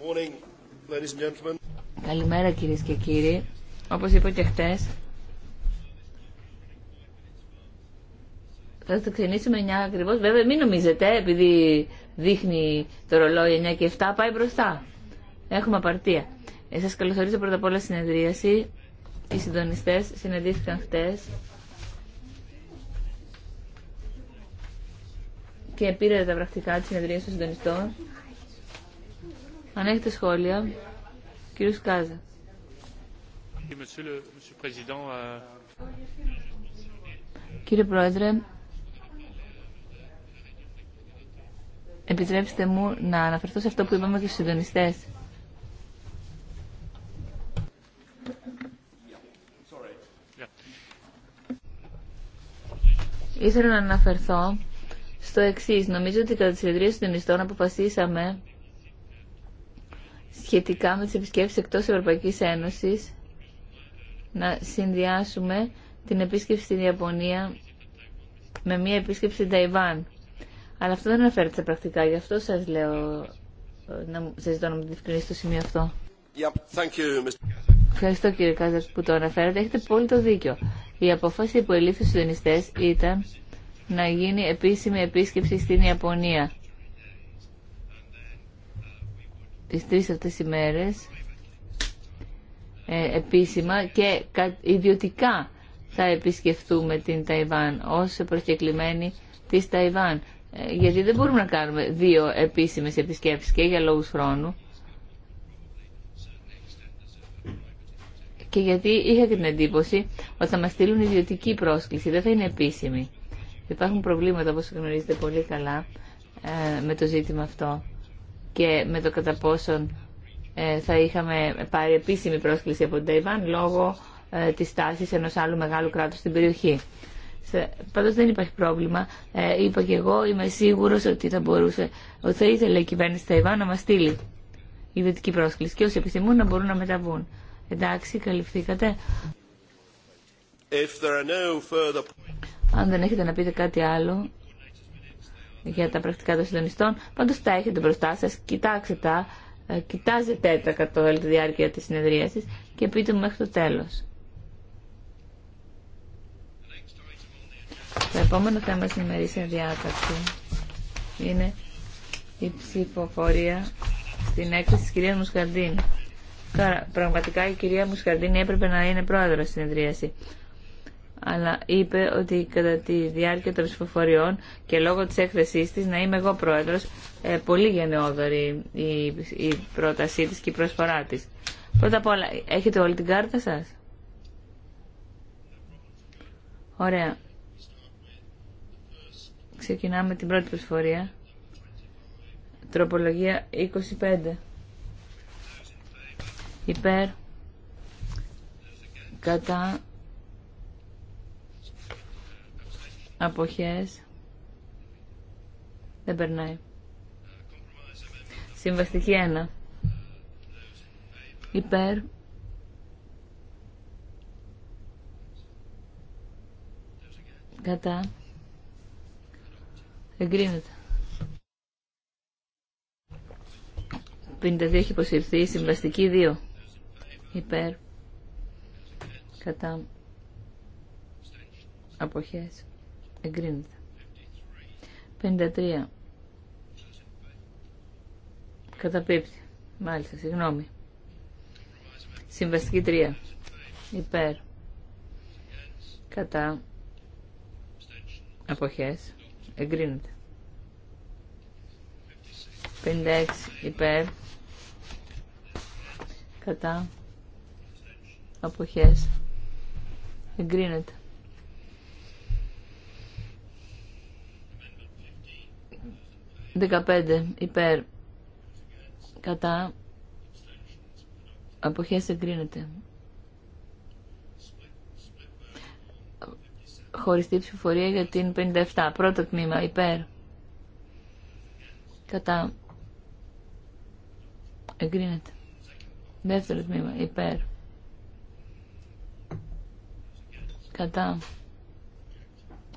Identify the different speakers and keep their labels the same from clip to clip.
Speaker 1: Uh,
Speaker 2: Καλημέρα κυρίε και κύριοι. Όπω είπα και χτε, θα το ξεκινήσουμε 9 ακριβώ. Βέβαια, μην νομίζετε, επειδή δείχνει το ρολόι 9 και 7, πάει μπροστά. Έχουμε απαρτία. Ε, Σα καλωσορίζω πρώτα απ' όλα στη συνεδρίαση. Οι συντονιστέ συναντήθηκαν χθε. και πήρε τα πρακτικά τη συνεδρία των συντονιστών. Αν έχετε σχόλια, κύριος Κάζα. Κύριε Πρόεδρε, επιτρέψτε μου να αναφερθώ σε αυτό που είπαμε και στους συντονιστές. Ήθελα να αναφερθώ στο εξή. Νομίζω ότι κατά τι συνεδρίε των συντονιστών αποφασίσαμε σχετικά με τις επισκέψεις εκτός Ευρωπαϊκής Ένωσης να συνδυάσουμε την επίσκεψη στην Ιαπωνία με μια επίσκεψη στην Ταϊβάν. Αλλά αυτό δεν αναφέρεται σε πρακτικά, γι' αυτό σας λέω ε, να σας ζητώ να μου διευκρινίσετε το σημείο αυτό. Ευχαριστώ κύριε Κάζαρ που το αναφέρατε. Έχετε πολύ το δίκιο. Η απόφαση που ελήφθη στους δονηστές ήταν να γίνει επίσημη επίσκεψη στην Ιαπωνία. τις τρεις αυτές ε, επίσημα και ιδιωτικά θα επισκεφτούμε την Ταϊβάν ως προσκεκλημένη της Ταϊβάν. Ε, γιατί δεν μπορούμε να κάνουμε δύο επίσημες επισκέψεις και για λόγους χρόνου. Και γιατί είχα την εντύπωση ότι θα μας στείλουν ιδιωτική πρόσκληση, δεν θα είναι επίσημη. Υπάρχουν προβλήματα, όπως γνωρίζετε πολύ καλά, ε, με το ζήτημα αυτό και με το κατά πόσον ε, θα είχαμε πάρει επίσημη πρόσκληση από την Ταϊβάν λόγω ε, της τάσης ενός άλλου μεγάλου κράτους στην περιοχή. Πάντω δεν υπάρχει πρόβλημα. Ε, είπα και εγώ, είμαι σίγουρο ότι θα μπορούσε, ότι θα ήθελε η κυβέρνηση Ταϊβάν να μα στείλει η δυτική πρόσκληση και όσοι επιθυμούν να μπορούν να μεταβούν. Εντάξει, καλυφθήκατε. Αν δεν έχετε να πείτε κάτι άλλο, για τα πρακτικά των συντονιστών. Πάντω τα έχετε μπροστά σας, κοιτάξτε τα, ε, κοιτάζετε τα κατά τη διάρκεια τη συνεδρίαση και πείτε μου μέχρι το τέλος. Το επόμενο θέμα στην ημερήσια διάταξη είναι η ψηφοφορία στην έκθεση Κυρία κυρίας Τώρα, Πραγματικά η κυρία Μουσκαρδίνη έπρεπε να είναι πρόεδρο στην συνεδρίαση αλλά είπε ότι κατά τη διάρκεια των ψηφοφοριών και λόγω της έκθεσής της, να είμαι εγώ πρόεδρος, ε, πολύ γενναιόδορη η, πρότασή της και η προσφορά της. Πρώτα απ' όλα, έχετε όλη την κάρτα σας? Ωραία. Ξεκινάμε την πρώτη προσφορία. Τροπολογία 25. Υπέρ. Κατά αποχές δεν περνάει. Συμβαστική 1. Υπέρ. Κατά. Εγκρίνεται. 52 έχει υποσυρθεί. Συμβαστική 2. Υπέρ. Κατά. Αποχές. Εγκρίνεται. 53. Καταπίπτει. Μάλιστα, συγγνώμη. Συμβαστική 3. Υπέρ. Κατά. Αποχές. Εγκρίνεται. 56. Υπέρ. Κατά. Αποχές. Εγκρίνεται. 15 υπέρ κατά αποχές εγκρίνεται. Χωριστή ψηφοφορία για την 57. Πρώτο τμήμα υπέρ κατά εγκρίνεται. Δεύτερο τμήμα υπέρ κατά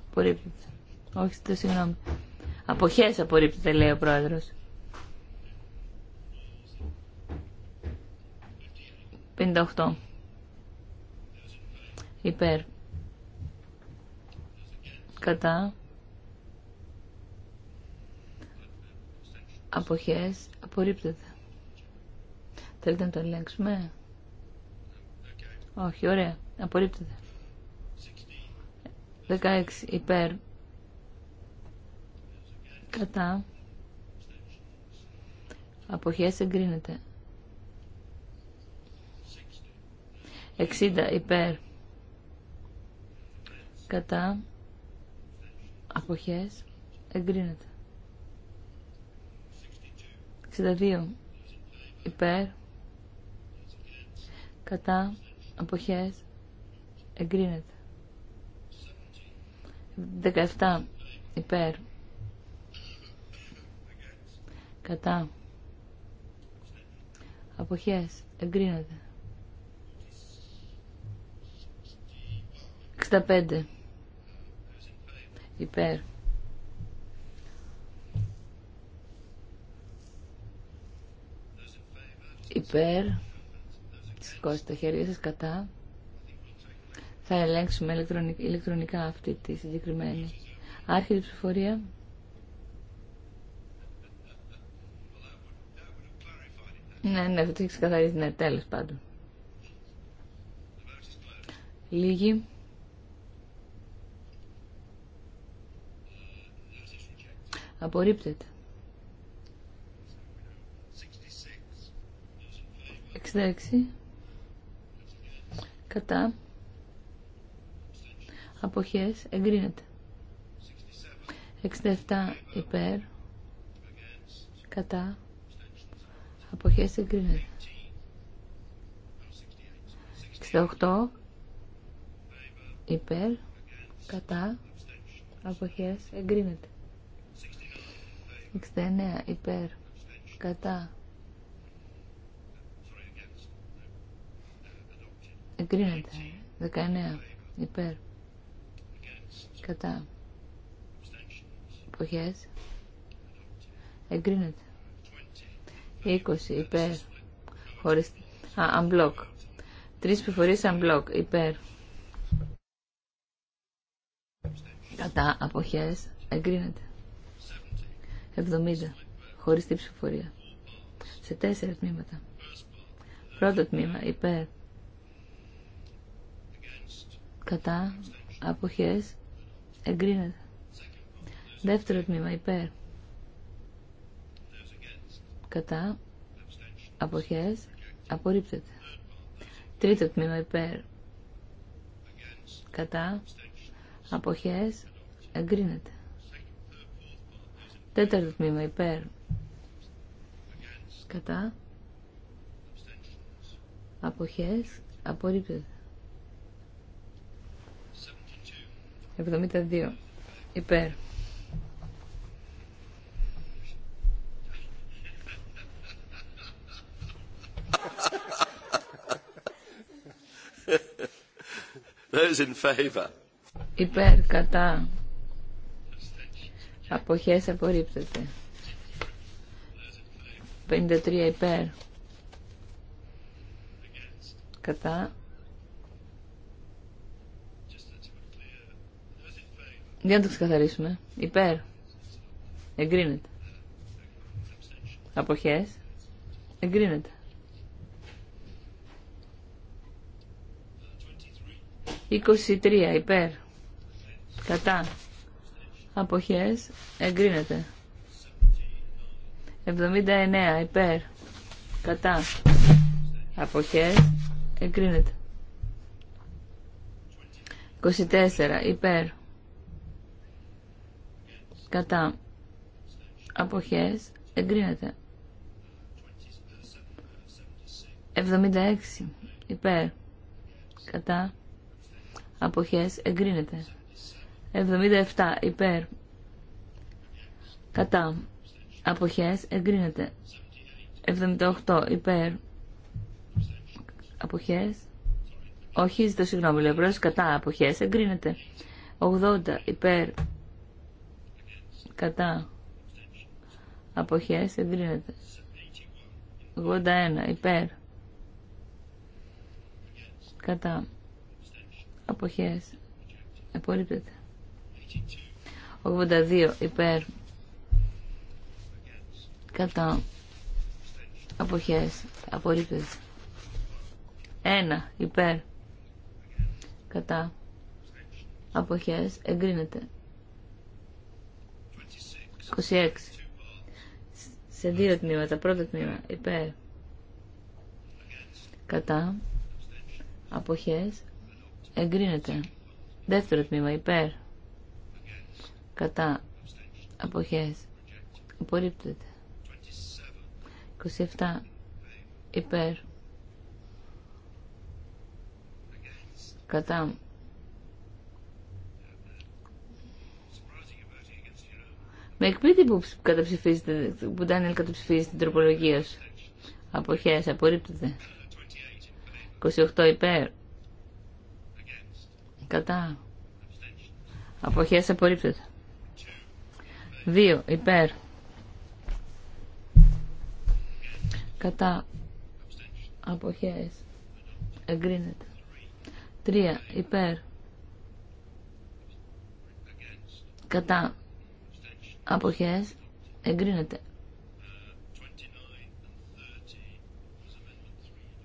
Speaker 2: απορρίπτεται. Όχι, το συγγνώμη. Αποχές απορρίπτεται λέει ο πρόεδρος. 58. Υπέρ. Κατά. Αποχές απορρίπτεται. Θέλετε να το ελέγξουμε. Όχι, ωραία. Απορρίπτεται. 16 υπέρ Κατά. Αποχές εγκρίνεται. 60 υπέρ. Κατά. Αποχές εγκρίνεται. 62 υπέρ. Κατά. Αποχές εγκρίνεται. 17 υπέρ κατά αποχές εγκρίνεται 65 υπέρ υπέρ σηκώστε τα χέρια σας κατά θα ελέγξουμε ηλεκτρονικά αυτή τη συγκεκριμένη άρχη ψηφορία Ναι, ναι, αυτό έχει ξεκαθαρίσει, ναι, τέλος πάντων. Λίγοι. Απορρίπτεται. 66. Κατά. Αποχές. Εγκρίνεται. 67 υπέρ. Κατά. Αποχές εγκρίνεται. 68 υπέρ, κατά, αποχές εγκρίνεται. 69 υπέρ, κατά, εγκρίνεται. 19 υπέρ, κατά, αποχές εγκρίνεται. 20 υπέρ. Χωρίς... Α, unblock. Τρεις πληροφορίες unblock υπέρ. Κατά αποχές εγκρίνεται. 70. Χωρίς την ψηφοφορία. Σε τέσσερα τμήματα. Πρώτο τμήμα υπέρ. Κατά αποχές εγκρίνεται. Δεύτερο τμήμα υπέρ κατά αποχές απορρίπτεται. Τρίτο τμήμα υπέρ κατά αποχές εγκρίνεται. Τέταρτο τμήμα υπέρ κατά αποχές απορρίπτεται. 72 υπέρ Υπέρ, κατά. Αποχές απορρίπτεται. 53 υπέρ. Κατά. Για να το ξεκαθαρίσουμε. Υπέρ. Εγκρίνεται. Αποχές. Εγκρίνεται. 23 υπέρ κατά αποχές εγκρίνεται 79 υπέρ κατά αποχές εγκρίνεται 24 υπέρ κατά αποχές εγκρίνεται 76 υπέρ κατά αποχές εγκρίνεται. 77 υπέρ κατά αποχές εγκρίνεται. 78 υπέρ αποχές όχι, ζητώ συγγνώμη, λέω κατά αποχές εγκρίνεται. 80 υπέρ κατά αποχές εγκρίνεται. 81 υπέρ κατά αποχές απορρίπτεται 82 υπέρ κατά αποχές απορρίπτεται 1 υπέρ κατά αποχές εγκρίνεται 26 σε δύο τμήματα πρώτο τμήμα υπέρ κατά αποχές εγκρίνεται. Δεύτερο τμήμα υπέρ. Κατά. Αποχές. Απορρίπτεται. 27 υπέρ. Κατά. Με εκπλήτη που καταψηφίζετε, που Ντάνιελ καταψηφίζει την τροπολογία σου. Αποχές, απορρίπτεται. 28 υπέρ. Κατά. Αποχές απορρίπτεται. 2. Υπέρ. Κατά. Αποχές. Εγκρίνεται. 3. Υπέρ. Κατά. Αποχές. Εγκρίνεται.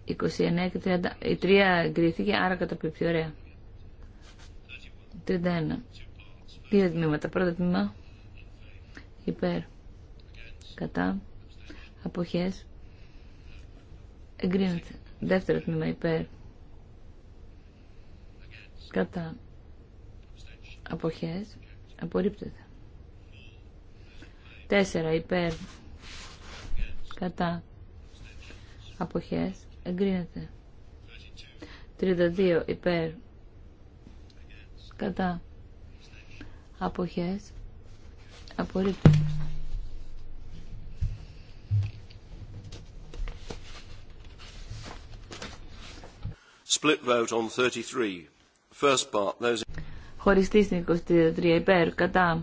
Speaker 2: 29 και 30. Η 3 εγκρίθηκε, άρα καταπληκτή. Ωραία. 31. Δύο τμήματα. Πρώτο τμήμα. Υπέρ. Κατά. Αποχές. Εγκρίνεται. Δεύτερο τμήμα. Υπέρ. Κατά. Αποχές. Απορρίπτεται. Τέσσερα. Υπέρ. Κατά. Αποχές. Εγκρίνεται. 32. Υπέρ κατά αποχές απορρίπτεται.
Speaker 1: Split vote on 33. First part, those...
Speaker 2: Χωριστή στην 23 υπέρ κατά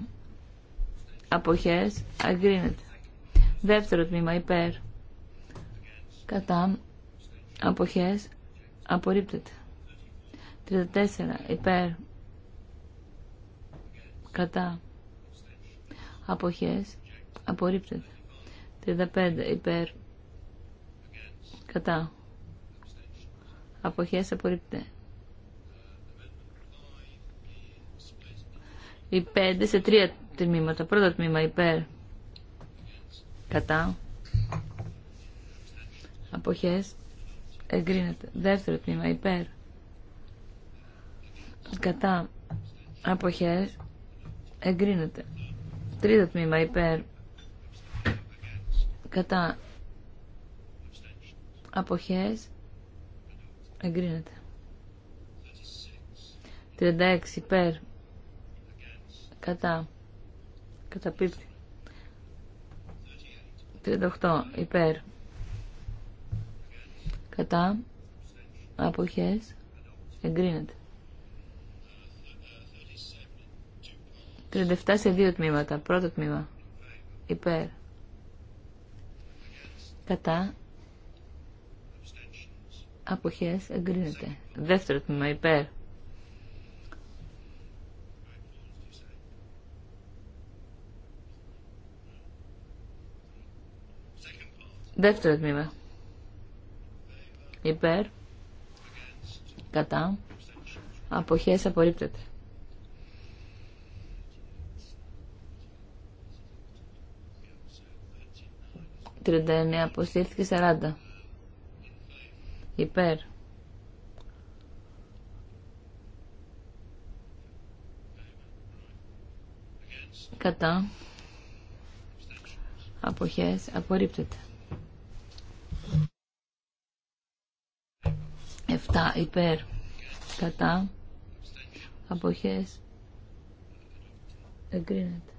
Speaker 2: αποχές αγκρίνεται. Δεύτερο τμήμα υπέρ κατά αποχές απορρίπτεται. 34 υπέρ κατά αποχές απορρίπτεται 35 υπέρ κατά αποχές απορρίπτεται οι πέντε σε τρία τμήματα πρώτο τμήμα υπέρ κατά αποχές εγκρίνεται δεύτερο τμήμα υπέρ κατά αποχές εγκρίνεται. Τρίτο τμήμα υπέρ κατά αποχές εγκρίνεται. 36 υπέρ κατά καταπίπτει. 38 υπέρ κατά αποχές εγκρίνεται. 37 σε δύο τμήματα. Πρώτο τμήμα. Υπέρ. Κατά. Αποχές εγκρίνεται. Δεύτερο τμήμα. Υπέρ. Δεύτερο τμήμα. Υπέρ. Κατά. Αποχές απορρίπτεται. 39 αποσύρθηκε 40 υπέρ κατά αποχές απορρίπτεται 7 υπέρ κατά αποχές εγκρίνεται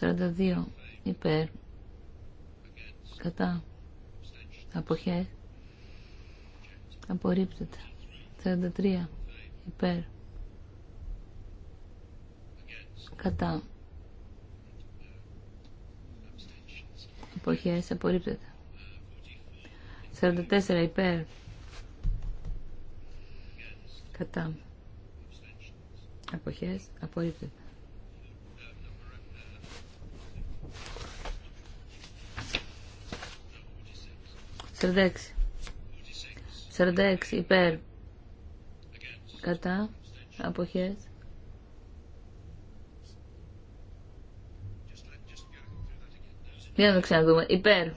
Speaker 2: 42 υπέρ κατά αποχές απορρίπτεται 43 υπέρ κατά αποχές απορρίπτεται 44 υπέρ κατά αποχές απορρίπτεται 46. 46 υπέρ. Κατά. Αποχές. Για να το ξαναδούμε. Υπέρ.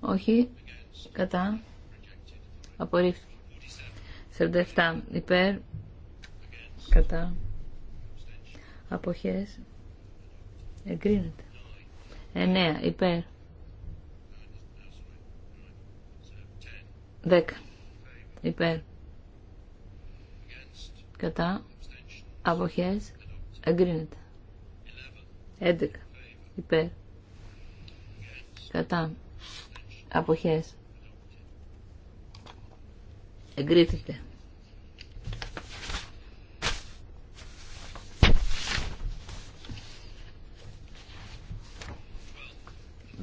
Speaker 2: Όχι. Κατά. Απορρίφθηκε. 47. Υπέρ. Κατά. Αποχές. Εγκρίνεται. 9. Υπέρ. Δέκα υπέρ κατά αποχές εγκρίνεται Έντεκα υπέρ κατά αποχές εγκρίνεται.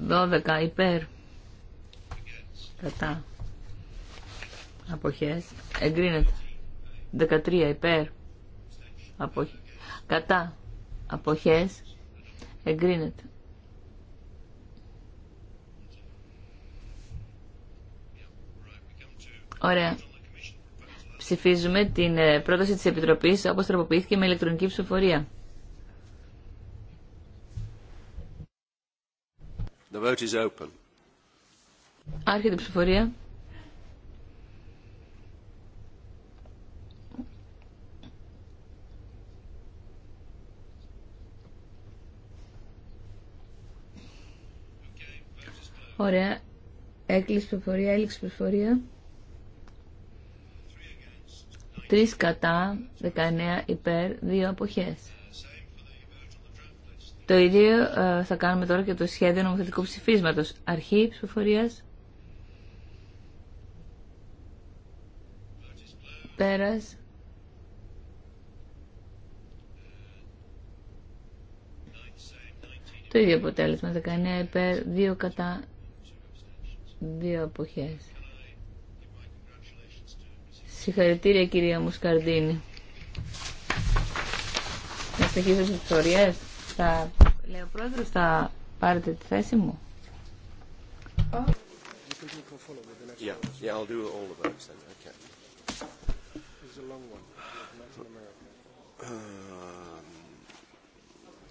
Speaker 2: Δώδεκα υπέρ κατά αποχές εγκρίνεται 13 υπέρ κατά αποχές εγκρίνεται Ωραία. Ψηφίζουμε την ε, πρόταση της Επιτροπής όπως τροποποιήθηκε με ηλεκτρονική ψηφοφορία. Άρχεται η ψηφοφορία. Ωραία. Έκλεισε ψηφοφορία, έλλειψη ψηφοφορία. 3 κατά, 19 υπέρ, 2 αποχέ. Το ίδιο ε, θα κάνουμε τώρα και το σχέδιο νομοθετικού ψηφίσματο Αρχή ψηφοφορίας. Πέρα Το ίδιο αποτέλεσμα, 19 υπέρ, 2 κατά, Δύο εποχές. Συγχαρητήρια κυρία Μουσκαρδίνη. Να συνεχίσω τις ιστορίες. Θα... Λέω πρόεδρος, θα πάρετε τη θέση μου.
Speaker 1: Oh. Yeah, yeah, I'll do all of um,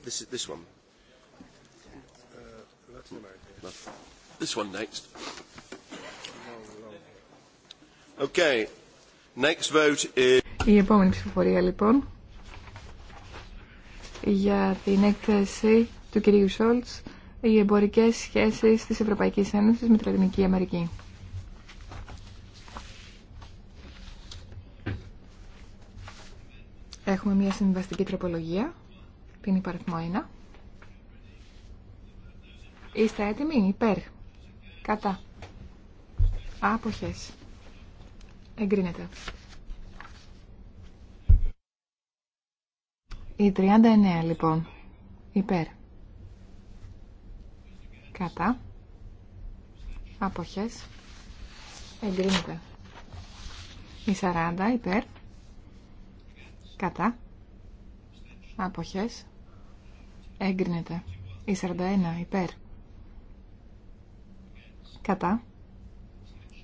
Speaker 1: this this one. Uh, This one next. Okay. Next vote is...
Speaker 3: Η επόμενη ψηφοφορία λοιπόν για την έκθεση του κυρίου Σόλτς οι εμπορικές σχέσεις της Ευρωπαϊκής Ένωσης με τη Λατινική Αμερική. Έχουμε μια συμβαστική τροπολογία, την υπαριθμό 1. Είστε έτοιμοι, υπέρ. Κατά. Άποχες. Εγκρίνεται. Η 39 λοιπόν. Υπέρ. Κατά. Άποχες. Εγκρίνεται. Η 40 υπέρ. Κατά. Άποχες. Εγκρίνεται. Η 41 υπέρ. Κατά.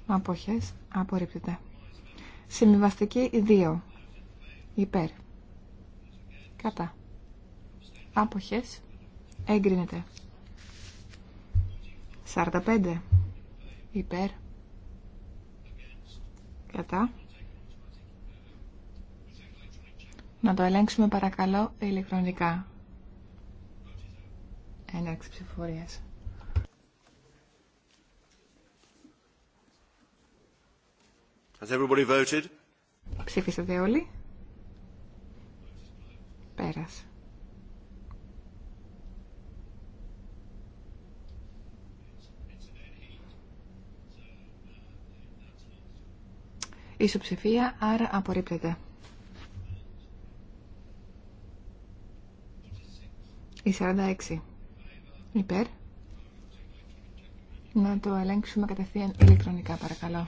Speaker 3: Αποχές. Απορρίπτεται. Συμβιβαστική 2. Υπέρ. Κατά. Άποχες. Έγκρινεται. 45. Υπέρ. Κατά. Να το ελέγξουμε παρακαλώ ηλεκτρονικά. Έναρξη ψηφοφορίας. Ψήφισατε όλοι. Πέρασε. Ισοψηφία, άρα απορρίπτεται. Η 46. Υπέρ. Να το ελέγξουμε κατευθείαν ηλεκτρονικά, παρακαλώ.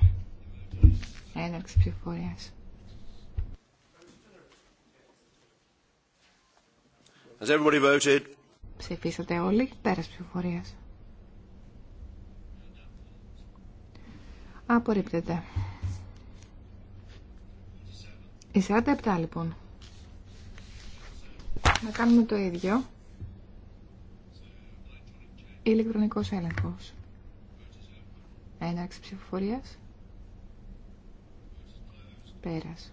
Speaker 3: Έναρξη ψηφοφορίας. Ψηφίσατε όλοι. Πέρας ψηφοφορίας. Απορρίπτεται. Η 47 λοιπόν. Να κάνουμε το ίδιο. Ηλεκτρονικός έλεγχος. Έναρξη ψηφοφορίας. Πέρας.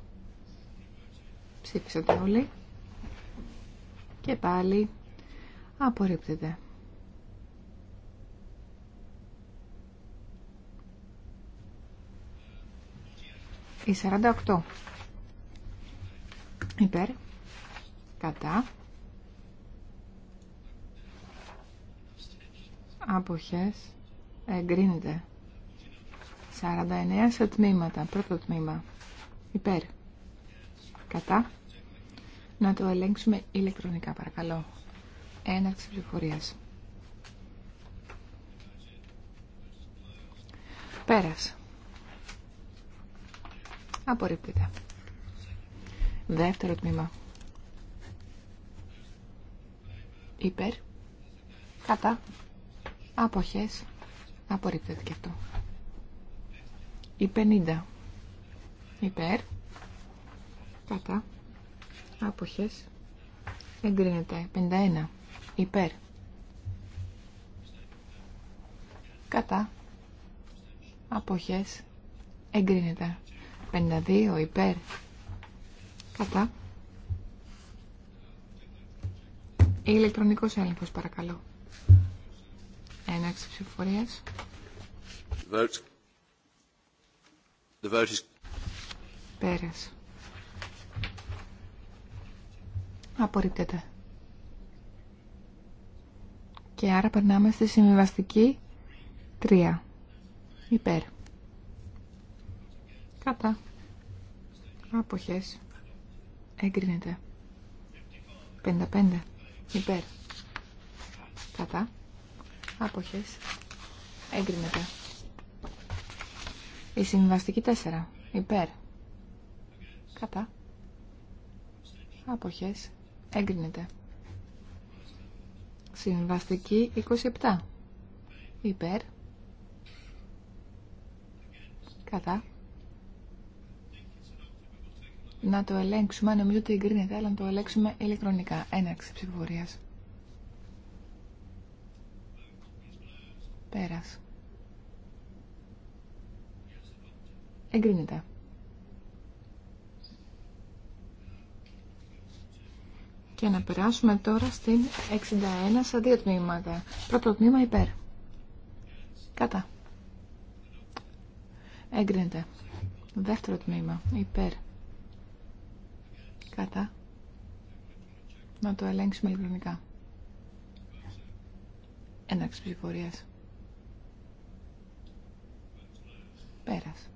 Speaker 3: Ψήφισαν όλοι. Και πάλι απορρίπτεται. Η 48. Υπέρ. Κατά. Αποχές. Εγκρίνεται. 49 σε τμήματα. Πρώτο τμήμα. Υπέρ. Κατά. Να το ελέγξουμε ηλεκτρονικά παρακαλώ. Έναρξη πληροφορία. Πέρας. Απορρίπτεται. Δεύτερο τμήμα. Υπέρ. Κατά. Αποχές. Απορρίπτεται και αυτό. Η 50 υπέρ, κατά, άποχες, εγκρίνεται. 51 υπέρ, κατά, άποχες, εγκρίνεται. 52 υπέρ, κατά. Ηλεκτρονικός έλεγχος παρακαλώ. Έναξη ψηφοφορίας. The πέρες. Απορρίπτεται. Και άρα περνάμε στη συμβιβαστική 3. Υπέρ. Κατά. Αποχές. Έγκρινεται. 55. Υπέρ. Κατά. Άποχες. Έγκρινεται. Η συμβαστική 4. Υπέρ. Κατά. Αποχές. Έγκρινεται. Συμβαστική 27. Υπέρ. Κατά. Να το ελέγξουμε. Νομίζω ότι εγκρίνεται, αλλά να το ελέγξουμε ηλεκτρονικά. Έναξη ψηφοφορίας. Πέρας. Εγκρίνεται. Και να περάσουμε τώρα στην 61 σε δύο τμήματα. Πρώτο τμήμα υπέρ. Κατά. Έγκρινεται. Δεύτερο τμήμα υπέρ. Κατά. Να το ελέγξουμε ηλεκτρονικά. Έναρξη ψηφορία. Πέρας.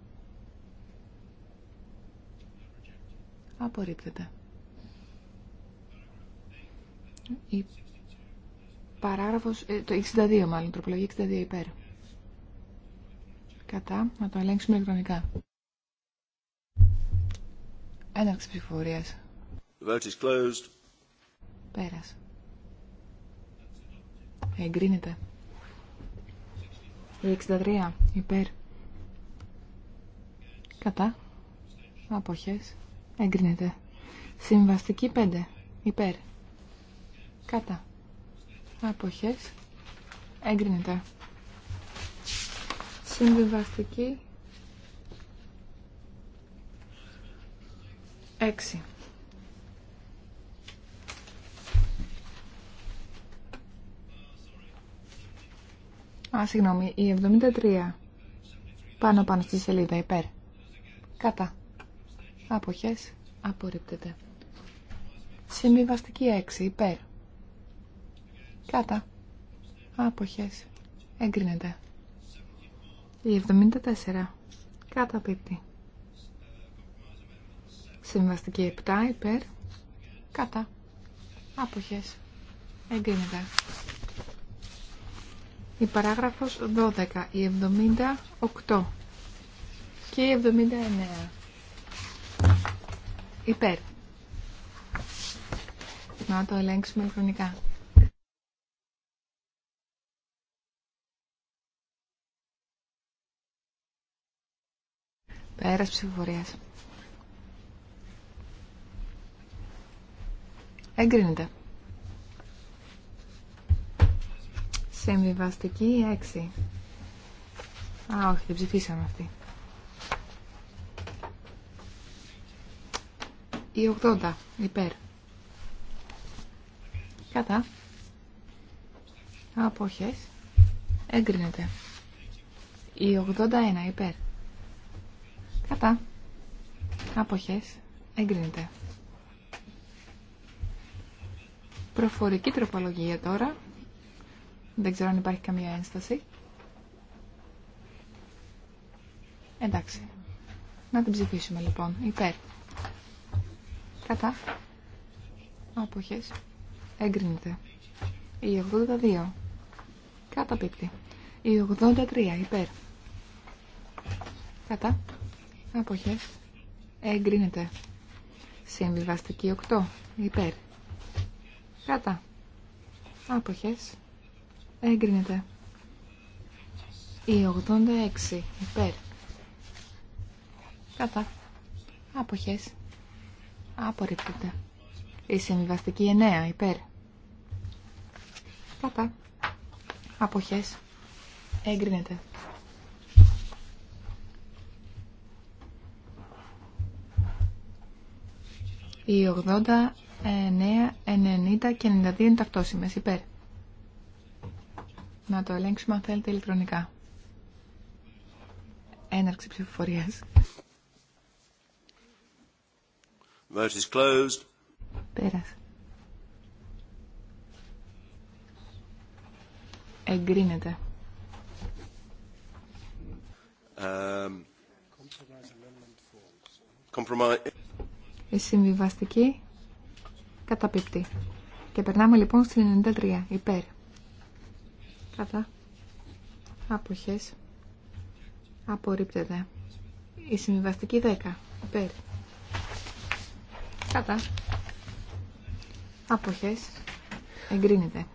Speaker 3: Απορρίπτεται. Η παράγραφος, ε, το 62 μάλλον, τροπολογία 62 υπέρ. Κατά, να το ελέγξουμε ηλεκτρονικά. Έναρξη ψηφοφορίας.
Speaker 1: The vote is
Speaker 3: Πέρας. Εγκρίνεται. Η 63 υπέρ. Κατά. Αποχές. Εγκρίνεται. Συμβαστική 5 υπέρ. Κατά. Αποχές. Έγκρινεται. Συμβιβαστική. 6. Α, συγγνώμη, η 73. Πάνω πάνω στη σελίδα, υπέρ. Κατά. Αποχές, απορρίπτεται. Συμβιβαστική 6, υπέρ. Κάτα. Άποχες. Εγκρίνεται. Η 74. Κάτα πίπτη. Συμβαστική 7 υπέρ. Κάτα. Άποχες. Εγκρίνεται. Η παράγραφος 12. Η 78. Και η 79. Υπέρ. Να το ελέγξουμε χρονικά. Πέρας ψηφοφορίας. Εγκρίνεται. Συμβιβαστική 6. Α, όχι, δεν ψηφίσαμε αυτή. Η 80, υπέρ. Κατά. Αποχές. Εγκρίνεται. Η 81, υπέρ. Κατά. Αποχές. Εγκρίνεται. Προφορική τροπολογία τώρα. Δεν ξέρω αν υπάρχει καμία ένσταση. Εντάξει. Να την ψηφίσουμε λοιπόν. Υπέρ. Κατά. Αποχές. Εγκρίνεται. Η 82. Καταπίπτει. Η 83. Υπέρ. Κατά. Αποχές. Εγκρίνεται. Συμβιβαστική 8. Υπέρ. Κατά. Αποχές. Εγκρίνεται. Η 86. Υπέρ. Κατά. Αποχές. Απορρίπτεται. Η συμβιβαστική 9. Υπέρ. Κατά. Αποχές. Εγκρίνεται. Οι 89, 90 και 92 είναι ταυτόσιμες. Υπέρ. Να το ελέγξουμε αν θέλετε ηλεκτρονικά. Έναρξη ψηφοφορίας.
Speaker 1: Vote
Speaker 3: Πέρασε. Εγκρίνεται.
Speaker 1: Um, compromise.
Speaker 3: Η συμβιβαστική καταπίπτει. Και περνάμε λοιπόν στην 93. Υπέρ. Κατά. Αποχές. Απορρίπτεται. Η συμβιβαστική 10. Υπέρ. Κατά. Αποχές. Εγκρίνεται.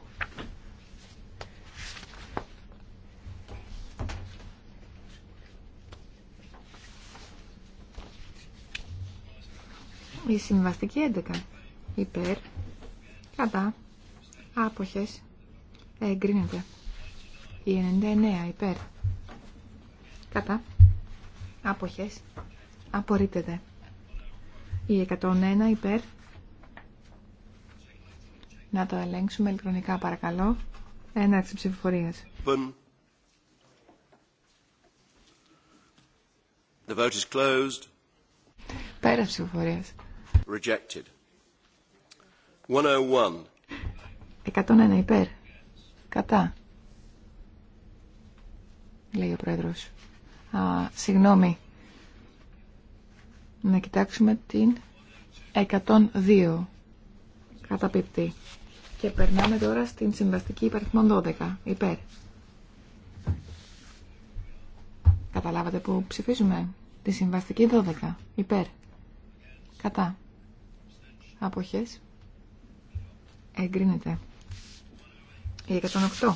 Speaker 3: Η συμβαστική 11 υπέρ κατά άποχες εγκρίνεται. Η 99 υπέρ κατά άποχες απορρίπτεται. Η 101 υπέρ να το ελέγξουμε ηλεκτρονικά παρακαλώ. Έναρξη ψηφοφορίας.
Speaker 1: The vote
Speaker 3: Πέρα ψηφοφορίας.
Speaker 1: Rejected. 101.
Speaker 3: 101 υπέρ. Κατά. Λέει ο πρόεδρος. Α, συγγνώμη. Να κοιτάξουμε την 102. Καταπίπτει. Και περνάμε τώρα στην συμβαστική υπαριθμών 12. Υπέρ. Καταλάβατε που ψηφίζουμε. Τη συμβαστική 12. Υπέρ. Κατά. Αποχές. Εγκρίνεται. Η 108.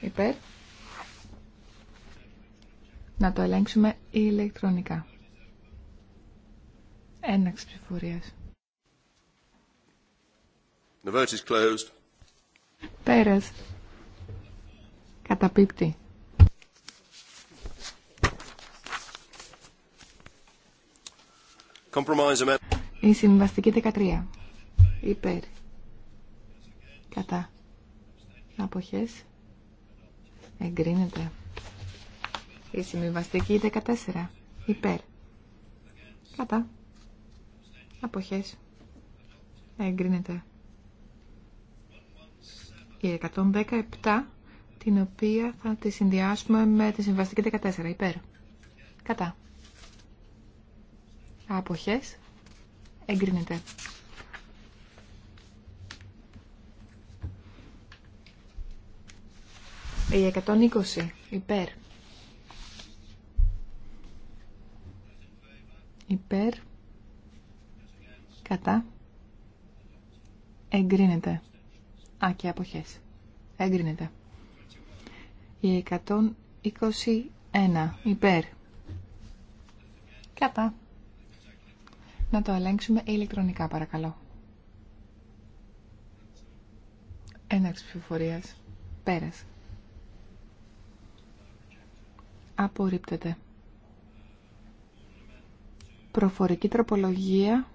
Speaker 3: Υπέρ. Να το ελέγξουμε ηλεκτρονικά. Ένα ψηφορίας.
Speaker 1: The vote
Speaker 3: Πέρας. Καταπίπτει. Η συμβαστική 13. Υπέρ. Κατά. Αποχές. Εγκρίνεται. Η συμβαστική 14. Υπέρ. Κατά. Αποχές. Εγκρίνεται. Η 117, την οποία θα τη συνδυάσουμε με τη συμβαστική 14. Υπέρ. Κατά. Αποχές. Εγκρίνεται. Η 120 υπέρ. Υπέρ. Κατά. Εγκρίνεται. Α, και αποχές. Εγκρίνεται. Η 121 υπέρ. Κατά να το ελέγξουμε ηλεκτρονικά παρακαλώ. Έναρξη ψηφοφορία. Πέρας. Απορρίπτεται. Προφορική τροπολογία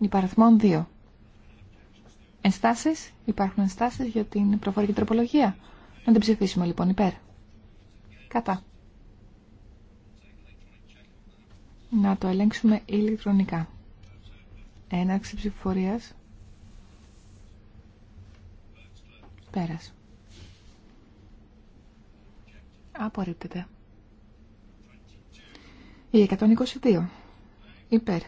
Speaker 3: υπαριθμών 2. Ενστάσεις. Υπάρχουν ενστάσεις για την προφορική τροπολογία. Να την ψηφίσουμε λοιπόν υπέρ. Κατά. να το ελέγξουμε ηλεκτρονικά. Έναρξη ψηφοφορίας. Πέρας. Απορρίπτεται. Η 122. Υπέρ.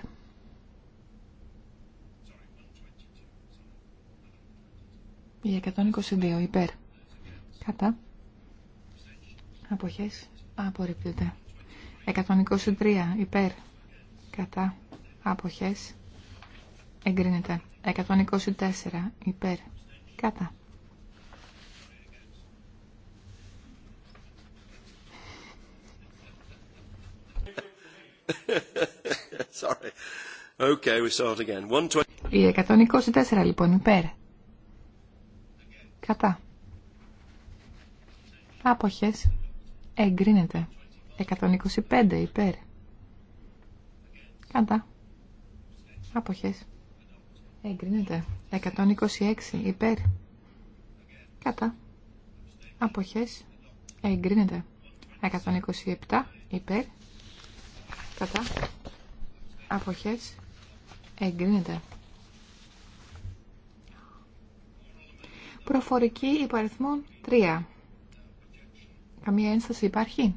Speaker 3: Η 122. Υπέρ. Κατά. Αποχές. Απορρίπτεται. 123 υπέρ κατά αποχές εγκρίνεται 124 υπέρ κατά
Speaker 1: Sorry. Okay, we start again.
Speaker 3: Η 124 λοιπόν υπέρ κατά αποχές εγκρίνεται 125 υπέρ. Κατά. Αποχές. Εγκρίνεται. 126 υπέρ. Κατά. Αποχές. Εγκρίνεται. 127 υπέρ. Κατά. Αποχές. Εγκρίνεται. Προφορική υπαριθμών 3. Καμία ένσταση υπάρχει.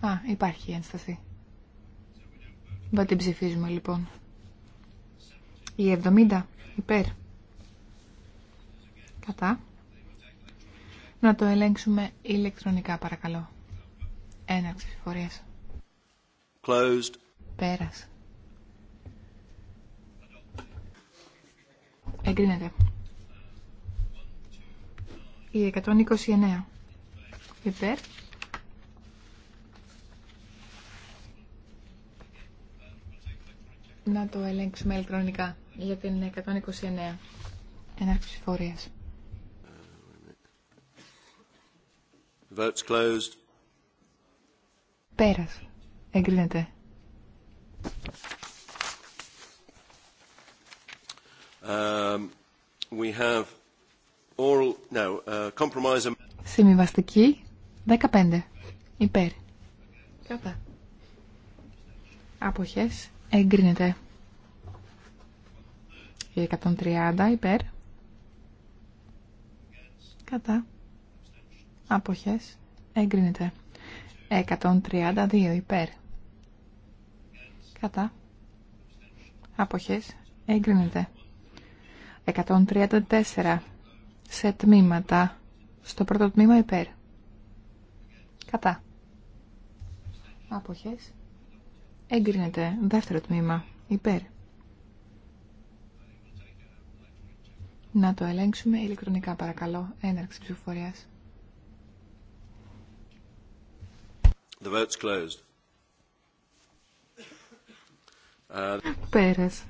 Speaker 3: Α, υπάρχει η ένσταση. Δεν την ψηφίζουμε λοιπόν. Η 70 υπέρ. Κατά. Να το ελέγξουμε ηλεκτρονικά παρακαλώ. Έναρξη ψηφορίας. Closed. Πέρας. Εγκρίνεται. Η 129 υπέρ. να το ελέγξουμε ηλεκτρονικά για την 129 ενάρξη ψηφορίας.
Speaker 1: Votes closed.
Speaker 3: Πέρας. Εγκρίνεται.
Speaker 1: Um, we have oral, no, uh, compromise...
Speaker 3: Συμβιβαστική 15. Υπέρ. Κατά. Αποχές Εγκρίνεται. 130 υπέρ. Κατά. Αποχές. Εγκρίνεται. 132 υπέρ. Κατά. Αποχές. Εγκρίνεται. 134 σε τμήματα. Στο πρώτο τμήμα υπέρ. Κατά. Άποχες. Εγκρίνεται. Δεύτερο τμήμα. Υπέρ. Να το ελέγξουμε ηλεκτρονικά παρακαλώ. Έναρξη ψηφοφορίας.
Speaker 1: The vote's closed. Uh,
Speaker 3: Πέρας.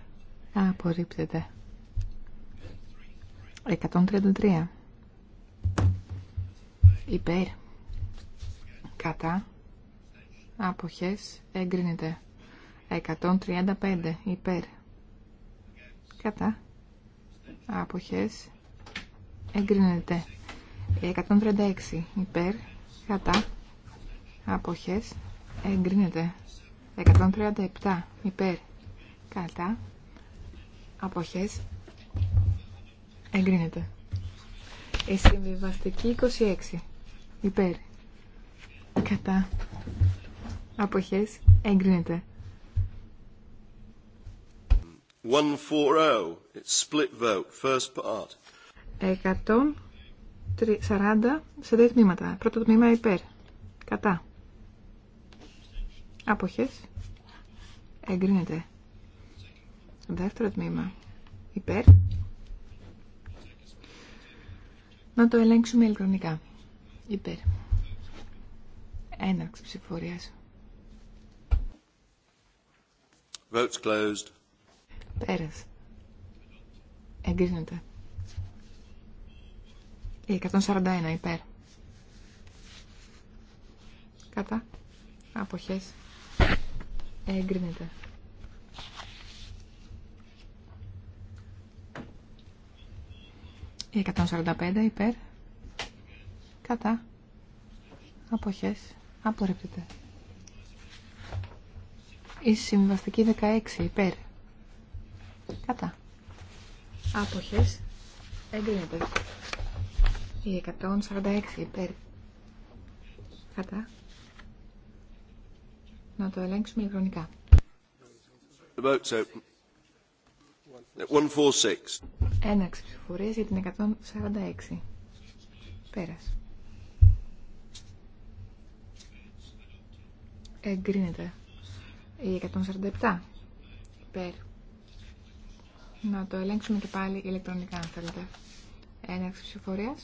Speaker 3: Απορρίπτεται. 133. Υπέρ. Κατά. Αποχές. Εγκρίνεται. 135 υπέρ κατά άποχες εγκρίνεται 136 υπέρ κατά άποχες εγκρίνεται 137 υπέρ κατά αποχές εγκρίνεται η συμβιβαστική 26 υπέρ κατά αποχές εγκρίνεται
Speaker 1: 140. It's split vote. First part.
Speaker 3: 140 σε δύο τμήματα. Πρώτο τμήμα υπέρ. Κατά. Αποχές. Εγκρίνεται. Δεύτερο τμήμα. Υπέρ. Να το ελέγξουμε ηλεκτρονικά. Υπέρ. Έναρξη ψηφοφορίας.
Speaker 1: Votes closed.
Speaker 3: Πέρες. Εγκρίνεται. Η 141 υπέρ. Κατά. Αποχές. Εγκρίνεται. Η 145 υπέρ. Κατά. Αποχές. Απορρίπτεται. Η συμβαστική 16 υπέρ. Κατά. Άποχες. Εγκρίνεται. Η 146 υπέρ. Κατά. Να το ελέγξουμε ηλεκτρονικά.
Speaker 1: The vote's 146.
Speaker 3: για την 146. Πέρας. Εγκρίνεται. Η 147. Υπέρ. Να το ελέγξουμε και πάλι ηλεκτρονικά αν θέλετε. Έναρξη ψηφορία.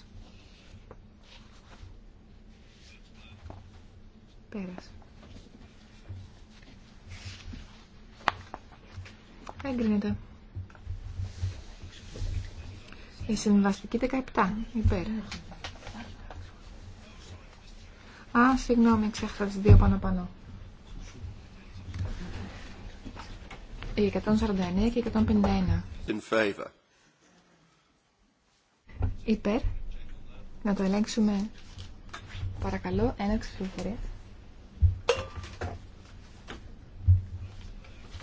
Speaker 3: Πέρασε. Έγκρινεται. Η συμβαστική 17. Υπέρ. Α, συγγνώμη, ξέχασα τις δύο πάνω πάνω. Οι 149 και 151. In favor. Υπέρ. Να το ελέγξουμε. Παρακαλώ, ένα ψηφοφορία.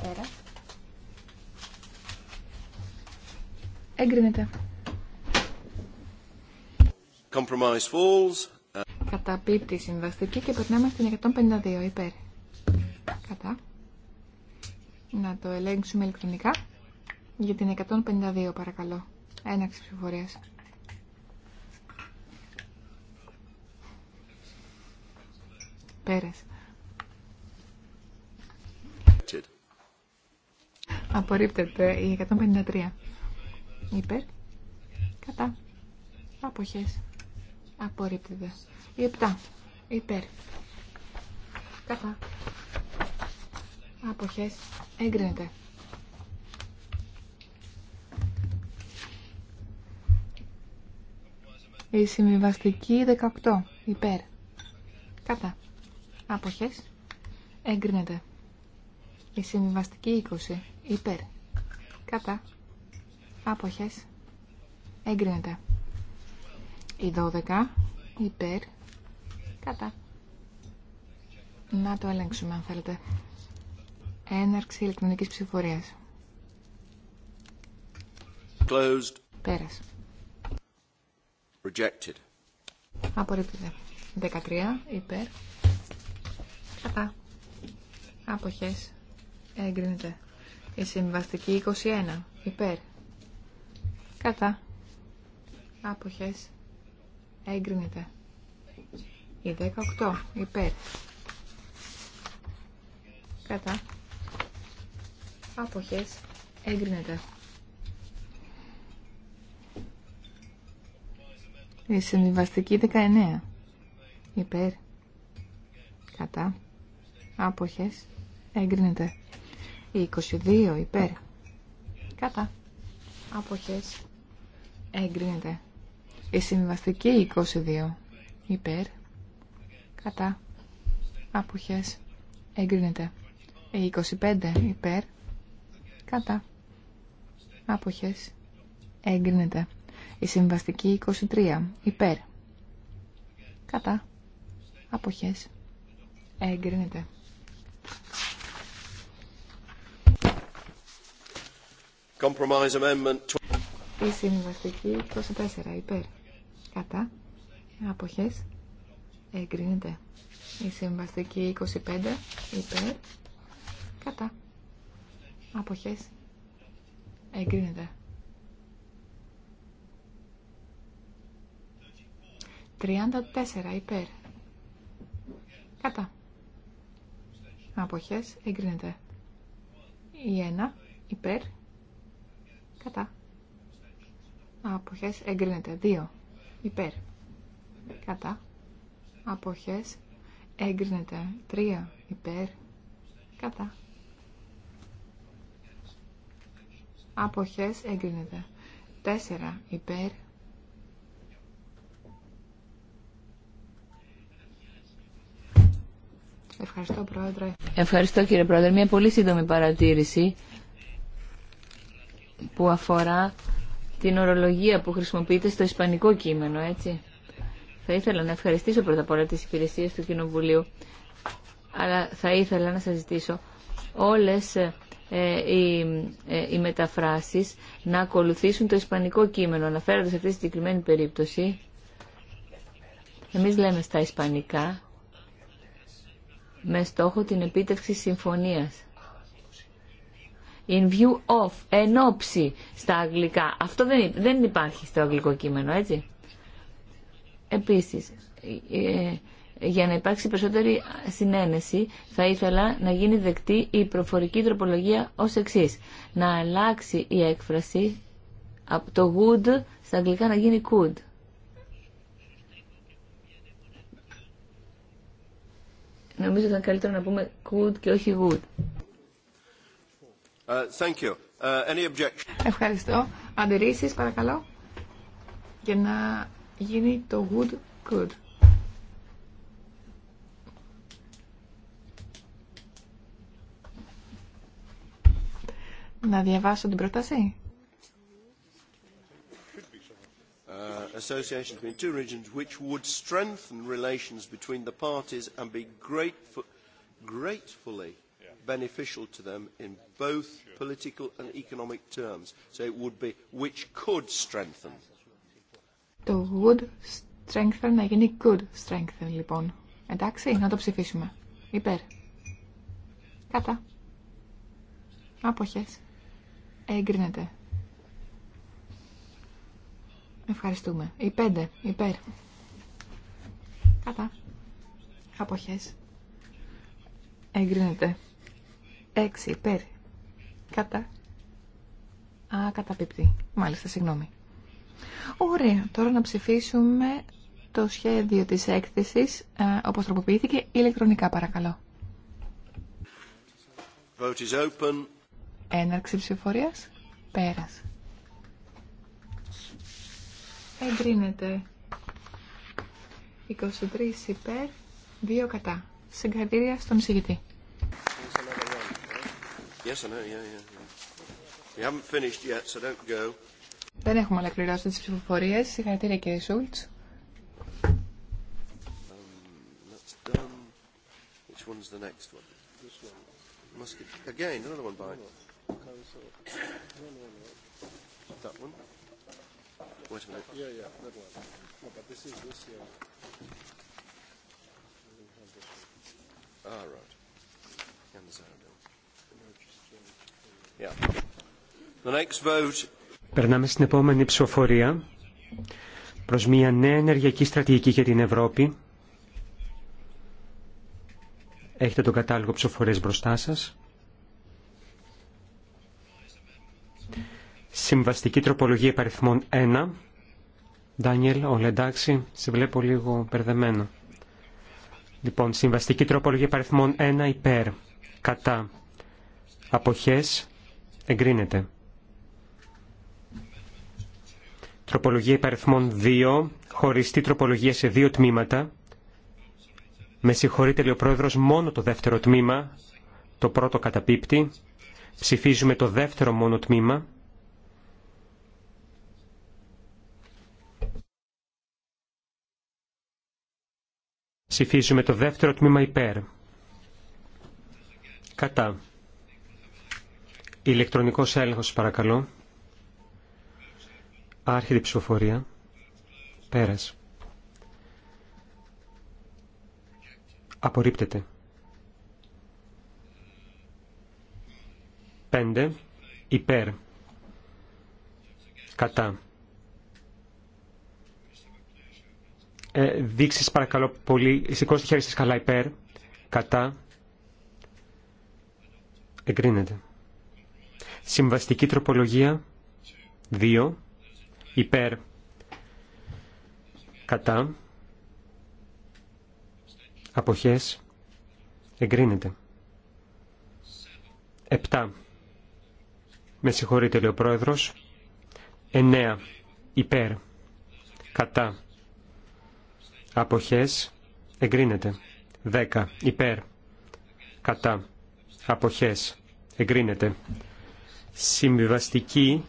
Speaker 3: Πέρα. Εγκρίνεται.
Speaker 1: Compromise falls.
Speaker 3: Καταπίπτει συμβαστική και περνάμε στην 152 υπέρ. Κατά. Να το ελέγξουμε ηλεκτρονικά. Για την 152 παρακαλώ. Έναξη ψηφοφορία. πέρασε Απορρίπτεται η 153. Υπέρ. Κατά. Αποχές. Απορρίπτεται. Η 7. Υπέρ. Κατά αποχές εγκρίνεται. Η συμβιβαστική 18 υπέρ κατά αποχές εγκρίνεται. Η συμβιβαστική 20 υπέρ κατά αποχές εγκρίνεται. Η 12 υπέρ κατά. Να το ελέγξουμε αν θέλετε. Έναρξη ηλεκτρονικής ψηφορίας. Closed. Πέρας. Rejected. Απορρίπτεται. 13 υπέρ. Κατά. Αποχές. Έγκρινεται. Η συμβαστική 21 υπέρ. Κατά. Άποχες. Έγκρινεται. Η 18. Υπέρ. Κατά αποχές εγκρίνεται. Η συμβιβαστική 19. Υπέρ. Κατά. Άποχες. Εγκρίνεται. Η 22. Υπέρ. Κατά. Άποχες. Εγκρίνεται. Η συμβιβαστική 22. Υπέρ. Κατά. Άποχες. Εγκρίνεται. Η 25. Υπέρ. Κατά. Άποχες. Έγκρινεται. Η συμβαστική 23. Υπέρ. Κατά. Αποχές. Έγκρινεται.
Speaker 1: Compromise amendment.
Speaker 3: Η συμβαστική 24. Υπέρ. Κατά. Αποχές. Εγκρίνεται. Η συμβαστική 25. Υπέρ. Κατά. Αποχές. Εγκρίνεται. 34 υπέρ. Κατά. Αποχές. Εγκρίνεται. Η 1 υπέρ. Κατά. Αποχές. Εγκρίνεται. 2 υπέρ. Κατά. Αποχές. Εγκρίνεται. 3 υπέρ. Κατά αποχές εγκρίνεται. Τέσσερα. υπέρ Ευχαριστώ, Πρόεδρε.
Speaker 2: Ευχαριστώ, κύριε Πρόεδρε. Μια πολύ σύντομη παρατήρηση που αφορά την ορολογία που χρησιμοποιείται στο ισπανικό κείμενο, έτσι. Θα ήθελα να ευχαριστήσω πρώτα απ' όλα τις υπηρεσίες του Κοινοβουλίου, αλλά θα ήθελα να σας ζητήσω όλες ε, οι, ε, οι μεταφράσεις να ακολουθήσουν το ισπανικό κείμενο. Αναφέροντας σε αυτή τη συγκεκριμένη περίπτωση, εμείς λέμε στα ισπανικά με στόχο την επίτευξη συμφωνίας. In view of, εν στα αγγλικά. Αυτό δεν, δεν υπάρχει στο αγγλικό κείμενο, έτσι. Επίσης, ε, για να υπάρξει περισσότερη συνένεση, θα ήθελα να γίνει δεκτή η προφορική τροπολογία ως εξή. Να αλλάξει η έκφραση από το «good» στα αγγλικά να γίνει could. Νομίζω ότι ήταν καλύτερο να πούμε could και όχι would.
Speaker 1: Uh, uh, any
Speaker 2: Ευχαριστώ. Αντιρρήσεις,
Speaker 1: παρακαλώ.
Speaker 3: Για να γίνει το would good. Να διαβάσω την πρόταση.
Speaker 1: association between two regions which would strengthen relations between the parties and be gratefully beneficial to them in both political and economic terms. So it would be which could strengthen.
Speaker 3: Το would strengthen να γίνει could strengthen λοιπόν. Εντάξει, να το ψηφίσουμε. Υπέρ. Κατά. Αποχές. Εγκρίνεται. Ευχαριστούμε. Η πέντε Υπέρ. Κατά. Αποχές. Εγκρίνεται. Έξι Υπέρ. Κατά. Α, καταπίπτει. Μάλιστα, συγγνώμη. Ωραία. Τώρα να ψηφίσουμε το σχέδιο της έκθεσης, ε, όπως τροποποιήθηκε, ηλεκτρονικά παρακαλώ. Vote Έναρξη ψηφορία. Πέρας. Εγκρίνεται. 23 υπέρ, 2 κατά. Συγχαρητήρια στον εισηγητή. Δεν έχουμε ολοκληρώσει τι ψηφοφορίε. Συγχαρητήρια κύριε Σούλτ.
Speaker 1: Um,
Speaker 4: Περνάμε στην επόμενη ψηφοφορία προς μια νέα ενεργειακή στρατηγική για την Ευρώπη. Έχετε τον κατάλογο ψηφοφορίες μπροστά σας. Συμβαστική τροπολογία υπαριθμών 1. Ντάνιελ, όλα εντάξει, σε βλέπω λίγο περδεμένο. Λοιπόν, συμβαστική τροπολογία υπαριθμών 1 υπέρ, κατά, αποχές, εγκρίνεται. Τροπολογία υπαριθμών 2, χωριστή τροπολογία σε δύο τμήματα. Με συγχωρείτε, λέει ο Πρόεδρος, μόνο το δεύτερο τμήμα, το πρώτο καταπίπτει. Ψηφίζουμε το δεύτερο μόνο τμήμα. Ψηφίζουμε το δεύτερο τμήμα υπέρ. Κατά. Ηλεκτρονικός έλεγχος παρακαλώ. Άρχιδη ψηφοφορία. Πέρας. Απορρίπτεται. Πέντε. Υπέρ. Κατά. Ε, Δείξει παρακαλώ πολύ, σηκώστε χέρι σα καλά υπέρ, κατά, εγκρίνεται. Συμβαστική τροπολογία 2, υπέρ, κατά, αποχές, εγκρίνεται. 7. Με συγχωρείτε λέει ο πρόεδρος. 9. Υπέρ. Κατά αποχές εγκρίνεται. 10 υπέρ κατά αποχές εγκρίνεται. Συμβιβαστική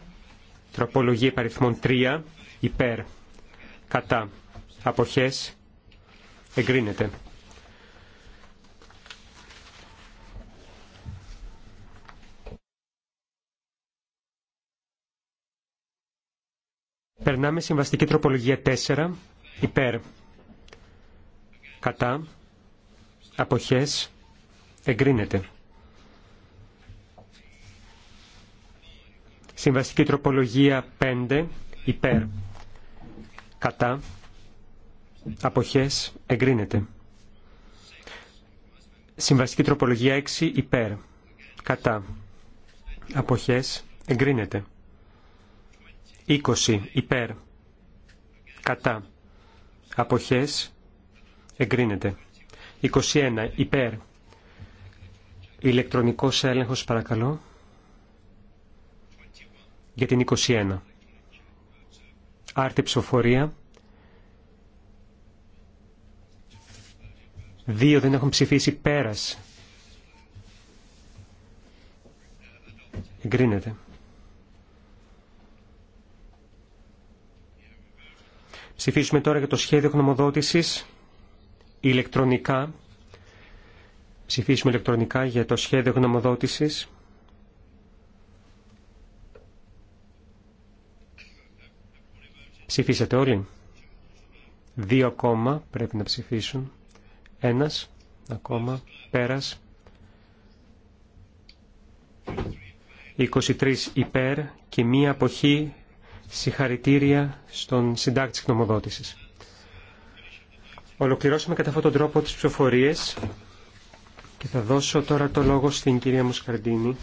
Speaker 4: τροπολογία υπαριθμών 3 υπέρ κατά αποχές εγκρίνεται. Περνάμε συμβαστική τροπολογία 4 υπέρ κατά, αποχές, εγκρίνεται. Συμβαστική τροπολογία 5, υπέρ, κατά, αποχές, εγκρίνεται. Συμβαστική τροπολογία 6, υπέρ, κατά, αποχές, εγκρίνεται. 20, υπέρ, κατά, αποχές, Εγκρίνεται. 21. Υπέρ. Ηλεκτρονικός έλεγχος παρακαλώ. Για την 21. Άρτη ψηφοφορία. Δύο δεν έχουν ψηφίσει πέρας. Εγκρίνεται. Ψηφίσουμε τώρα για το σχέδιο γνωμοδότησης ηλεκτρονικά. Ψηφίσουμε ηλεκτρονικά για το σχέδιο γνωμοδότησης. Ψηφίσατε όλοι. Δύο ακόμα πρέπει να ψηφίσουν. Ένας ακόμα. Πέρας. 23 υπέρ και μία αποχή συγχαρητήρια στον συντάκτη της γνωμοδότησης. Ολοκληρώσαμε κατά αυτόν τον τρόπο τις ψηφοφορίες και θα δώσω τώρα το λόγο στην κυρία Μουσκαρντίνη.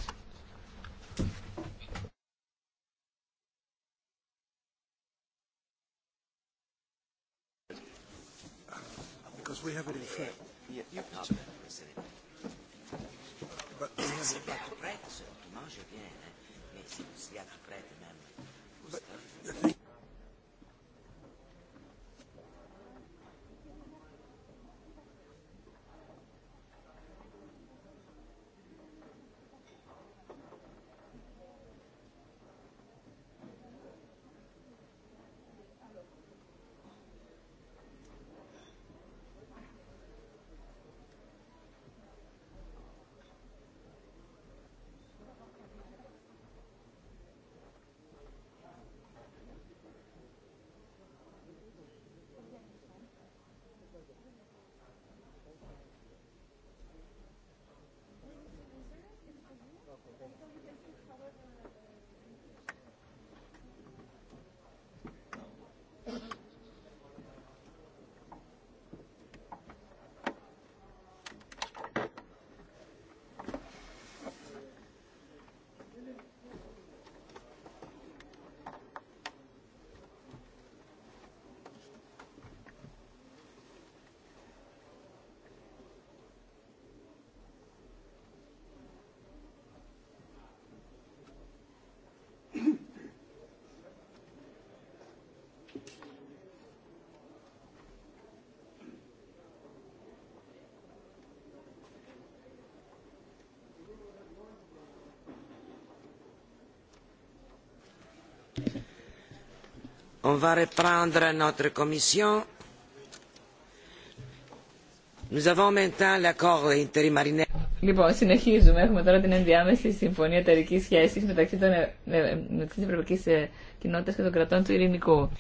Speaker 2: Λοιπόν, συνεχίζουμε. Έχουμε τώρα την ενδιάμεση συμφωνία εταιρική σχέση μεταξύ, των, ε, ε, μεταξύ τη Ευρωπαϊκή ε, Κοινότητα και των κρατών του Ειρηνικού.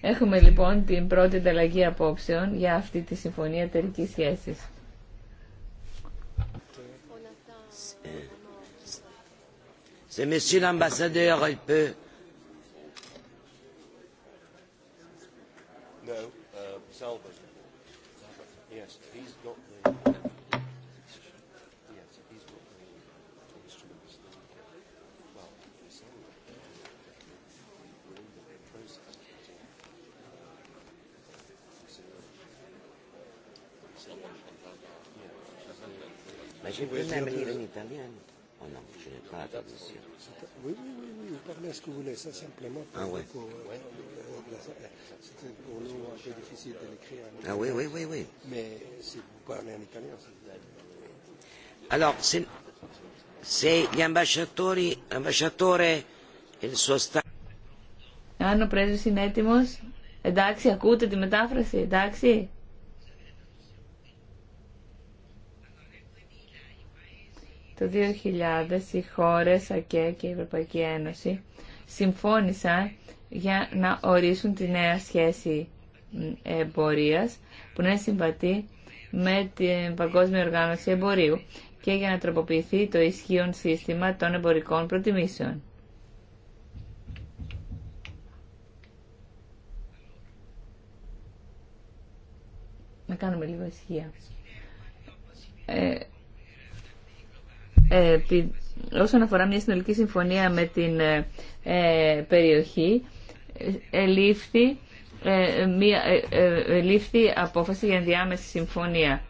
Speaker 2: Έχουμε λοιπόν την πρώτη ανταλλαγή απόψεων για αυτή τη συμφωνία εταιρική σχέση.
Speaker 5: c'est monsieur l'ambassadeur il peut
Speaker 4: ça simplement ah ouais.
Speaker 1: c'était pour nous un peu difficile de l'écrire. Ah oui, oui, oui, oui. Mais si vous parlez en italien, c'est...
Speaker 5: Alors, se, se gli ambasciatori, ambasciatore, il suo stato...
Speaker 2: Αν ο πρέσβης είναι έτοιμος, εντάξει, ακούτε τη μετάφραση, εντάξει. Το 2000 οι χώρες, ΑΚΕ και η Ευρωπαϊκή Ένωση συμφώνησαν για να ορίσουν τη νέα σχέση εμπορίας που να συμβατεί με την Παγκόσμια Οργάνωση Εμπορίου και για να τροποποιηθεί το ισχύον σύστημα των εμπορικών προτιμήσεων. Να κάνουμε λίγο όσον αφορά μια συνολική συμφωνία με την ε, ε περιοχή, ε, ελήφθη ε, μια, ε, λήφθη απόφαση για ενδιάμεση συμφωνία.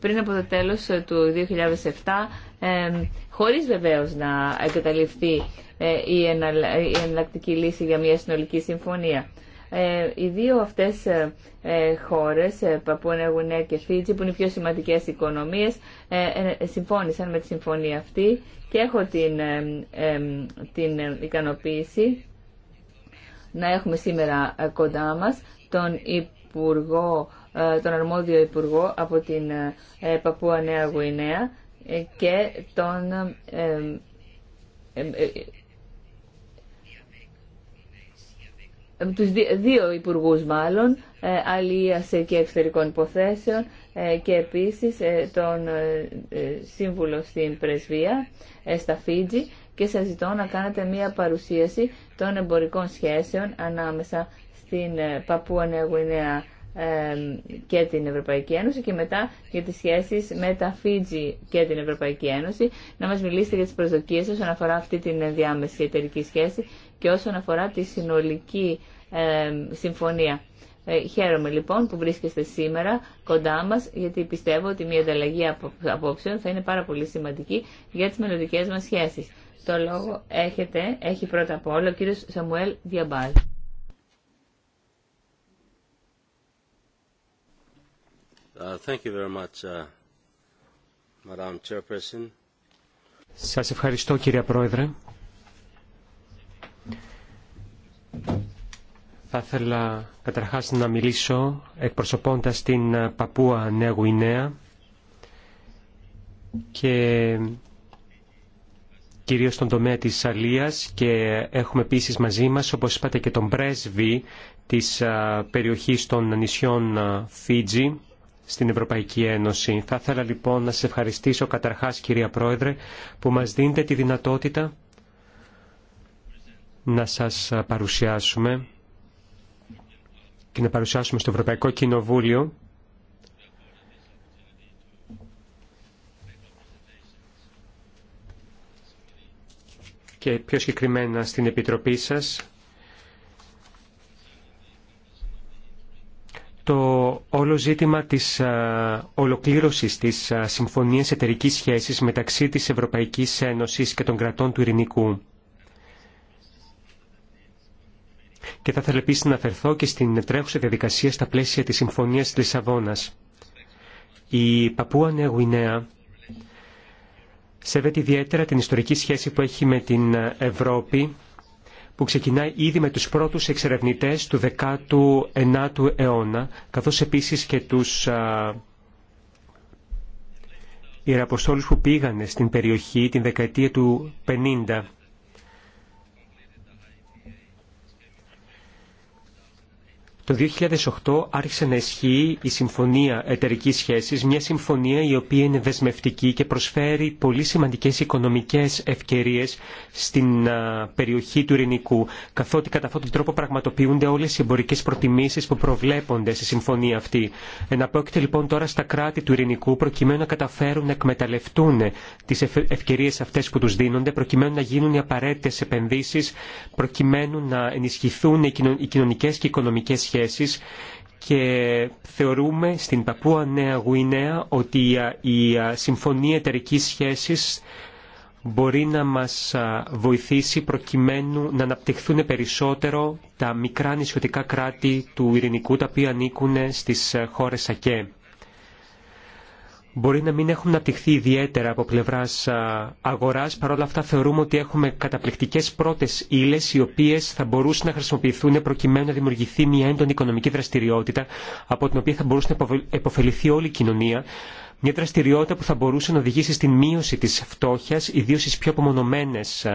Speaker 2: Πριν από το τέλος του 2007, ε, χωρίς βεβαίως να εγκαταλειφθεί η εναλλακτική λύση για μια συνολική συμφωνία. Ε, οι δύο αυτές ε, ε, χώρες, νέα Γουινέα και Φίτζη, που είναι οι πιο σημαντικές οικονομίες, συμφώνησαν με τη συμφωνία αυτή και έχω την, την ικανοποίηση να έχουμε σήμερα κοντά μας τον Υπουργό, τον αρμόδιο Υπουργό από την Παπούα Νέα Γουινέα και τον τους δύο υπουργούς μάλλον, ε, Αλίας ε, και Εξωτερικών Υποθέσεων ε, και επίσης τον σύμβουλο στην Πρεσβεία στα Φίτζη και σας ζητώ να κάνετε μία παρουσίαση των εμπορικών σχέσεων ανάμεσα στην Παππούα Νέα και την Ευρωπαϊκή Ένωση και μετά για τις σχέσεις με τα Φίτζη και την Ευρωπαϊκή Ένωση να μας μιλήσετε για τις προσδοκίες όσον αφορά αυτή την διάμεση εταιρική σχέση και όσον αφορά τη συνολική συμφωνία. Ε, χαίρομαι λοιπόν που βρίσκεστε σήμερα κοντά μας γιατί πιστεύω ότι μια ανταλλαγή απόψεων θα είναι πάρα πολύ σημαντική για τις μελλοντικέ μας σχέσεις. Το λόγο έχετε, έχει πρώτα απ' όλο ο κύριος Σαμουέλ Διαμπάλ.
Speaker 1: Uh, uh,
Speaker 4: Σας ευχαριστώ κύριε Πρόεδρε. Θα ήθελα καταρχάς να μιλήσω εκπροσωπώντας την ε, Παπούα Νέα Γουινέα και κυρίως στον τομέα της Αλίας και έχουμε επίση μαζί μας, όπως είπατε, και τον πρέσβη της ε, περιοχής των νησιών ε, Φίτζη στην Ευρωπαϊκή Ένωση. Θα ήθελα λοιπόν να σε ευχαριστήσω καταρχάς κυρία Πρόεδρε που μας δίνετε τη δυνατότητα να σας παρουσιάσουμε και να παρουσιάσουμε στο Ευρωπαϊκό Κοινοβούλιο και πιο συγκεκριμένα στην Επιτροπή σας το όλο ζήτημα της ολοκλήρωσης της συμφωνίας εταιρικής σχέσης μεταξύ της Ευρωπαϊκής Ένωσης και των κρατών του Ειρηνικού. Και θα ήθελα επίσης να αναφερθώ και στην τρέχουσα διαδικασία στα πλαίσια της Συμφωνίας της Λισαβόνας. Η Παππούα Νέα Γουινέα σέβεται ιδιαίτερα την ιστορική σχέση που έχει με την Ευρώπη που ξεκινάει ήδη με τους πρώτους εξερευνητές του 19ου αιώνα, καθώς επίσης και τους α, ιεραποστόλους που πήγανε στην περιοχή την δεκαετία του 50. Το 2008 άρχισε να ισχύει η Συμφωνία εταιρική σχέση, μια συμφωνία η οποία είναι δεσμευτική και προσφέρει πολύ σημαντικέ οικονομικέ ευκαιρίε στην περιοχή του Ειρηνικού, καθότι κατά αυτόν τον τρόπο πραγματοποιούνται όλε οι εμπορικέ προτιμήσει που προβλέπονται στη συμφωνία αυτή. Εναπόκειται λοιπόν τώρα στα κράτη του Ειρηνικού προκειμένου να καταφέρουν να εκμεταλλευτούν τι ευκαιρίε αυτέ που του δίνονται, προκειμένου να γίνουν οι απαραίτητε επενδύσει, προκειμένου να ενισχυθούν οι κοινωνικέ και οικονομικέ σχέσει σχέσεις και θεωρούμε στην Παππούα Νέα Γουινέα ότι η Συμφωνία Εταιρικής Σχέσης μπορεί να μας βοηθήσει προκειμένου να αναπτυχθούν περισσότερο τα μικρά νησιωτικά κράτη του Ειρηνικού τα οποία ανήκουν στις ε, χώρες ΑΚΕ μπορεί να μην έχουν αναπτυχθεί ιδιαίτερα από πλευράς αγοράς. παρόλα αυτά θεωρούμε ότι έχουμε καταπληκτικές πρώτες ύλε, οι οποίες θα μπορούσαν να χρησιμοποιηθούν προκειμένου να δημιουργηθεί μια έντονη οικονομική δραστηριότητα από την οποία θα μπορούσε να επωφεληθεί όλη η κοινωνία. Μια δραστηριότητα που θα μπορούσε να οδηγήσει στην μείωση της φτώχειας, ιδίως στις πιο απομονωμένες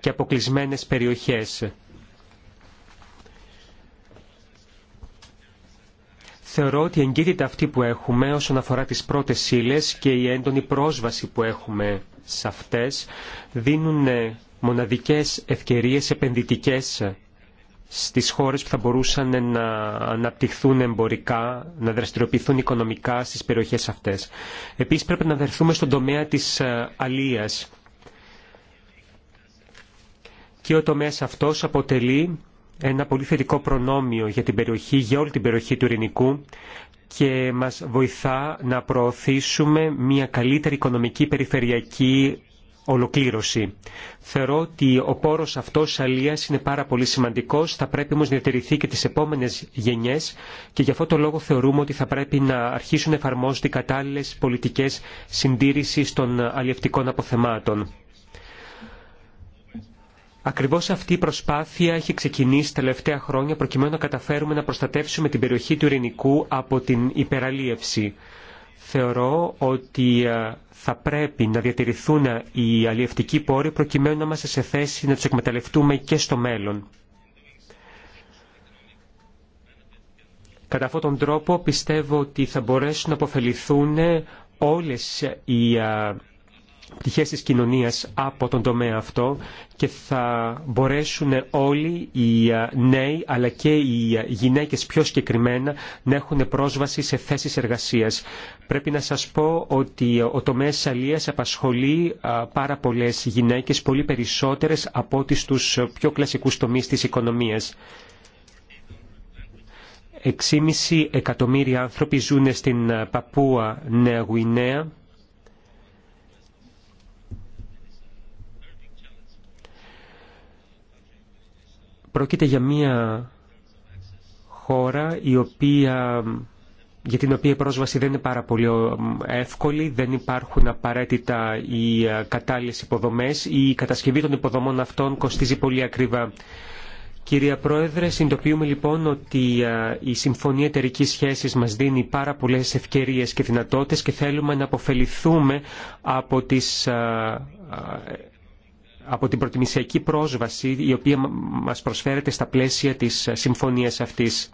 Speaker 4: και αποκλεισμένες περιοχές. θεωρώ ότι η εγκύτητα αυτή που έχουμε όσον αφορά τις πρώτες ύλε και η έντονη πρόσβαση που έχουμε σε αυτές δίνουν ε, μοναδικές ευκαιρίες επενδυτικές στις χώρες που θα μπορούσαν ε, να αναπτυχθούν εμπορικά, να δραστηριοποιηθούν οικονομικά στις περιοχές αυτές. Επίσης πρέπει να δερθούμε στον τομέα της ε, αλίας. Και ο τομέας αυτός αποτελεί ένα πολύ θετικό προνόμιο για την περιοχή, για όλη την περιοχή του Ειρηνικού και μας βοηθά να προωθήσουμε μια καλύτερη οικονομική περιφερειακή ολοκλήρωση. Θεωρώ ότι ο πόρος αυτός αλίας είναι πάρα πολύ σημαντικός, θα πρέπει όμως να διατηρηθεί και τις επόμενες γενιές και γι' αυτό το λόγο θεωρούμε ότι θα πρέπει να αρχίσουν να εφαρμόζονται κατάλληλες πολιτικές συντήρησης των αλλιευτικών αποθεμάτων. Ακριβώς αυτή η προσπάθεια έχει ξεκινήσει τα τελευταία χρόνια προκειμένου να καταφέρουμε να προστατεύσουμε την περιοχή του Ειρηνικού από την υπεραλίευση. Θεωρώ ότι ε, θα πρέπει να διατηρηθούν ε, οι αλλιευτικοί πόροι προκειμένου να είμαστε σε θέση να τους εκμεταλλευτούμε και στο μέλλον. Κατά αυτόν τον τρόπο πιστεύω ότι θα μπορέσουν να αποφεληθούν ε, όλες οι πτυχές της κοινωνίας από τον τομέα αυτό και θα μπορέσουν όλοι οι νέοι αλλά και οι γυναίκες πιο συγκεκριμένα να έχουν πρόσβαση σε θέσεις εργασίας. Πρέπει να σας πω ότι ο τομέας αλίας απασχολεί πάρα πολλές γυναίκες, πολύ περισσότερες από ό,τι στους πιο κλασικούς τομείς της οικονομίας. 6,5 εκατομμύρια άνθρωποι ζουν στην Παπούα Νέα Γουινέα Πρόκειται για μια χώρα η οποία για την οποία η πρόσβαση δεν είναι πάρα πολύ ε, εύκολη, δεν υπάρχουν απαραίτητα οι ε, κατάλληλες υποδομές, η κατασκευή των υποδομών αυτών κοστίζει πολύ ακριβά. Κυρία Πρόεδρε, συνειδητοποιούμε λοιπόν ότι ε, η Συμφωνία Εταιρική Σχέσης μας δίνει πάρα πολλές ευκαιρίες και δυνατότητες και θέλουμε να αποφεληθούμε από τις από την προτιμησιακή πρόσβαση η οποία μας προσφέρεται στα πλαίσια της ε, συμφωνίας αυτής.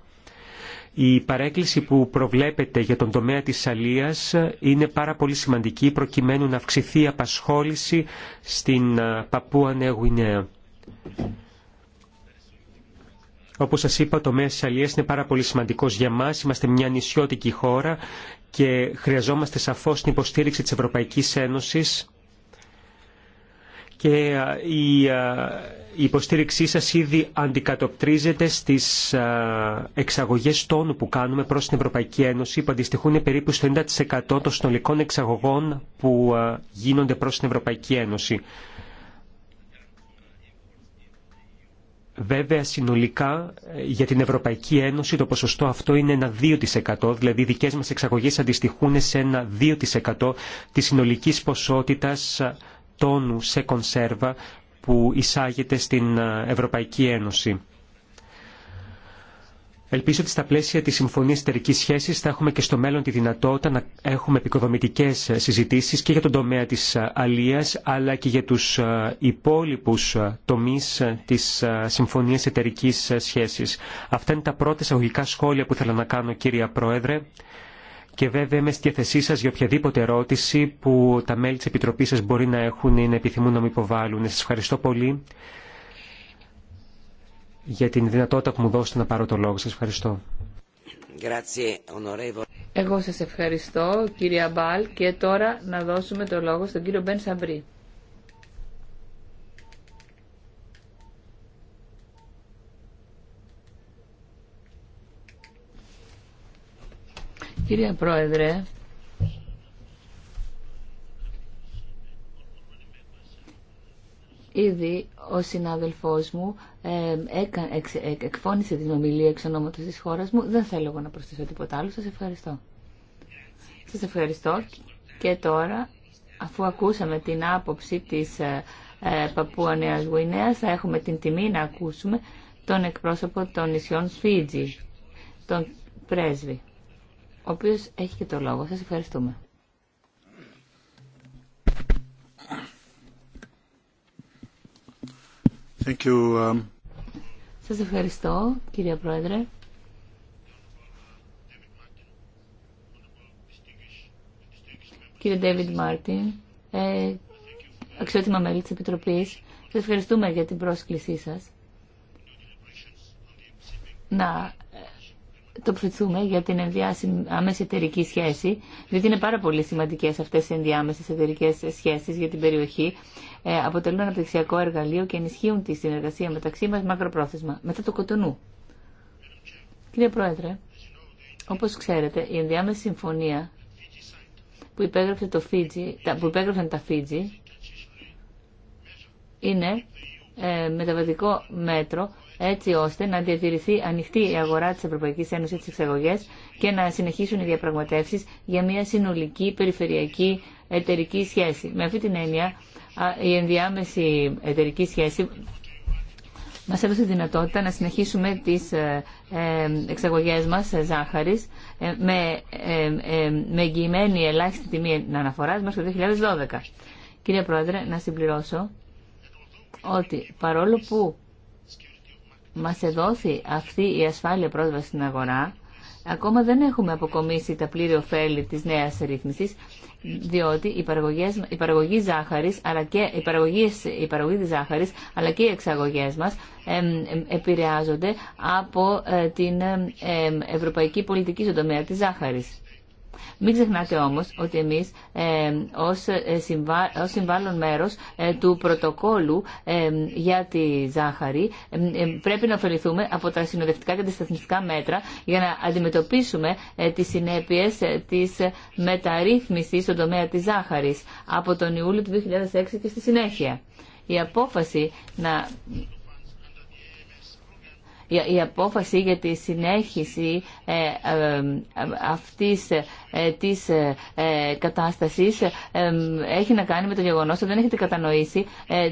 Speaker 4: Η παρέκκληση που προβλέπεται για τον τομέα της αλίας ε, είναι πάρα πολύ σημαντική προκειμένου να αυξηθεί η απασχόληση στην ε, Παππούα Νέα Γουινέα. Όπως σας είπα, το τομέα της αλίας είναι πάρα πολύ σημαντικός για μας. Είμαστε μια νησιώτικη χώρα και χρειαζόμαστε σαφώς την υποστήριξη της Ευρωπαϊκής Ένωσης και ε, η ε, η υποστήριξή σας ήδη αντικατοπτρίζεται στις ε, εξαγωγές τόνου που κάνουμε προς την Ευρωπαϊκή Ένωση που αντιστοιχούν περίπου στο 90% των συνολικών εξαγωγών που γίνονται προς την Ευρωπαϊκή Ένωση. Βέβαια, συνολικά για την Ευρωπαϊκή Ένωση το ποσοστό αυτό είναι ένα 2%, δηλαδή οι δικές μας εξαγωγές αντιστοιχούν σε ένα 2% της συνολικής ποσότητας τόνου σε κονσέρβα που εισάγεται στην ε, Ευρωπαϊκή Ένωση. Ελπίζω ότι στα πλαίσια της Συμφωνίας Εταιρικής Σχέσης θα έχουμε και στο μέλλον τη δυνατότητα να έχουμε επικοδομητικές ε, συζητήσεις και για τον τομέα της ε, αλίας αλλά και για τους υπόλοιπους τομείς της Συμφωνίας Εταιρικής Σχέσης. Αυτά είναι τα πρώτα εισαγωγικά σχόλια που ήθελα να κάνω κύριε Πρόεδρε και βέβαια είμαι στη διαθεσή σα για οποιαδήποτε ερώτηση που τα μέλη τη επιτροπή σα μπορεί να έχουν ή να επιθυμούν να μου υποβάλουν. Σα ευχαριστώ πολύ για την δυνατότητα που μου δώσετε να πάρω το λόγο. Σας ευχαριστώ.
Speaker 2: Εγώ σας ευχαριστώ κύριε Αμπάλ και τώρα να δώσουμε το λόγο στον κύριο Μπεν Σαμπρί. Κύριε Πρόεδρε, ήδη ο συνάδελφός μου εκφώνησε την ομιλία εξ ονόματος της χώρας μου. Δεν θέλω εγώ να προσθέσω τίποτα άλλο. Σας ευχαριστώ. Σας ευχαριστώ. Και τώρα, αφού ακούσαμε την άποψη της ε, ε, παππού Νέας Γουινέας, θα έχουμε την τιμή να ακούσουμε τον εκπρόσωπο των νησιών Φίτζη, τον πρέσβη ο οποίο έχει και το λόγο. Σα ευχαριστούμε. Thank you. Um, σας ευχαριστώ, κύριε Πρόεδρε. Κύριε Ντέιβιντ Μάρτιν, ε, αξιότιμα μέλη της Επιτροπής, σας ευχαριστούμε για την πρόσκλησή σας να το τοποθετηθούμε για την ενδιάμεση εταιρική σχέση, διότι είναι πάρα πολύ σημαντικέ αυτέ οι ενδιάμεσε εταιρικέ σχέσει για την περιοχή. Ε, αποτελούν αναπτυξιακό εργαλείο και ενισχύουν τη συνεργασία μεταξύ μα μακροπρόθεσμα. Μετά το κοτονού. Κύριε Πρόεδρε, όπω ξέρετε, η ενδιάμεση συμφωνία που, υπέγραψε το που υπέγραψαν τα Φίτζι είναι ε, μεταβατικό μέτρο έτσι ώστε να διατηρηθεί ανοιχτή η αγορά της Ευρωπαϊκή Ένωση τη εξαγωγές και να συνεχίσουν οι διαπραγματεύσεις για μια συνολική περιφερειακή εταιρική σχέση. Με αυτή την έννοια η ενδιάμεση εταιρική σχέση μα έδωσε τη δυνατότητα να συνεχίσουμε τι ε, ε, εξαγωγέ μα ζάχαρη ε, με, με εγγυημένη ελάχιστη τιμή αναφορά μέχρι το 2012. Κύριε Πρόεδρε, να συμπληρώσω ότι παρόλο που μας εδόθη αυτή η ασφάλεια πρόσβαση στην αγορά, ακόμα δεν έχουμε αποκομίσει τα πλήρη ωφέλη της νέας ρύθμισης, διότι η παραγωγή, η ζάχαρης, αλλά και η παραγωγή, η παραγωγή της ζάχαρης, αλλά και οι εξαγωγές μας επηρεάζονται από ε, την ε, ευρωπαϊκή πολιτική στον τομέα της ζάχαρης. Μην ξεχνάτε όμως ότι εμείς ε, ως, ε, συμβα... συμβάλλον μέρος ε, του πρωτοκόλου ε, για τη ζάχαρη πρέπει να ωφεληθούμε από τα συνοδευτικά και τα μέτρα για να αντιμετωπίσουμε τις συνέπειες της μεταρρύθμισης στον τομέα της ζάχαρης από τον Ιούλιο του 2006 και στη συνέχεια. Η απόφαση να η, απόφαση για τη συνέχιση ε, ε, αυτής ε, της κατάστασης έχει να κάνει με το γεγονός ότι δεν έχετε κατανοήσει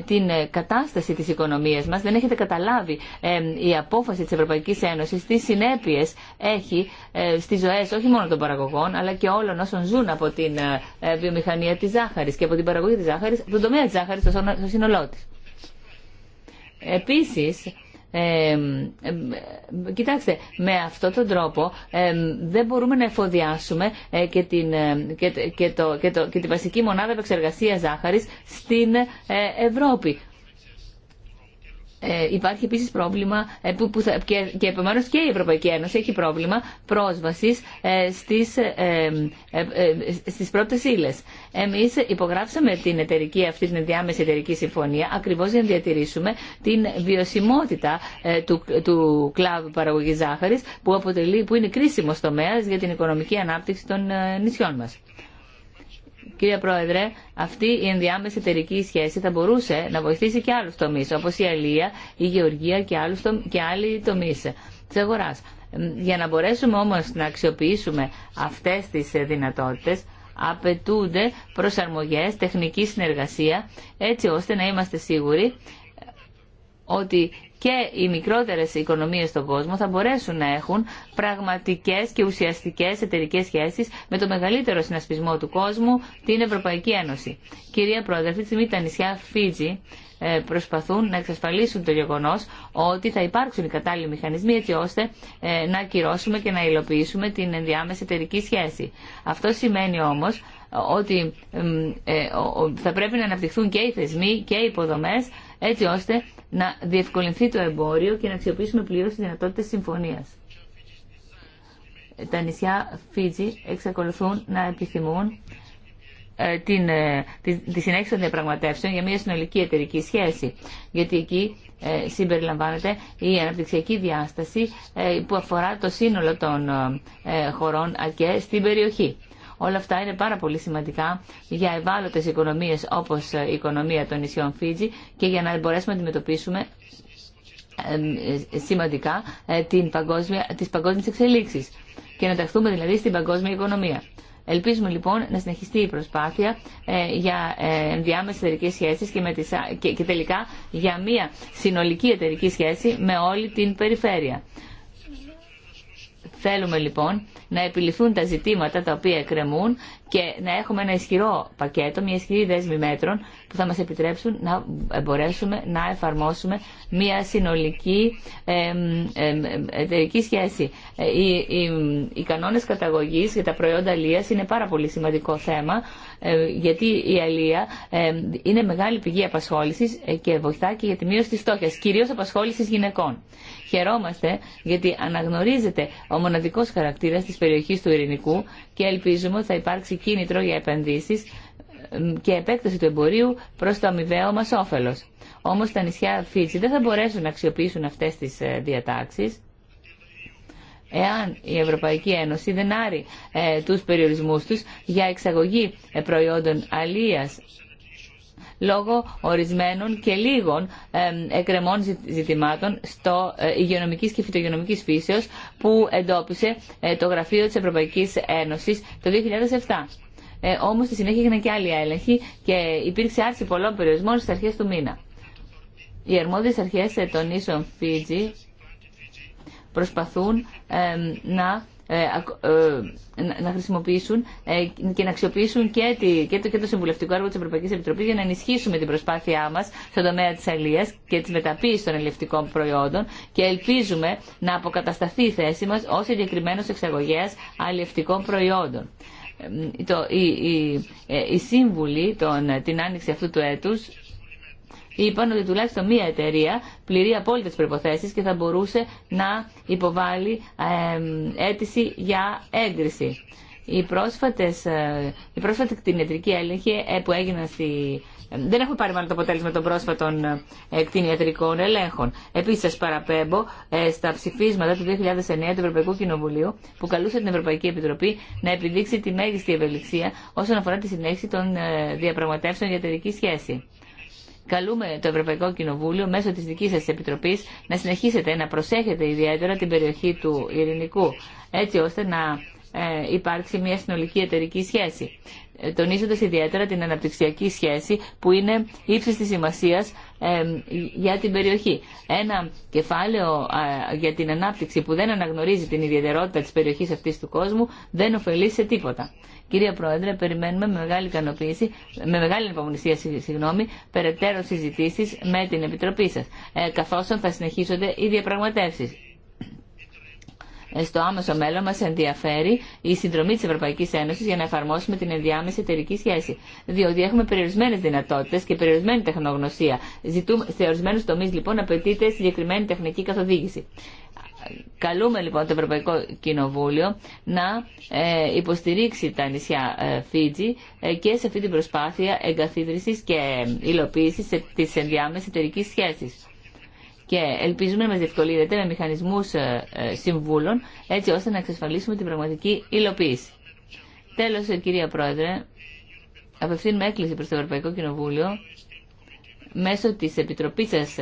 Speaker 2: την κατάσταση της οικονομίας μας, δεν έχετε καταλάβει η απόφαση της Ευρωπαϊκής Ένωσης τι συνέπειες έχει στις ζωές όχι μόνο των παραγωγών αλλά και όλων όσων ζουν από την βιομηχανία της ζάχαρης και από την παραγωγή της ζάχαρης, από τον τομέα της ζάχαρης στο σύνολό της. Επίσης, ε, κοιτάξτε, με αυτόν τον τρόπο δεν μπορούμε να εφοδιάσουμε ε, και, την, ε, και, το, και, το, και τη βασική μονάδα επεξεργασίας ζάχαρης στην ε, Ευρώπη. Ε, υπάρχει επίση πρόβλημα ε, που, που θα, και, και επομένω η Ευρωπαϊκή Ένωση έχει πρόβλημα πρόσβαση ε, στι στις ε, ε, πρώτε ύλε. Εμεί υπογράψαμε την εταιρική, αυτή την ενδιάμεση εταιρική συμφωνία ακριβώ για να διατηρήσουμε την βιωσιμότητα του, του κλάδου παραγωγή ζάχαρη που, που είναι κρίσιμο τομέα για την οικονομική ανάπτυξη των νησιών μα. Κύριε Πρόεδρε, αυτή η ενδιάμεση εταιρική σχέση θα μπορούσε να βοηθήσει και άλλου τομεί, όπω η Αλία, η Γεωργία και, άλλους και άλλοι τομεί τη αγορά. Για να μπορέσουμε όμω να αξιοποιήσουμε αυτέ τι δυνατότητε, απαιτούνται προσαρμογές, τεχνική συνεργασία, έτσι ώστε να είμαστε σίγουροι ότι και οι μικρότερες οικονομίες στον κόσμο θα μπορέσουν να έχουν πραγματικές και ουσιαστικές εταιρικές σχέσεις με το μεγαλύτερο συνασπισμό του κόσμου, την Ευρωπαϊκή Ένωση. Κυρία Πρόεδρε, αυτή τη στιγμή τα νησιά Φίτζη ε, προσπαθούν να εξασφαλίσουν το γεγονό ότι θα υπάρξουν οι κατάλληλοι μηχανισμοί έτσι ώστε ε, να ακυρώσουμε και να υλοποιήσουμε την ενδιάμεση εταιρική σχέση. Αυτό σημαίνει όμω ε, ότι θα πρέπει να αναπτυχθούν και οι θεσμοί και οι υποδομές έτσι ώστε να διευκολυνθεί το εμπόριο και να αξιοποιήσουμε πλήρω τι δυνατότητε συμφωνία. Τα νησιά Φίτζη εξακολουθούν να επιθυμούν ε, την, ε, τη, τη συνέχιση των διαπραγματεύσεων για μια συνολική εταιρική σχέση. Γιατί εκεί ε, συμπεριλαμβάνεται η αναπτυξιακή διάσταση που αφορά το σύνολο των χωρών ΑΚΕ στην περιοχή. Όλα αυτά είναι πάρα πολύ σημαντικά για ευάλωτες οικονομίες όπως ε, η οικονομία των νησιών Φίτζη και για να μπορέσουμε να αντιμετωπίσουμε ε, σημαντικά ε, την παγκόσμια, τις παγκόσμιες εξελίξεις και να ταχθούμε δηλαδή στην παγκόσμια οικονομία. Ελπίζουμε λοιπόν να συνεχιστεί η προσπάθεια για ενδιάμεσες εταιρικέ σχέσεις και, με και, και τελικά για μια συνολική εταιρική σχέση με όλη την περιφέρεια. Θέλουμε λοιπόν να επιληθούν τα ζητήματα τα οποία εκκρεμούν και να έχουμε ένα ισχυρό πακέτο, μια ισχυρή δέσμη μέτρων που θα μας επιτρέψουν να μπορέσουμε να εφαρμόσουμε μια συνολική εταιρική σχέση. Οι, ε, οι, οι κανόνες καταγωγής για τα προϊόντα αλίας είναι πάρα πολύ σημαντικό θέμα ε, γιατί η αλία είναι μεγάλη πηγή απασχόλησης ε, και βοηθά και για τη μείωση της στόχιας, κυρίως απασχόλησης γυναικών. Χαιρόμαστε γιατί αναγνωρίζεται ο μοναδικός χαρακτήρας της περιοχής του Ειρηνικού και ελπίζουμε ότι θα υπάρξει κίνητρο για επενδύσεις και επέκταση του εμπορίου προς το αμοιβαίο μας όφελος. Όμως τα νησιά Φίτσι δεν θα μπορέσουν να αξιοποιήσουν αυτές τις ε, διατάξεις εάν η Ευρωπαϊκή Ένωση δεν άρει ε, τους περιορισμούς τους για εξαγωγή ε, προϊόντων αλίας λόγω ορισμένων και λίγων εκκρεμών ζητημάτων στο ε, υγειονομική και φυτογειονομική φύσεω που εντόπισε ε, το Γραφείο τη Ευρωπαϊκή Ένωση το 2007. Ε, Όμω στη συνέχεια έγιναν και άλλοι έλεγχοι και υπήρξε άρση πολλών περιορισμών στι αρχέ του μήνα. Οι αρμόδιες αρχές ε, των νήσων Φίτζη προσπαθούν να ε, ε, να χρησιμοποιήσουν ε, και να αξιοποιήσουν και, το, το συμβουλευτικό έργο τη Ευρωπαϊκή Επιτροπή για να ενισχύσουμε την προσπάθειά μας στον τομέα της αλληλεία και της μεταποίηση των ελευτικών προϊόντων και ελπίζουμε να αποκατασταθεί η θέση μας ως εγκεκριμένο εξαγωγέας αλληλευτικών προϊόντων. Το, οι, την άνοιξη αυτού του έτους είπαν ότι τουλάχιστον μία εταιρεία πληρεί απόλυτε προποθέσει και θα μπορούσε να υποβάλει αίτηση για έγκριση. Οι, πρόσφατες, ε, οι πρόσφατοι κτηνιατρικοί έλεγχοι ε, που έγιναν στη, ε, δεν έχουμε πάρει μάλλον το αποτέλεσμα των πρόσφατων κτηνιατρικών ελέγχων. Επίση, σα παραπέμπω στα ψηφίσματα του 2009 του Ευρωπαϊκού Κοινοβουλίου, που καλούσε την Ευρωπαϊκή Επιτροπή να επιδείξει τη μέγιστη ευελιξία όσον αφορά τη συνέχιση των διαπραγματεύσεων για εταιρική σχέση. Καλούμε το Ευρωπαϊκό Κοινοβούλιο μέσω της δικής σας επιτροπής να συνεχίσετε να προσέχετε ιδιαίτερα την περιοχή του Ειρηνικού, έτσι ώστε να ε, υπάρξει μια συνολική εταιρική σχέση τονίζοντα ιδιαίτερα την αναπτυξιακή σχέση που είναι ύψη τη σημασία για την περιοχή. Ένα κεφάλαιο για την ανάπτυξη που δεν αναγνωρίζει την ιδιαιτερότητα τη περιοχή αυτή του κόσμου δεν ωφελεί σε τίποτα. Κυρία Πρόεδρε, περιμένουμε με μεγάλη ικανοποίηση, με μεγάλη υπομονησία, συγγνώμη, περαιτέρω συζητήσει με την Επιτροπή σα, ε, καθώ θα συνεχίσονται οι διαπραγματεύσει στο άμεσο μέλλον μα ενδιαφέρει η συνδρομή τη Ευρωπαϊκή Ένωση για να εφαρμόσουμε την ενδιάμεση εταιρική σχέση. Διότι έχουμε περιορισμένε δυνατότητε και περιορισμένη τεχνογνωσία. Ζητούμε, σε ορισμένου τομεί λοιπόν απαιτείται συγκεκριμένη τεχνική καθοδήγηση. Καλούμε λοιπόν το Ευρωπαϊκό Κοινοβούλιο να ε, υποστηρίξει τα νησιά ε, Φίτζη ε, και σε αυτή την προσπάθεια εγκαθίδρυσης και υλοποίησης της ενδιάμεσης εταιρικής σχέσης και ελπίζουμε να μα διευκολύνετε με μηχανισμού ε, ε, συμβούλων, έτσι ώστε να εξασφαλίσουμε την πραγματική υλοποίηση. Τέλο, ε, κυρία Πρόεδρε, απευθύνουμε έκκληση προ το Ευρωπαϊκό Κοινοβούλιο μέσω της Επιτροπής σας,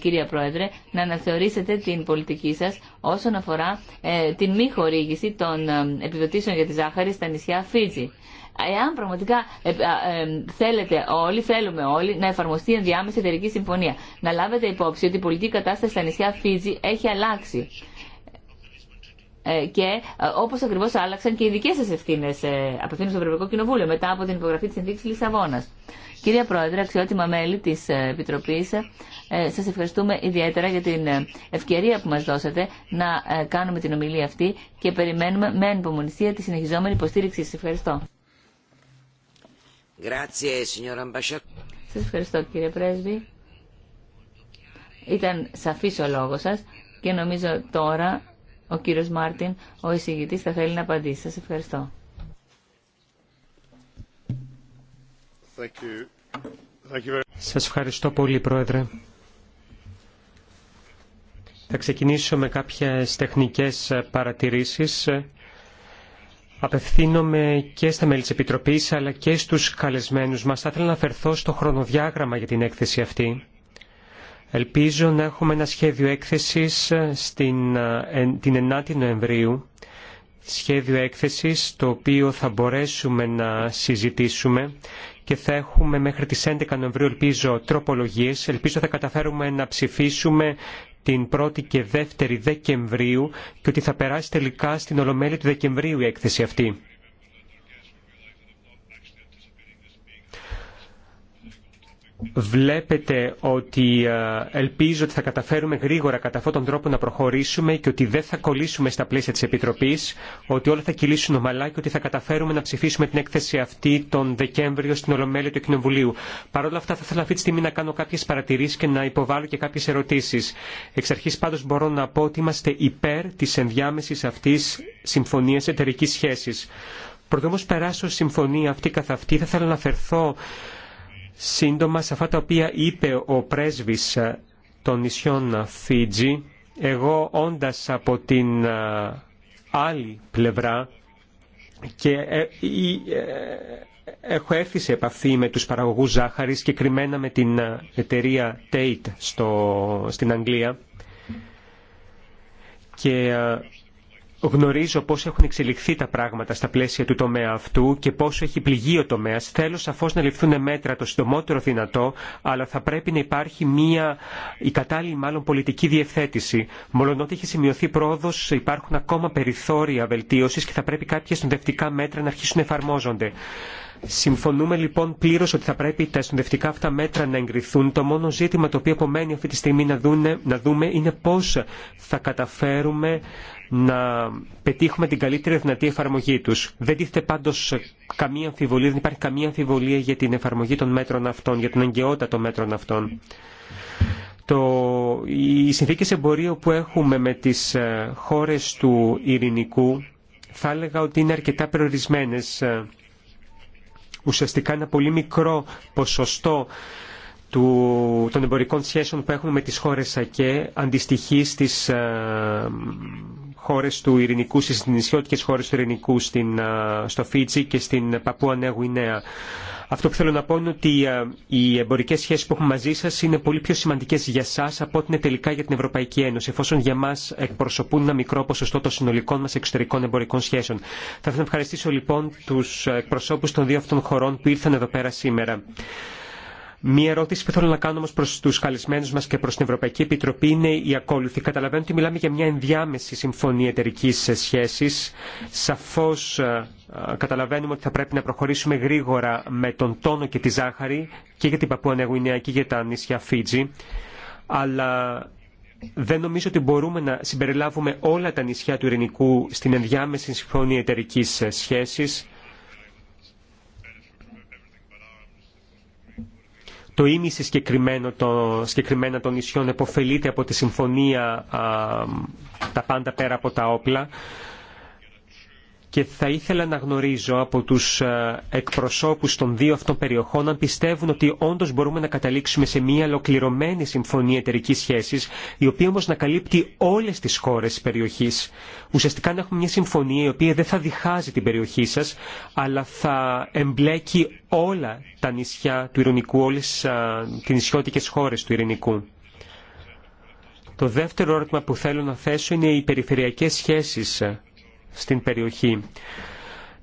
Speaker 2: κυρία Πρόεδρε, να αναθεωρήσετε την πολιτική σας όσον αφορά την μη χορήγηση των επιδοτήσεων για τη ζάχαρη στα νησιά Φίτζη εάν πραγματικά ε, θέλετε όλοι, θέλουμε όλοι να εφαρμοστεί ενδιάμεση εταιρική συμφωνία, να λάβετε υπόψη ότι η πολιτική κατάσταση στα νησιά Φίτζη έχει αλλάξει ε, και ε, όπω ακριβώ άλλαξαν και οι δικές σας ευθύνες από το Ευρωπαϊκό Κοινοβούλιο μετά από την υπογραφή τη Συνθήκη Λισαβόνα. Κυρία Πρόεδρε, αξιότιμα μέλη της Επιτροπής, σα ευχαριστούμε ιδιαίτερα για την ευκαιρία που μα δώσατε να κάνουμε την ομιλία αυτή και περιμένουμε με ανυπομονησία τη συνεχιζόμενη υποστήριξη. Σα ευχαριστώ.
Speaker 5: Σας
Speaker 2: ευχαριστώ κύριε Πρέσβη. Ήταν σαφής ο λόγος σας και νομίζω τώρα ο κύριος Μάρτιν, ο εισηγητής, θα θέλει να απαντήσει. Σας ευχαριστώ. Σας ευχαριστώ
Speaker 4: πολύ, Πρόεδρε. Θα ξεκινήσω με κάποιες τεχνικές παρατηρήσεις Απευθύνομαι και στα μέλη της Επιτροπής αλλά και στους καλεσμένους μας. Θα ήθελα να αφαιρθώ στο χρονοδιάγραμμα για την έκθεση αυτή. Ελπίζω να έχουμε ένα σχέδιο έκθεσης στην, ε, την 9η Νοεμβρίου. Σχέδιο έκθεσης το οποίο θα μπορέσουμε να συζητήσουμε και θα έχουμε μέχρι τις 11 Νοεμβρίου ελπίζω τροπολογίες. Ελπίζω θα καταφέρουμε να ψηφίσουμε την 1η και 2η Δεκεμβρίου και ότι θα περάσει τελικά στην Ολομέλεια του Δεκεμβρίου η έκθεση αυτή. βλέπετε ότι ε, ελπίζω ότι θα καταφέρουμε γρήγορα κατά αυτόν τον τρόπο να προχωρήσουμε και ότι δεν θα κολλήσουμε στα πλαίσια της Επιτροπής, ότι όλα θα κυλήσουν ομαλά και ότι θα καταφέρουμε να ψηφίσουμε την έκθεση αυτή τον Δεκέμβριο στην Ολομέλεια του Κοινοβουλίου. Παρ' όλα αυτά θα ήθελα αυτή τη στιγμή να κάνω κάποιες παρατηρήσεις και να υποβάλω και κάποιες ερωτήσεις. Εξ αρχής πάντως μπορώ να πω ότι είμαστε υπέρ της ενδιάμεσης αυτής συμφωνίας εταιρικής σχέσης. Πρωτού όμω περάσω συμφωνία αυτή καθ' αυτή, θα ήθελα να Σύντομα, σε αυτά τα οποία είπε ο πρέσβης ε, των νησιών Φίτζη, εγώ όντας από την ε, άλλη πλευρά και ε, έχω έρθει σε επαφή με τους παραγωγούς ζάχαρης και κρυμμένα με την εταιρεία Tate στο, στην Αγγλία και γνωρίζω πώς έχουν εξελιχθεί τα πράγματα στα πλαίσια του τομέα αυτού και πόσο έχει πληγεί ο τομέας. Θέλω σαφώς να ληφθούν μέτρα το συντομότερο δυνατό, αλλά θα πρέπει να υπάρχει μια, η κατάλληλη μάλλον πολιτική διευθέτηση. ό,τι έχει σημειωθεί πρόοδος, υπάρχουν ακόμα περιθώρια βελτίωσης και θα πρέπει κάποια συνδευτικά μέτρα να αρχίσουν να εφαρμόζονται. Συμφωνούμε λοιπόν πλήρως ότι θα πρέπει τα συνδευτικά αυτά μέτρα να εγκριθούν. Το μόνο ζήτημα το οποίο απομένει αυτή τη στιγμή να, δούνε, να δούμε είναι πώς θα καταφέρουμε να πετύχουμε την καλύτερη δυνατή εφαρμογή τους. Δεν τίθεται πάντως καμία αμφιβολία, δεν υπάρχει καμία αμφιβολία για την εφαρμογή των μέτρων αυτών, για την αγκαιότητα των μέτρων αυτών. Το, οι συνθήκες εμπορίου που έχουμε με τις ε, χώρες του ειρηνικού θα έλεγα ότι είναι αρκετά περιορισμένες ε, ουσιαστικά ένα πολύ μικρό ποσοστό του, των εμπορικών σχέσεων που έχουμε με τις χώρες ΑΚΕ αντιστοιχεί στις, ε, χώρες του Ειρηνικού, στις νησιώτικες χώρε του Ειρηνικού, στην, στο Φίτζι και στην Παππούα Νέα Γουινέα. Αυτό που θέλω να πω είναι ότι οι εμπορικές σχέσεις που έχουμε μαζί σας είναι πολύ πιο σημαντικές για σας από ότι είναι τελικά για την Ευρωπαϊκή Ένωση, εφόσον για μας εκπροσωπούν ένα μικρό ποσοστό των συνολικών μας εξωτερικών εμπορικών σχέσεων. Θα ήθελα να ευχαριστήσω λοιπόν τους εκπροσώπους των δύο αυτών χωρών που ήρθαν εδώ πέρα σήμερα. Μία ερώτηση που θέλω να κάνω όμω προ του καλεσμένου μα και προ την Ευρωπαϊκή Επιτροπή είναι η ακόλουθη. Καταλαβαίνω ότι μιλάμε για μια ενδιάμεση συμφωνία εταιρική σχέση. Σαφώ ε, ε, καταλαβαίνουμε ότι θα πρέπει να προχωρήσουμε γρήγορα με τον τόνο και τη ζάχαρη και για την Παππούα Νεγουινέα και για τα νησιά Φίτζη. Αλλά δεν νομίζω ότι μπορούμε να συμπεριλάβουμε όλα τα νησιά του Ειρηνικού στην ενδιάμεση συμφωνία εταιρική ε, σχέση το ίμιση συγκεκριμένο το, συγκεκριμένα των νησιών επωφελείται από τη συμφωνία τα πάντα πέρα από τα όπλα και θα ήθελα να γνωρίζω από τους ε, εκπροσώπους των δύο αυτών περιοχών αν πιστεύουν ότι όντως μπορούμε να καταλήξουμε σε μια ολοκληρωμένη συμφωνία εταιρικής σχέσης η οποία όμως να καλύπτει όλες τις χώρες της περιοχής. Ουσιαστικά να έχουμε μια συμφωνία η οποία δεν θα διχάζει την περιοχή σας αλλά θα εμπλέκει όλα τα νησιά του Ειρηνικού, όλες ε, τις νησιώτικες χώρες του Ειρηνικού. Το δεύτερο ερώτημα που θέλω να θέσω είναι οι περιφερειακές σχέσεις στην περιοχή.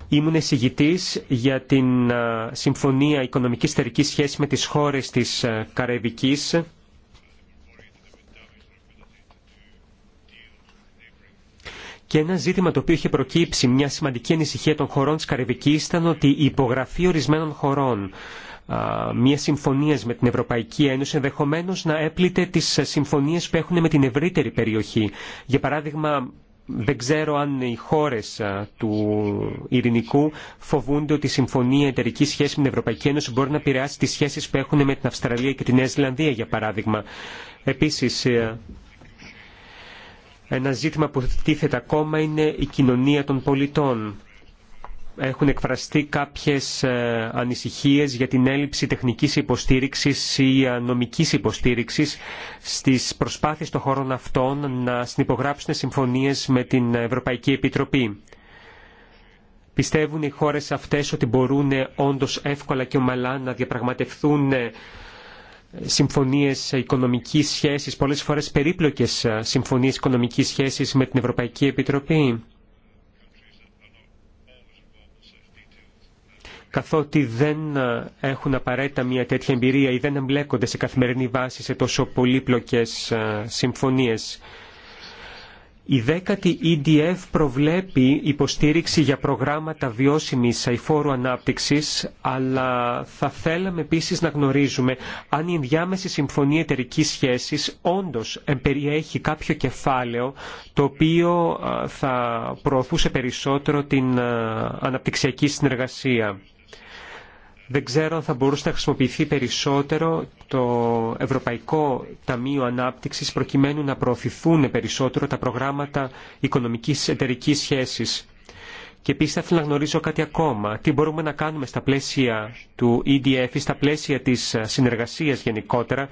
Speaker 4: Ήμουν εισηγητής για την Συμφωνία Οικονομικής Θερικής Σχέσης με τις χώρες της Καραϊβικής Και ένα ζήτημα το οποίο είχε προκύψει μια σημαντική ανησυχία των χωρών της Καραϊβικής ήταν ότι η υπογραφή ορισμένων χωρών μια συμφωνία με την Ευρωπαϊκή Ένωση ενδεχομένω να έπλητε τι συμφωνίε που έχουν με την ευρύτερη περιοχή. Για παράδειγμα, δεν ξέρω αν οι χώρε του Ειρηνικού φοβούνται ότι η Συμφωνία εταιρική σχέση με την Ευρωπαϊκή Ένωση μπορεί να επηρεάσει τι σχέσει που έχουν με την Αυστραλία και την Νέα Ζηλανδία, για παράδειγμα. Επίση, ε, ένα ζήτημα που τίθεται ακόμα είναι η κοινωνία των πολιτών έχουν εκφραστεί κάποιες ε, ανησυχίες για την έλλειψη τεχνικής υποστήριξης ή ε, νομικής υποστήριξης στις προσπάθειες των χωρών αυτών να συνυπογράψουν συμφωνίες με την Ευρωπαϊκή Επιτροπή. Πιστεύουν οι χώρες αυτές ότι μπορούν ε, όντως εύκολα και ομαλά να διαπραγματευθούν συμφωνίες οικονομικής σχέσης, πολλές φορές περίπλοκες συμφωνίες οικονομικής σχέσης με την Ευρωπαϊκή Επιτροπή καθότι δεν ε, έχουν απαραίτητα μια τέτοια εμπειρία ή δεν εμπλέκονται σε καθημερινή βάση σε τόσο πολύπλοκες ε, συμφωνίες. Η δέκατη EDF προβλέπει υποστήριξη για προγράμματα βιώσιμης αηφόρου ανάπτυξης, αλλά θα θέλαμε επίσης να γνωρίζουμε αν η ενδιάμεση συμφωνία εταιρικής σχέσης όντως περιέχει κάποιο κεφάλαιο το οποίο ε, θα προωθούσε περισσότερο την αναπτυξιακή συνεργασία. Δεν ξέρω αν θα μπορούσε να χρησιμοποιηθεί περισσότερο το Ευρωπαϊκό Ταμείο Ανάπτυξης προκειμένου να προωθηθούν περισσότερο τα προγράμματα οικονομικής εταιρικής σχέσης. Και επίση θα ήθελα να γνωρίζω κάτι ακόμα. Τι μπορούμε να κάνουμε στα πλαίσια του EDF ή στα πλαίσια της συνεργασίας γενικότερα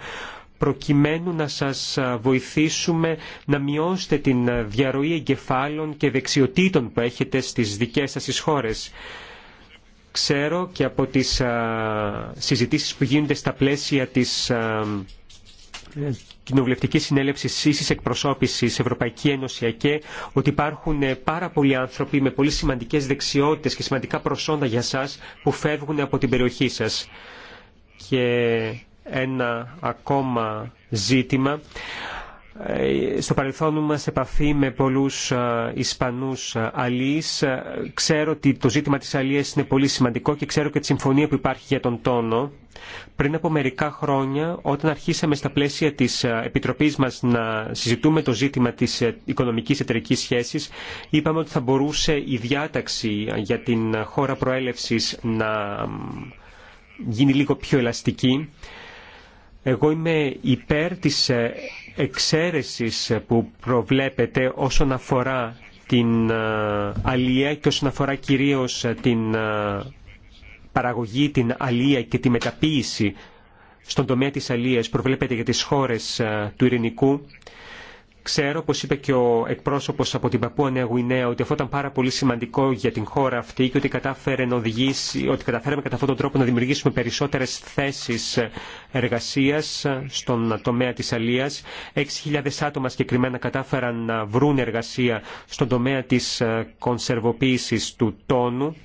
Speaker 4: προκειμένου να σας βοηθήσουμε να μειώσετε την διαρροή εγκεφάλων και δεξιοτήτων που έχετε στις δικές σας χώρες. Ξέρω και από τις συζητήσεις που γίνονται στα πλαίσια της κοινοβουλευτική συνέλευση ίση εκπροσώπηση Ευρωπαϊκή Ένωση ΑΚΕ ότι υπάρχουν ε, πάρα πολλοί άνθρωποι με πολύ σημαντικές δεξιότητε και σημαντικά προσόντα για εσά που φεύγουν από την περιοχή σα. Και ένα ακόμα ζήτημα. Ε, στο παρελθόν μας επαφή με πολλούς ε, Ισπανούς ε, αλίες. Ξέρω ότι το ζήτημα της αλίας είναι πολύ σημαντικό και ξέρω και τη συμφωνία που υπάρχει για τον τόνο. Πριν από μερικά χρόνια, όταν αρχίσαμε στα πλαίσια της Επιτροπής μας να συζητούμε το ζήτημα της οικονομικής εταιρικής σχέσης, είπαμε ότι θα μπορούσε η διάταξη για την χώρα προέλευσης να γίνει λίγο πιο ελαστική. Εγώ είμαι υπέρ της εξαίρεσης που προβλέπεται όσον αφορά την ε, αλία και όσον αφορά κυρίως ε, την ε, παραγωγή, την αλία και τη μεταποίηση στον τομέα της αλίας προβλέπεται για τις χώρες του ειρηνικού Ξέρω, όπω είπε και ο εκπρόσωπο από την Παππούα Νέα Γουινέα, ότι αυτό ήταν πάρα πολύ σημαντικό για την χώρα αυτή και ότι, κατάφερε να οδηγήσει, ότι καταφέραμε κατά αυτόν τον τρόπο να δημιουργήσουμε περισσότερε θέσει εργασία στον τομέα τη Αλία. 6.000 άτομα συγκεκριμένα κατάφεραν να βρουν εργασία στον τομέα τη κονσερβοποίηση του τόνου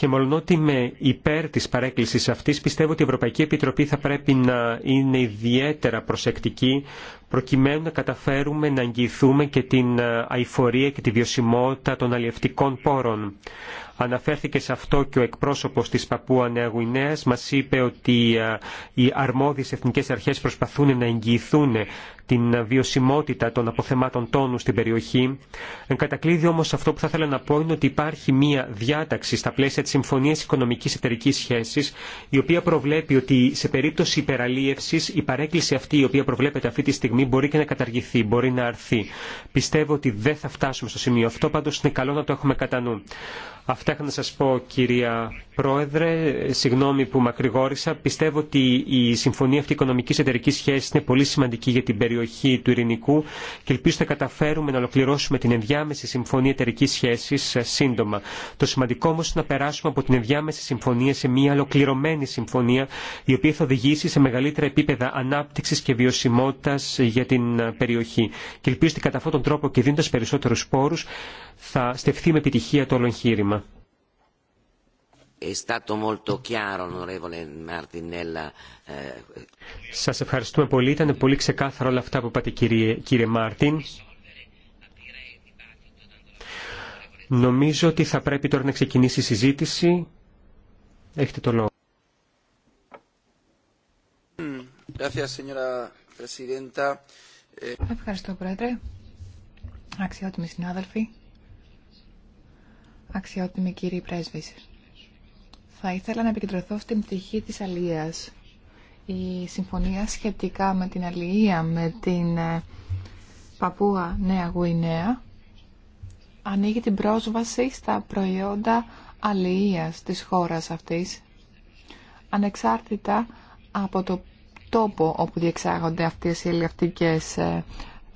Speaker 4: και μολονότι είμαι υπέρ της παρέκκλησης αυτής, πιστεύω ότι η Ευρωπαϊκή Επιτροπή θα πρέπει να είναι ιδιαίτερα προσεκτική προκειμένου να καταφέρουμε να εγγυηθούμε και την ε, αηφορία και τη βιωσιμότητα των αλλιευτικών πόρων. Αναφέρθηκε σε αυτό και ο εκπρόσωπος της Παππούα Νέα Γουινέας. Μας είπε ότι ε, οι αρμόδιες εθνικές αρχές προσπαθούν να εγγυηθούν την βιωσιμότητα των αποθεμάτων τόνου στην περιοχή. Εν κατακλείδη όμως αυτό που θα ήθελα να πω είναι ότι υπάρχει μία διάταξη στα πλαίσια της Συμφωνίας Οικονομικής Εταιρικής Σχέσης η οποία προβλέπει ότι σε περίπτωση υπεραλίευσης η παρέκκληση αυτή η οποία προβλέπεται αυτή τη στιγμή μπορεί και να καταργηθεί, μπορεί να αρθεί. Πιστεύω ότι δεν θα φτάσουμε στο σημείο αυτό, πάντως είναι καλό να το έχουμε κατά νου. Αυτά είχα να σας πω κυρία Πρόεδρε, συγγνώμη που μακρηγόρησα. Πιστεύω ότι η Συμφωνία αυτή οικονομική εταιρική σχέση είναι πολύ σημαντική για την περιοχή του Ειρηνικού και ελπίζω θα καταφέρουμε να ολοκληρώσουμε την ενδιάμεση Συμφωνία εταιρική σχέση ε, σύντομα. Το σημαντικό όμω είναι να περάσουμε από την ενδιάμεση Συμφωνία σε μια ολοκληρωμένη Συμφωνία η οποία θα οδηγήσει σε μεγαλύτερα επίπεδα ανάπτυξη και βιωσιμότητα για την ε, περιοχή. Και ελπίζω ότι κατά αυτόν τον τρόπο και δίνοντα περισσότερου πόρου, θα στεφθεί με επιτυχία το όλο Eh, Σας ευχαριστούμε πολύ. Ήταν πολύ ξεκάθαρο όλα αυτά που είπατε κύριε, κύριε Μάρτιν. Νομίζω ότι θα πρέπει τώρα να ξεκινήσει η συζήτηση. Έχετε το λόγο.
Speaker 3: Ευχαριστώ, Πρόεδρε. Αξιότιμοι συνάδελφοι. Αξιότιμοι κύριοι πρέσβεις. Θα ήθελα να επικεντρωθώ στην πτυχή της αλληλείας. Η συμφωνία σχετικά με την αλληλεία με την ε, παππούα Νέα Γουινέα ανοίγει την πρόσβαση στα προϊόντα αλληλείας της χώρας αυτής ανεξάρτητα από το τόπο όπου διεξάγονται αυτές οι αλληλευτικές ε,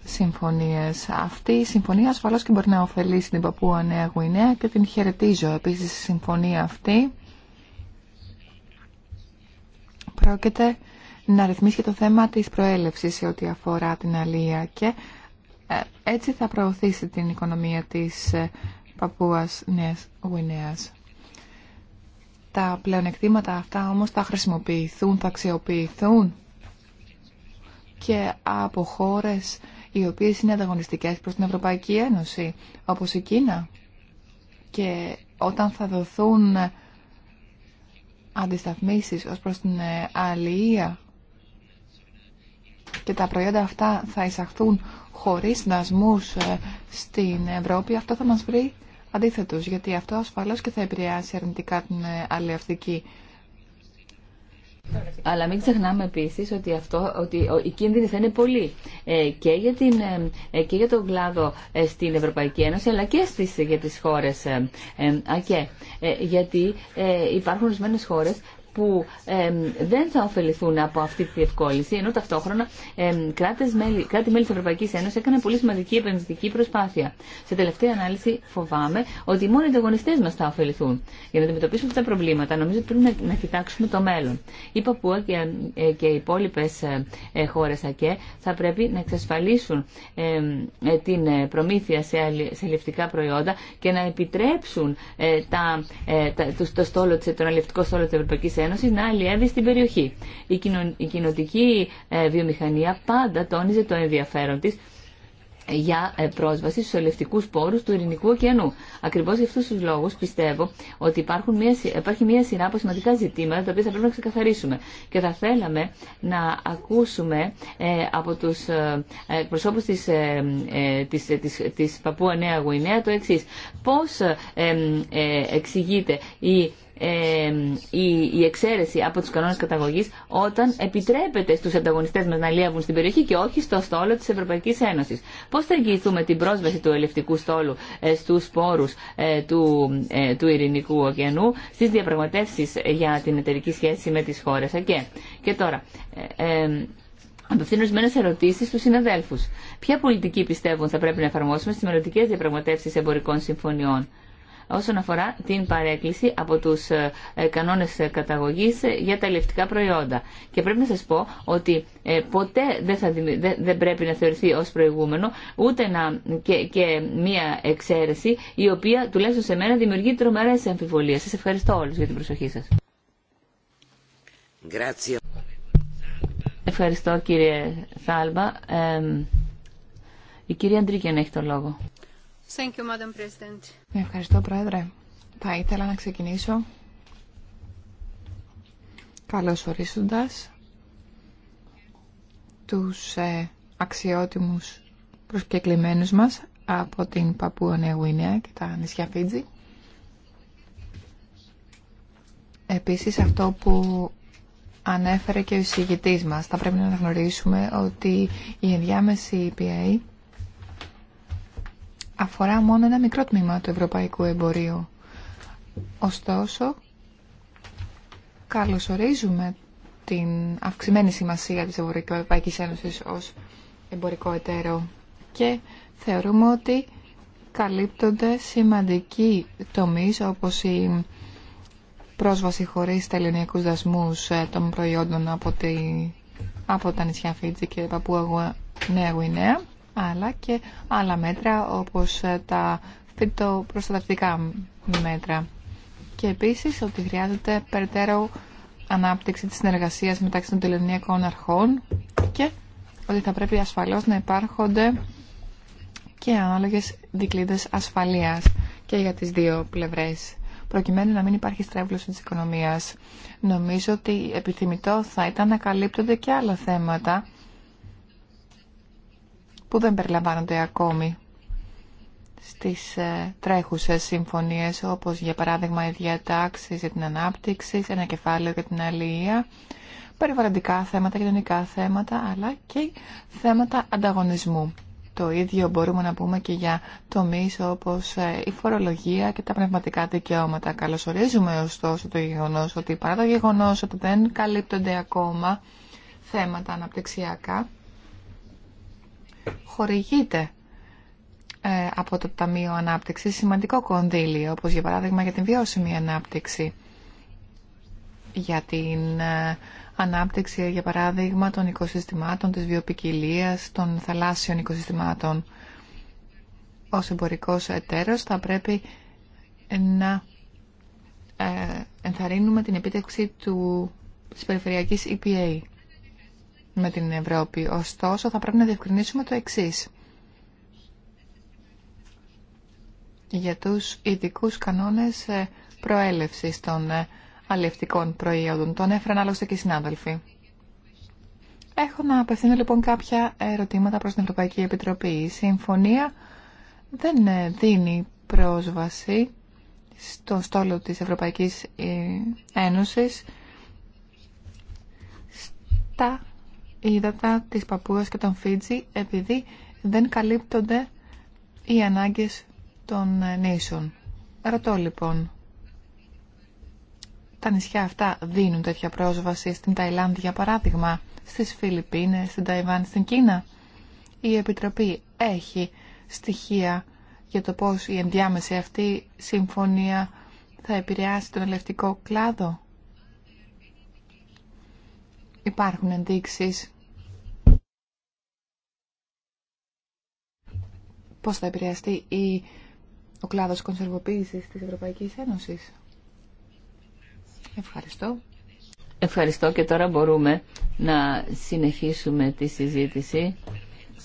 Speaker 3: συμφωνίες. Αυτή η συμφωνία ασφαλώς και μπορεί να ωφελήσει την παππούα Νέα Γουινέα και την χαιρετίζω επίσης η συμφωνία αυτή πρόκειται να ρυθμίσει το θέμα της προέλευσης σε ό,τι αφορά την αλία και ε, έτσι θα προωθήσει την οικονομία της ε, Παππούας Νέας Γουινέας. Τα πλεονεκτήματα αυτά όμως θα χρησιμοποιηθούν, θα αξιοποιηθούν και από χώρες οι οποίες είναι ανταγωνιστικές προς την Ευρωπαϊκή Ένωση, όπως η Κίνα. Και όταν θα δοθούν αντισταθμίσεις ως προς την ε, αλληλεία και τα προϊόντα αυτά θα εισαχθούν χωρίς δασμούς ε, στην Ευρώπη, αυτό θα μας βρει αντίθετος, γιατί αυτό ασφαλώς και θα επηρεάσει αρνητικά την ε, αλληλευτική
Speaker 2: αλλά μην ξεχνάμε επίση ότι, αυτό, ότι οι κίνδυνοι θα είναι πολλοί ε, και, για την, ε, ε, και για τον κλάδο στην Ευρωπαϊκή Ένωση αλλά και για τις χώρες ΑΚΕ. γιατί υπάρχουν ορισμένε χώρες που δεν θα ωφεληθούν από αυτή τη διευκόλυνση, ενώ ταυτόχρονα κράτη-μέλη κράτη -μέλη της Ευρωπαϊκής Ένωσης έκαναν πολύ σημαντική επενδυτική προσπάθεια. Σε τελευταία ανάλυση φοβάμαι ότι μόνο οι ανταγωνιστές μας θα ωφεληθούν. Για να αντιμετωπίσουμε αυτά τα προβλήματα νομίζω ότι πρέπει να, να κοιτάξουμε το μέλλον. Η Παππούα και, ε, και οι υπόλοιπε ε, ε, χώρες ΑΚΕ θα πρέπει να εξασφαλίσουν την προμήθεια σε, αλληλευτικά προϊόντα και να επιτρέψουν τα, το, στόλο, τον αλληλευτικό στόλο της Ευρωπαϊκής Ένωσης να αλλιεύει στην περιοχή. Η, κοινο, η κοινοτική ε, βιομηχανία πάντα τόνιζε το ενδιαφέρον της για ε, πρόσβαση στους ελευτικούς πόρους του Ειρηνικού ωκεανού. Ακριβώς για αυτούς τους λόγους πιστεύω ότι υπάρχουν μια, υπάρχει μια σειρά από σημαντικά ζητήματα τα οποία θα πρέπει να ξεκαθαρίσουμε. Και θα θέλαμε να ακούσουμε ε, από τους ε, ε προσώπους της, ε, της, της, της Παππούα Νέα Γουινέα το εξής. Πώς εξηγείται η ε, η, εξαίρεση από τους κανόνες καταγωγής όταν επιτρέπεται στους ανταγωνιστές μας να λιεύουν στην περιοχή και όχι στο στόλο της Ευρωπαϊκής Ένωσης. Πώς θα εγγυηθούμε την πρόσβαση του ελευτικού στόλου ε, στους σπόρους ε, του, του Ειρηνικού ωκεανού στις διαπραγματεύσεις για την εταιρική σχέση με τις χώρες ΑΚΕ. Και τώρα, Απευθύνω ορισμένε ερωτήσει στου συναδέλφου. Ποια πολιτική πιστεύουν θα πρέπει να εφαρμόσουμε στι μελλοντικέ διαπραγματεύσει εμπορικών συμφωνιών όσον αφορά την παρέκκληση από τους ε, ε, κανόνες ε, καταγωγής για τα ελευτικά προϊόντα. Και πρέπει να σας πω ότι ποτέ δεν, θα, δεν πρέπει να θεωρηθεί ως προηγούμενο ούτε να, και, και μία εξαίρεση η οποία τουλάχιστον σε μένα δημιουργεί τρομερές αμφιβολίε. Σα ευχαριστώ όλους για την προσοχή σας. Ευχαριστώ κύριε Θάλμπα. η κυρία Αντρίκεν έχει το λόγο. Ευχαριστώ,
Speaker 3: Πρόεδρε. Θα ήθελα να ξεκινήσω καλώς τους ε, αξιότιμους προσκεκλημένους μας από την Παππούα Νεουίνια και τα νησιά Φίτζη. Επίσης αυτό που ανέφερε και ο εισηγητής μας, θα πρέπει να γνωρίσουμε ότι η ενδιάμεση EPA αφορά μόνο ένα μικρό τμήμα του ευρωπαϊκού εμπορίου. Ωστόσο, καλωσορίζουμε την αυξημένη σημασία της Ευρωπαϊκής Ένωσης ως εμπορικό εταίρο και θεωρούμε ότι καλύπτονται σημαντικοί τομείς όπως η πρόσβαση χωρίς τελειωνιακούς δασμούς ε, των προϊόντων από, τη, από τα νησιά Φίτζη και Παππού Νέα Γουινέα αλλά και άλλα μέτρα όπως ε, τα φυτοπροστατευτικά μέτρα. Και επίσης ότι χρειάζεται περαιτέρω ανάπτυξη της συνεργασίας μεταξύ των τελωνιακών αρχών και ότι θα πρέπει ασφαλώς να υπάρχονται και ανάλογες δικλείδες ασφαλείας και για τις δύο πλευρές προκειμένου να μην υπάρχει στρέβλωση της οικονομίας. Νομίζω ότι επιθυμητό θα ήταν να καλύπτονται και άλλα θέματα που δεν περιλαμβάνονται ακόμη στις ε, τρέχουσες συμφωνίες, όπως για παράδειγμα οι διατάξεις για την ανάπτυξη, ένα κεφάλαιο για την αλληλεία, περιβαλλοντικά θέματα, κοινωνικά θέματα, αλλά και θέματα ανταγωνισμού. Το ίδιο μπορούμε να πούμε και για τομείς όπως ε, η φορολογία και τα πνευματικά δικαιώματα. Καλωσορίζουμε ωστόσο το γεγονός ότι παρά το γεγονός ότι δεν καλύπτονται ακόμα θέματα αναπτυξιακά, χορηγείται ε, από το Ταμείο Ανάπτυξη σημαντικό κονδύλιο, όπως για παράδειγμα για την βιώσιμη ανάπτυξη, για την ε, ανάπτυξη, για παράδειγμα, των οικοσυστημάτων, της βιοπικιλίας, των θαλάσσιων οικοσυστημάτων. Ο εμπορικός εταίρος θα πρέπει να ε, ενθαρρύνουμε την επίτευξη του, της περιφερειακής EPA με την Ευρώπη. Ωστόσο, θα πρέπει να διευκρινίσουμε το εξή. Για τους ειδικού κανόνες ε, προέλευσης των ε, αλληλευτικών προϊόντων. Τον έφεραν άλλωστε και οι συνάδελφοι. Έχω να απευθύνω λοιπόν κάποια ερωτήματα προς την Ευρωπαϊκή Επιτροπή. Η συμφωνία δεν ε, δίνει πρόσβαση στον στόλο της Ευρωπαϊκής Ένωσης στα ύδατα της Παππούας και των Φίτζη επειδή δεν καλύπτονται οι ανάγκες των ε, νήσων. Ρωτώ λοιπόν, τα νησιά αυτά δίνουν τέτοια πρόσβαση στην Ταϊλάνδη για παράδειγμα, στις Φιλιππίνες, στην Ταϊβάν, στην Κίνα. Η Επιτροπή έχει στοιχεία για το πώς η ενδιάμεση αυτή συμφωνία θα επηρεάσει τον ελευτικό κλάδο. Υπάρχουν ενδείξεις Πώ θα επηρεαστεί ο κλάδο κονσερβοποίησης της Ευρωπαϊκής Ένωσης.
Speaker 2: Ευχαριστώ. Ευχαριστώ και τώρα μπορούμε να συνεχίσουμε τη συζήτηση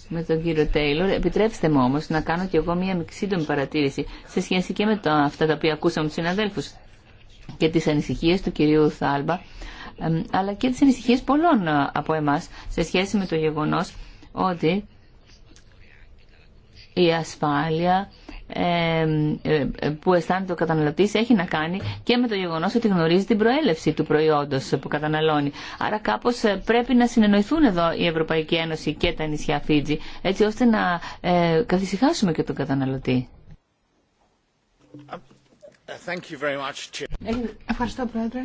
Speaker 2: με τον κύριο Τέιλορ. Επιτρέψτε μου όμως να κάνω και εγώ μία σύντομη παρατήρηση σε σχέση και με το, αυτά τα οποία ακούσαμε τους συναδέλφους και τις ανησυχίες του κυρίου Θάλμπα αλλά και τις ανησυχίες πολλών ε, από εμάς σε σχέση με το γεγονός ότι η ασφάλεια ε, ε, που αισθάνεται ο καταναλωτή έχει να κάνει και με το γεγονό ότι γνωρίζει την προέλευση του προϊόντο που καταναλώνει. Άρα κάπω ε, πρέπει να συνεννοηθούν εδώ η Ευρωπαϊκή Ένωση και τα νησιά Φίτζη, έτσι ώστε να καθησυχάσουμε και τον καταναλωτή.
Speaker 3: Ευχαριστώ, Πρόεδρε.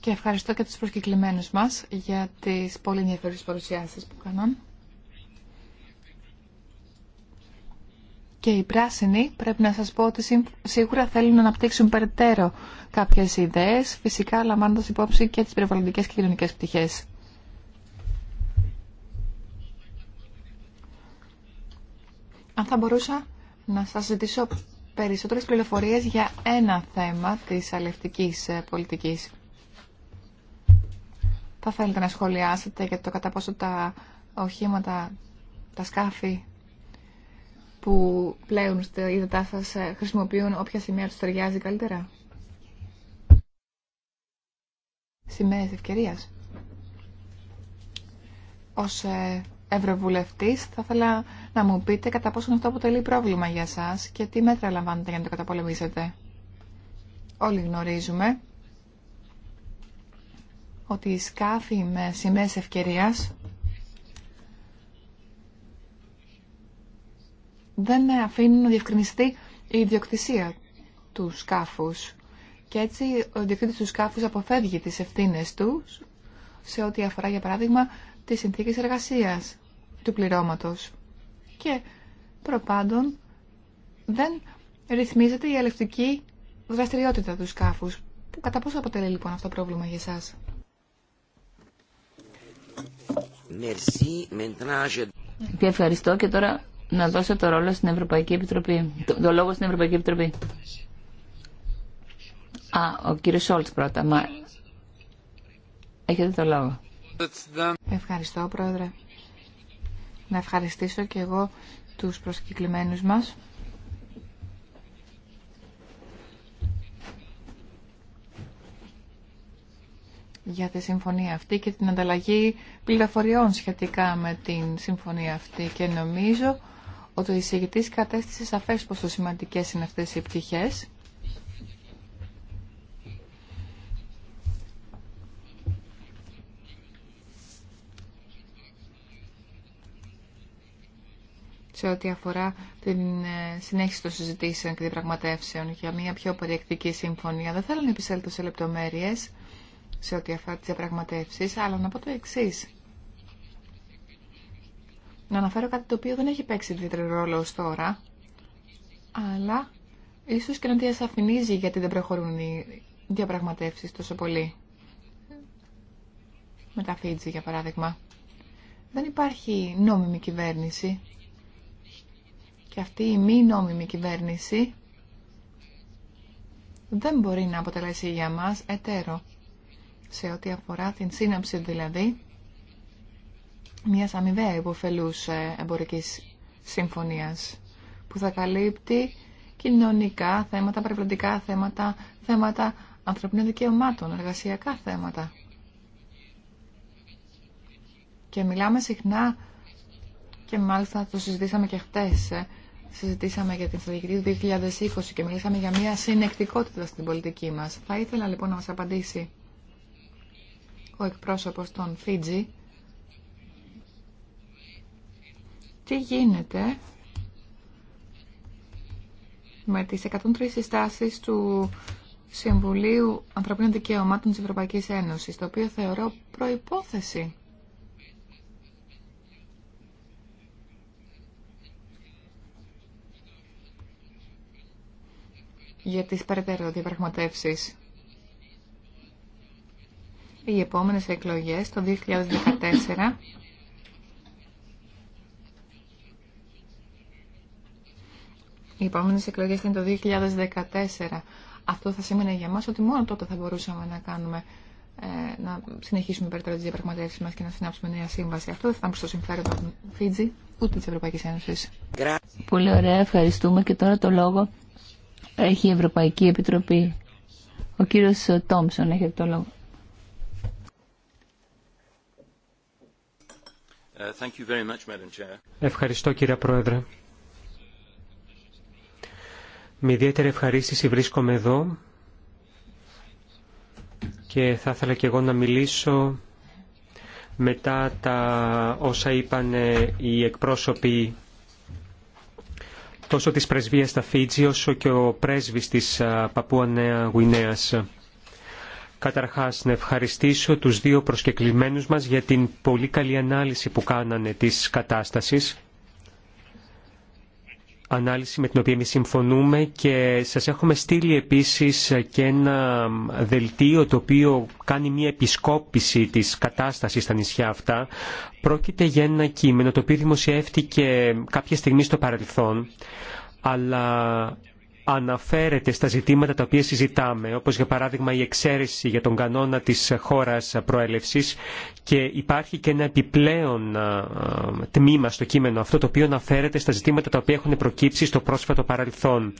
Speaker 3: Και ευχαριστώ και τους προσκεκλημένους μας για τις πολύ ενδιαφέρουσες παρουσιάσεις που κάναν. και οι πράσινοι πρέπει να σας πω ότι σίγουρα θέλουν να αναπτύξουν περαιτέρω κάποιες ιδέες, φυσικά λαμβάνοντας υπόψη και τις περιβαλλοντικές και κοινωνικές πτυχές. Αν θα μπορούσα να σας ζητήσω περισσότερες πληροφορίες για ένα θέμα της αλληλευτικής ε, πολιτικής. Θα θέλετε να σχολιάσετε για το κατά πόσο τα οχήματα, τα σκάφη που πλέον στο είδατά σα χρησιμοποιούν όποια σημαία του ταιριάζει καλύτερα. Σημαίες ευκαιρίας. Ως ε, ευρωβουλευτή, θα ήθελα να μου πείτε κατά πόσο αυτό αποτελεί πρόβλημα για σας και τι μέτρα λαμβάνετε για να το καταπολεμήσετε. Όλοι γνωρίζουμε ότι οι σκάφοι με σημαίε ευκαιρίας δεν αφήνουν να διευκρινιστεί η ιδιοκτησία του σκάφους. Και έτσι ο ιδιοκτήτης του σκάφους αποφεύγει τις ευθύνε του σε ό,τι αφορά για παράδειγμα τις συνθήκες εργασίας του πληρώματος. Και προπάντων δεν ρυθμίζεται η ελευτική δραστηριότητα του σκάφους. Κατά πόσο αποτελεί λοιπόν αυτό το πρόβλημα για
Speaker 2: εσάς. ευχαριστώ και τώρα να δώσω το ρόλο στην Ευρωπαϊκή Επιτροπή, το, λόγο στην Ευρωπαϊκή Επιτροπή. Α, ο κύριος Σόλτς πρώτα. Έχετε το λόγο. Ευχαριστώ, Πρόεδρε.
Speaker 3: Να ευχαριστήσω και εγώ τους προσκεκλημένους μας. για τη συμφωνία αυτή και την ανταλλαγή πληροφοριών σχετικά με την συμφωνία αυτή και νομίζω ότι ο εισηγητής κατέστησε σαφές πόσο σημαντικές είναι αυτές οι πτυχές. σε ό,τι αφορά την ε, συνέχιση των συζητήσεων και πραγματεύσεων για μια πιο περιεκτική συμφωνία. Δεν θέλω να επισέλθω σε λεπτομέρειες σε ό,τι αφορά τις διαπραγματεύσεις, αλλά να πω το εξής να αναφέρω κάτι το οποίο δεν έχει παίξει ιδιαίτερο ρόλο ως τώρα, αλλά ίσως και να διασαφηνίζει γιατί δεν προχωρούν οι διαπραγματεύσεις τόσο πολύ. Με τα Φίτζη, για παράδειγμα. Δεν υπάρχει νόμιμη κυβέρνηση. Και αυτή η μη νόμιμη κυβέρνηση δεν μπορεί να αποτελέσει για μας εταίρο. Σε ό,τι αφορά την σύναψη δηλαδή μια αμοιβαία υποφελού ε, εμπορική συμφωνίας που θα καλύπτει κοινωνικά θέματα, περιβαλλοντικά θέματα, θέματα ανθρωπίνων δικαιωμάτων, εργασιακά θέματα. Και μιλάμε συχνά και μάλιστα το συζητήσαμε και χτες. Ε, συζητήσαμε για την στρατηγική του 2020 και μιλήσαμε για μια συνεκτικότητα στην πολιτική μας. Θα ήθελα λοιπόν να μας απαντήσει ο εκπρόσωπος των Φίτζη τι γίνεται με τις 103 συστάσεις του Συμβουλίου Ανθρωπίνων Δικαιωμάτων της Ευρωπαϊκής Ένωσης, το οποίο θεωρώ προϋπόθεση για τις περαιτέρω διαπραγματεύσεις. Οι επόμενες εκλογές το 2014 Οι επόμενε εκλογέ ήταν το 2014. Αυτό θα σήμαινε για μα ότι μόνο τότε θα μπορούσαμε να κάνουμε ε, να συνεχίσουμε περαιτέρω τι διαπραγματεύσει μα και να συνάψουμε νέα σύμβαση. Αυτό δεν θα ήταν προ το συμφέρον των Φίτζη ούτε τη Ευρωπαϊκή Ένωση.
Speaker 2: Πολύ ωραία, ευχαριστούμε. Και τώρα το λόγο έχει η Ευρωπαϊκή Επιτροπή. Ο κύριο Τόμψον έχει το λόγο.
Speaker 4: Ε, Ευχαριστώ κύριε Πρόεδρε. Με ιδιαίτερη ευχαρίστηση βρίσκομαι εδώ και θα ήθελα και εγώ να μιλήσω μετά τα όσα είπαν οι εκπρόσωποι τόσο της πρεσβείας στα Φίτζη όσο και ο πρέσβης της Παππούα Νέα Γουινέας. Καταρχάς να ευχαριστήσω τους δύο προσκεκλημένους μας για την πολύ καλή ανάλυση που κάνανε της κατάστασης ανάλυση με την οποία εμείς συμφωνούμε και σας έχουμε στείλει επίσης και ένα δελτίο το οποίο κάνει μια επισκόπηση της κατάστασης στα νησιά αυτά. Πρόκειται για ένα κείμενο το οποίο δημοσιεύτηκε κάποια στιγμή στο παρελθόν αλλά αναφέρεται στα ζητήματα τα οποία συζητάμε, όπως για παράδειγμα η εξαίρεση για τον κανόνα της χώρας προέλευσης και υπάρχει και ένα επιπλέον τμήμα στο κείμενο αυτό το οποίο αναφέρεται στα ζητήματα τα οποία έχουν προκύψει στο πρόσφατο παρελθόν.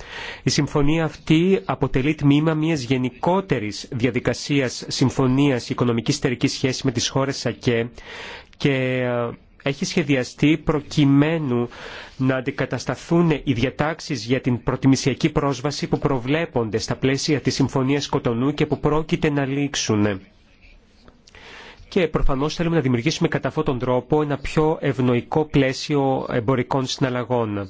Speaker 4: Η συμφωνία αυτή αποτελεί τμήμα μιας γενικότερης διαδικασίας συμφωνίας οικονομικής εταιρικής σχέσης με τις χώρες ΑΚΕ και έχει σχεδιαστεί προκειμένου να αντικατασταθούν οι διατάξεις για την προτιμησιακή πρόσβαση που προβλέπονται στα πλαίσια της Συμφωνίας Κοτονού και που πρόκειται να λήξουν. Και προφανώς θέλουμε να δημιουργήσουμε κατά αυτόν τον τρόπο ένα πιο ευνοϊκό πλαίσιο εμπορικών συναλλαγών.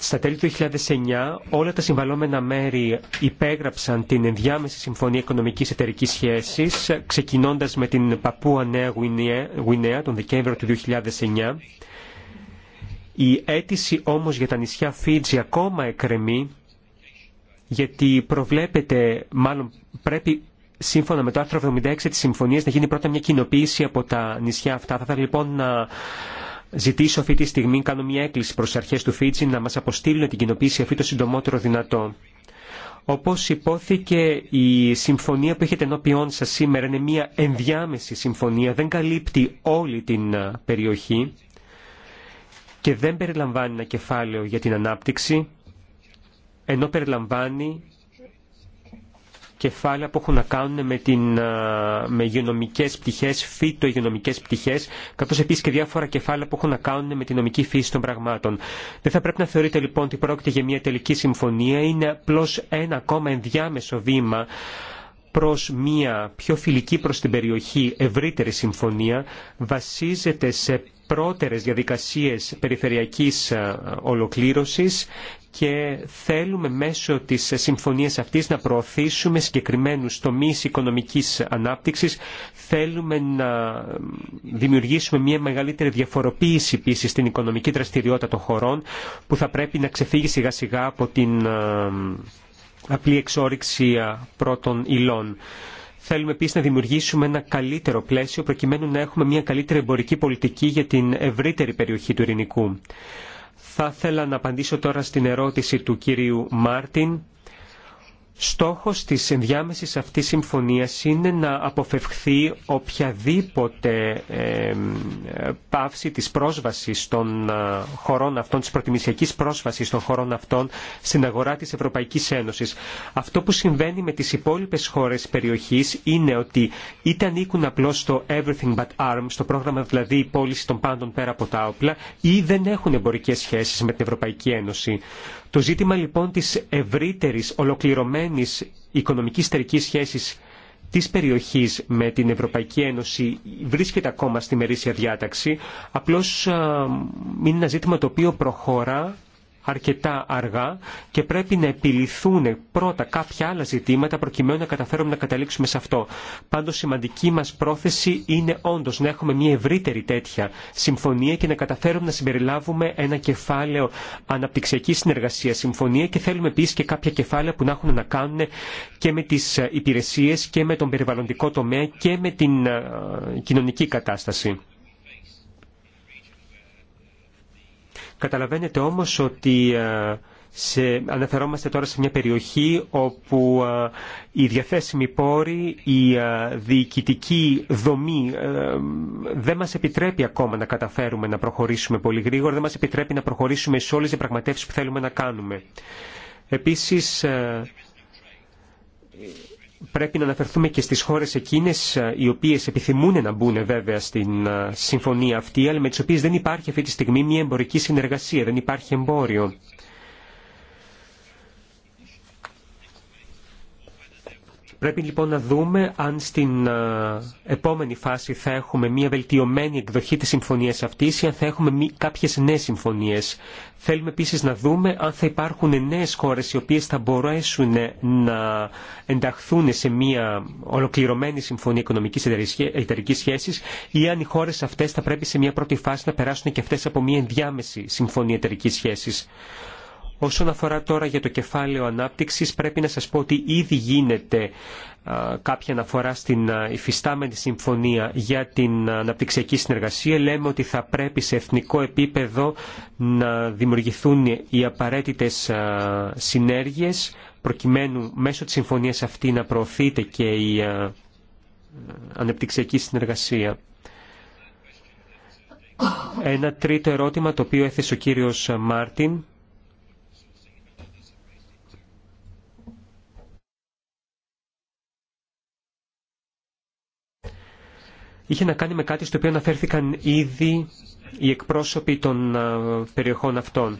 Speaker 4: Στα τέλη του 2009 όλα τα συμβαλώμενα μέρη υπέγραψαν την ενδιάμεση συμφωνία οικονομικής εταιρικής σχέσης ξεκινώντας με την Παππούα Νέα Γουινέα τον Δεκέμβριο του 2009. Η αίτηση όμως για τα νησιά Φίτζη ακόμα εκρεμεί γιατί προβλέπεται, μάλλον πρέπει σύμφωνα με το άρθρο 76 της συμφωνίας να γίνει πρώτα μια κοινοποίηση από τα νησιά αυτά. Θα ήθελα λοιπόν να ζητήσω αυτή τη στιγμή, κάνω μια έκκληση προς αρχές του Φίτσι, να μας αποστείλουν την κοινοποίηση αυτή το συντομότερο δυνατό. Όπως υπόθηκε η συμφωνία που έχετε ενώπιόν σας σήμερα είναι μια ενδιάμεση συμφωνία, δεν καλύπτει όλη την περιοχή και δεν περιλαμβάνει ένα κεφάλαιο για την ανάπτυξη, ενώ περιλαμβάνει κεφάλαια που έχουν να κάνουν με, την, με υγειονομικές πτυχές, πτυχές, καθώς επίσης και διάφορα κεφάλαια που έχουν να κάνουν με την νομική φύση των πραγμάτων. Δεν θα πρέπει να θεωρείτε λοιπόν ότι πρόκειται για μια τελική συμφωνία, είναι απλώ ένα ακόμα ενδιάμεσο βήμα προς μια πιο φιλική προς την περιοχή ευρύτερη συμφωνία βασίζεται σε πρώτερες διαδικασίες περιφερειακής ολοκλήρωσης και θέλουμε μέσω της συμφωνίας αυτής να προωθήσουμε συγκεκριμένους τομείς οικονομικής ανάπτυξης. Θέλουμε να δημιουργήσουμε μια μεγαλύτερη διαφοροποίηση επίση στην οικονομική δραστηριότητα των χωρών που θα πρέπει να ξεφύγει σιγά σιγά από την ε, απλή εξόριξη ε, πρώτων υλών. Θέλουμε επίση να δημιουργήσουμε ένα καλύτερο πλαίσιο προκειμένου να έχουμε μια καλύτερη εμπορική πολιτική για την ευρύτερη περιοχή του ειρηνικού. Θα ήθελα να απαντήσω τώρα στην ερώτηση του κυρίου Μάρτιν Στόχος της ενδιάμεσης αυτής συμφωνίας είναι να αποφευχθεί οποιαδήποτε ε, πάυση της πρόσβασης των ε, χωρών αυτών, της προτιμησιακής πρόσβασης των χωρών αυτών στην αγορά της Ευρωπαϊκής Ένωσης. Αυτό που συμβαίνει με τις υπόλοιπες χώρες περιοχής είναι ότι είτε ανήκουν απλώς στο Everything But Arms, στο πρόγραμμα δηλαδή η πώληση των πάντων πέρα από τα όπλα, ή δεν έχουν εμπορικές σχέσεις με την Ευρωπαϊκή Ένωση. Το ζήτημα λοιπόν της ευρύτερης ολοκληρωμένης οικονομικής στερικής σχέσης της περιοχής με την Ευρωπαϊκή Ένωση βρίσκεται ακόμα στη μερίσια διάταξη, απλώς είναι ένα ζήτημα το οποίο προχωρά αρκετά αργά και πρέπει να επιληθούν πρώτα κάποια άλλα ζητήματα προκειμένου να καταφέρουμε να καταλήξουμε σε αυτό. Πάντως σημαντική μας πρόθεση είναι όντως να έχουμε μια ευρύτερη τέτοια συμφωνία και να καταφέρουμε να συμπεριλάβουμε ένα κεφάλαιο αναπτυξιακή συνεργασία συμφωνία και θέλουμε επίσης και κάποια κεφάλαια που να έχουν να κάνουν και με τις ε, υπηρεσίες και με τον περιβαλλοντικό τομέα και με την ε, κοινωνική κατάσταση. Καταλαβαίνετε όμως ότι ε, σε, αναφερόμαστε τώρα σε μια περιοχή όπου η ε, οι διαθέσιμοι η δικητική ε, διοικητική δομή δεν μας επιτρέπει ακόμα να καταφέρουμε να προχωρήσουμε πολύ γρήγορα, δεν μας επιτρέπει να προχωρήσουμε σε όλες τις πραγματεύσεις που θέλουμε να κάνουμε. Επίσης, πρέπει να αναφερθούμε και στις χώρες εκείνες ε, οι οποίες επιθυμούν να μπουν ε, βέβαια στην ε, συμφωνία αυτή, αλλά με τις οποίες δεν υπάρχει αυτή τη στιγμή μια εμπορική συνεργασία, δεν υπάρχει εμπόριο. Πρέπει λοιπόν να δούμε αν στην ε, επόμενη φάση θα έχουμε μια βελτιωμένη εκδοχή της συμφωνίας αυτής ή αν θα έχουμε κάποιες νέες συμφωνίες. Θέλουμε επίσης να δούμε αν θα υπάρχουν νέες χώρες οι οποίες θα μπορέσουν να ενταχθούν σε μια ολοκληρωμένη συμφωνία οικονομικής εταιρικής σχέσης ή αν οι χώρες αυτές θα πρέπει σε μια πρώτη φάση να περάσουν και αυτές από μια ενδιάμεση συμφωνία εταιρικής σχέσης. Όσον αφορά τώρα για το κεφάλαιο ανάπτυξης, πρέπει να σας πω ότι ήδη γίνεται κάποια αναφορά στην υφιστάμενη συμφωνία για την αναπτυξιακή συνεργασία. Λέμε ότι θα πρέπει σε εθνικό επίπεδο να δημιουργηθούν οι απαραίτητες συνέργειες, προκειμένου μέσω της συμφωνίας αυτή να προωθείται και η αναπτυξιακή συνεργασία. Ένα τρίτο ερώτημα το οποίο έθεσε ο κύριος Μάρτιν είχε να κάνει με κάτι στο οποίο αναφέρθηκαν ήδη οι εκπρόσωποι των ε, περιοχών αυτών.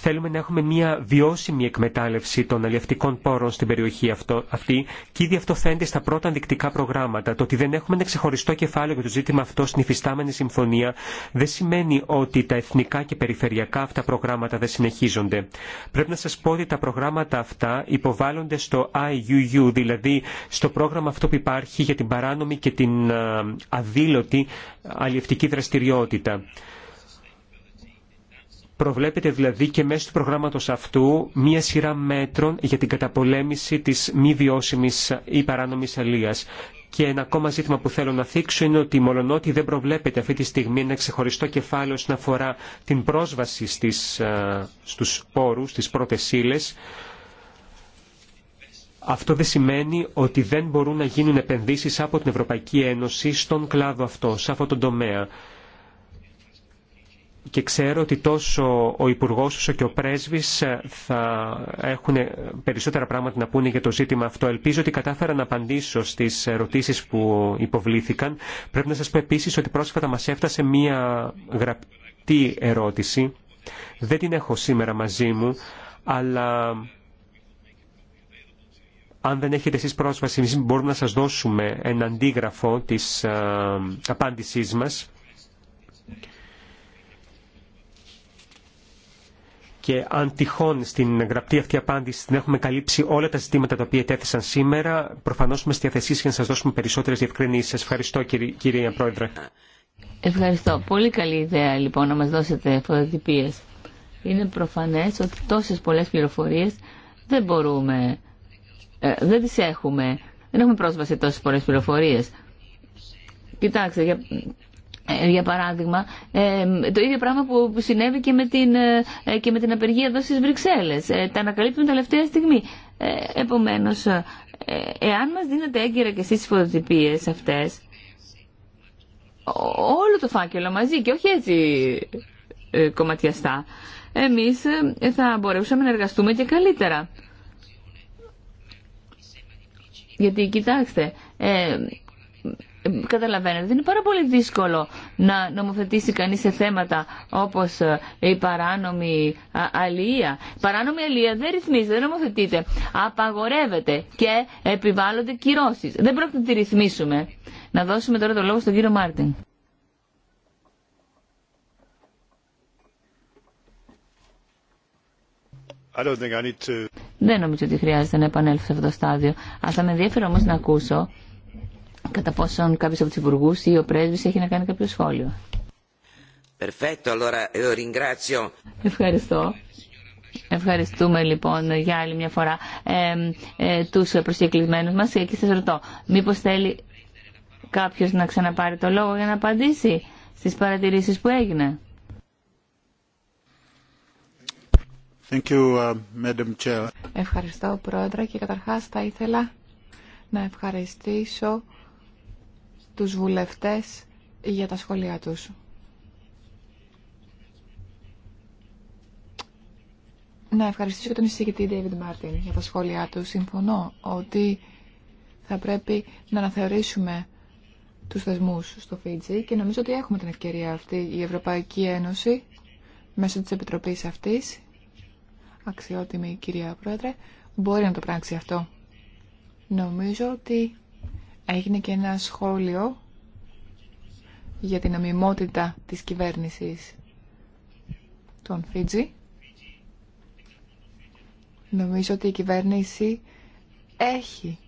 Speaker 4: Θέλουμε να έχουμε μια βιώσιμη εκμετάλλευση των αλλιευτικών πόρων στην περιοχή αυτό, αυτή και ήδη αυτό φαίνεται στα πρώτα ανδεικτικά προγράμματα. Το ότι δεν έχουμε ένα ξεχωριστό κεφάλαιο για το ζήτημα αυτό στην υφιστάμενη συμφωνία δεν σημαίνει ότι τα εθνικά και περιφερειακά αυτά προγράμματα δεν συνεχίζονται. Πρέπει να σα πω ότι τα προγράμματα αυτά υποβάλλονται στο IUU, δηλαδή στο πρόγραμμα αυτό που υπάρχει για την παράνομη και την ε, αδήλωτη αλλιευτική δραστηριότητα. Προβλέπεται δηλαδή και μέσω του προγράμματος αυτού μία σειρά μέτρων για την καταπολέμηση της μη βιώσιμης ή παράνομης αλίας. Και ένα ακόμα ζήτημα που θέλω να θίξω είναι ότι μολονότι δεν προβλέπεται αυτή τη στιγμή ένα ξεχωριστό κεφάλαιο όσον αφορά την πρόσβαση στις, στους πόρους, στις πρώτες αυτό δεν σημαίνει ότι δεν μπορούν να γίνουν επενδύσεις από την Ευρωπαϊκή Ένωση στον κλάδο αυτό, σε αυτόν τον τομέα και ξέρω ότι τόσο ο Υπουργό όσο και ο Πρέσβη ε, θα έχουν περισσότερα πράγματα να πούνε για το ζήτημα αυτό. Ελπίζω ότι κατάφερα να απαντήσω στι ερωτήσει που υποβλήθηκαν. Πρέπει να σα πω επίση ότι πρόσφατα μα έφτασε μία γραπτή ερώτηση. Δεν την έχω σήμερα μαζί μου, αλλά αν δεν έχετε εσείς πρόσβαση, μπορούμε να σας δώσουμε ένα αντίγραφο της ε, απάντησής μας και αν τυχόν στην γραπτή αυτή απάντηση την έχουμε καλύψει όλα τα ζητήματα τα οποία τέθησαν σήμερα, προφανώ είμαστε στη διαθεσή για να σα δώσουμε περισσότερε διευκρινήσει. Ευχαριστώ κύριε, Πρόεδρε.
Speaker 2: Ευχαριστώ. Πολύ καλή ιδέα λοιπόν να μα δώσετε φωτοτυπίε. Είναι προφανέ ότι τόσε πολλέ πληροφορίε δεν μπορούμε, ε, δεν τι έχουμε, δεν έχουμε πρόσβαση τόσε πολλέ πληροφορίε. Κοιτάξτε, για ε, για παράδειγμα, ε, το ίδιο πράγμα που συνέβη και με την, ε, και με την απεργία εδώ στις Βρυξέλλες. τα ανακαλύπτουμε τελευταία στιγμή. επομένως, εάν μας δίνετε έγκυρα και στις φωτοτυπίες αυτές, όλο το φάκελο μαζί και όχι έτσι κομματιαστά, εμείς θα μπορέσουμε να εργαστούμε και καλύτερα. Γιατί, κοιτάξτε, καταλαβαίνετε ότι είναι πάρα πολύ δύσκολο να νομοθετήσει κανείς σε θέματα όπως ε, η παράνομη αλία. Η παράνομη αλία δεν ρυθμίζεται, δεν νομοθετείται. Απαγορεύεται και επιβάλλονται κυρώσεις. Δεν πρόκειται να τη ρυθμίσουμε. Να δώσουμε τώρα το λόγο στον κύριο Μάρτιν. Δεν νομίζω ότι χρειάζεται να επανέλθω σε αυτό το στάδιο. Αλλά θα με ενδιαφέρει όμως να ακούσω κατά πόσον κάποιο από του υπουργού ή ο πρέσβης έχει να κάνει κάποιο σχόλιο. Ευχαριστώ. Ευχαριστούμε λοιπόν για άλλη μια φορά ε, ε, τους μας ε, και εκεί σας ρωτώ, μήπως θέλει κάποιος να ξαναπάρει το λόγο για να απαντήσει στις παρατηρήσεις που έγινε.
Speaker 4: Thank you, uh, Madam Chair.
Speaker 2: Ευχαριστώ Πρόεδρε και καταρχάς θα ήθελα
Speaker 3: να ευχαριστήσω τους βουλευτές για τα σχόλιά τους. Να ευχαριστήσω και τον εισηγητή David Martin για τα σχόλιά του. Συμφωνώ ότι θα πρέπει να αναθεωρήσουμε τους θεσμούς στο Φίτζι και νομίζω ότι έχουμε την ευκαιρία αυτή η Ευρωπαϊκή Ένωση μέσω της Επιτροπής αυτής αξιότιμη κυρία Πρόεδρε μπορεί να το πράξει αυτό. Νομίζω ότι Έγινε και ένα σχόλιο για την αμοιμότητα της κυβέρνησης των Φίτζη. Νομίζω ότι η κυβέρνηση έχει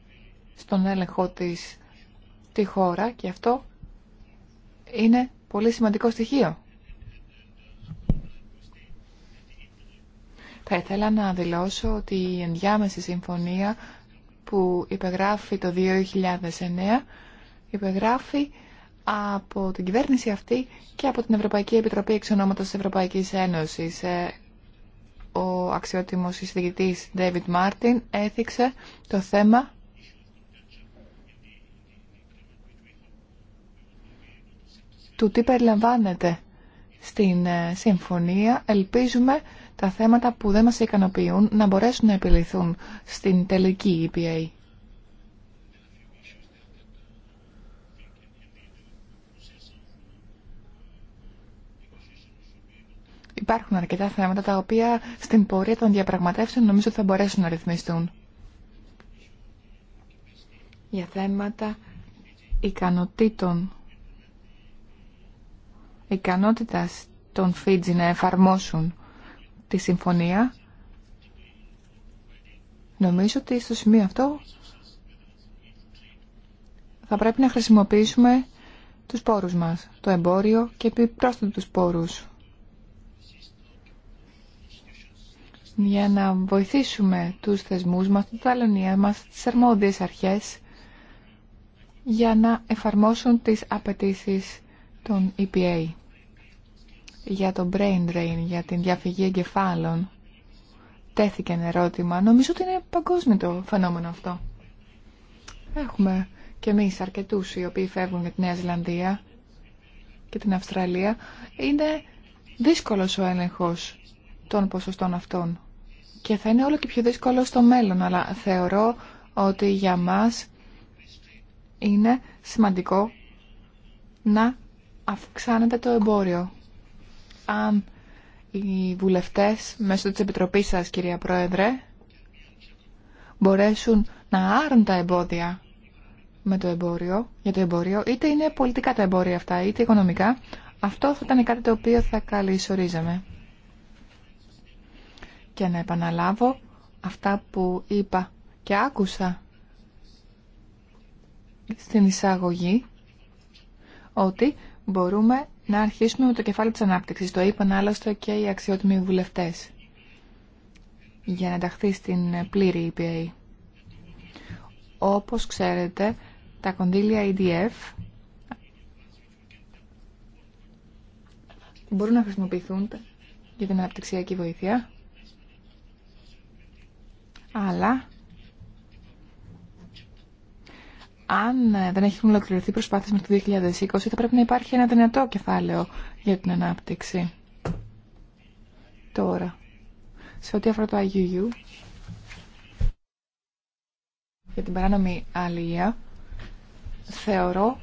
Speaker 3: στον έλεγχό της τη χώρα και αυτό είναι πολύ σημαντικό στοιχείο. Θα ήθελα να δηλώσω ότι η ενδιάμεση συμφωνία που υπεγράφει το 2009 υπεγράφει από την κυβέρνηση αυτή και από την Ευρωπαϊκή Επιτροπή Εξονόματος της Ευρωπαϊκής Ένωσης. Ε, ο αξιότιμος εισηγητής David Martin έθιξε το θέμα του τι περιλαμβάνεται στην ε, συμφωνία. Ελπίζουμε τα θέματα που δεν μας ικανοποιούν να μπορέσουν να επιληθούν στην τελική EPA. Υπάρχουν αρκετά θέματα τα οποία στην πορεία των διαπραγματεύσεων νομίζω θα μπορέσουν να ρυθμιστούν. Για θέματα ικανοτήτων, ικανότητας των Φίτζι να εφαρμόσουν τη συμφωνία, νομίζω ότι στο σημείο αυτό θα πρέπει να χρησιμοποιήσουμε τους πόρους μας, το εμπόριο και επιπρόσθετο τους πόρους. Για να βοηθήσουμε τους θεσμούς μας, την ταλωνία μας, τις αρμόδιες αρχές, για να εφαρμόσουν τις απαιτήσεις των EPA για το brain drain, για την διαφυγή εγκεφάλων. Τέθηκε ένα ερώτημα. Νομίζω ότι είναι παγκόσμιο το φαινόμενο αυτό. Έχουμε και εμείς αρκετούς οι οποίοι φεύγουν για τη Νέα Ζηλανδία και την Αυστραλία. Είναι δύσκολος ο έλεγχος των ποσοστών αυτών. Και θα είναι όλο και πιο δύσκολο στο μέλλον, αλλά θεωρώ ότι για μας είναι σημαντικό να αυξάνεται το εμπόριο αν οι βουλευτές μέσω της Επιτροπής σας, κυρία Πρόεδρε, μπορέσουν να άρουν τα εμπόδια με το εμπόριο, για το εμπόριο, είτε είναι πολιτικά τα εμπόρια αυτά, είτε οικονομικά, αυτό θα ήταν κάτι το οποίο θα καλυσορίζαμε. Και να επαναλάβω αυτά που είπα και άκουσα στην εισαγωγή, ότι μπορούμε να αρχίσουμε με το κεφάλαιο της ανάπτυξης. Το είπαν άλλωστε και οι αξιότιμοι βουλευτές για να ενταχθεί στην πλήρη EPA. Όπως ξέρετε, τα κονδύλια EDF μπορούν να χρησιμοποιηθούν για την αναπτυξιακή βοήθεια, αλλά αν ε, δεν έχουν ολοκληρωθεί προσπάθειες μέχρι το 2020, θα πρέπει να υπάρχει ένα δυνατό κεφάλαιο για την ανάπτυξη. Τώρα, σε ό,τι αφορά το IUU, για την παράνομη αλληλεία, θεωρώ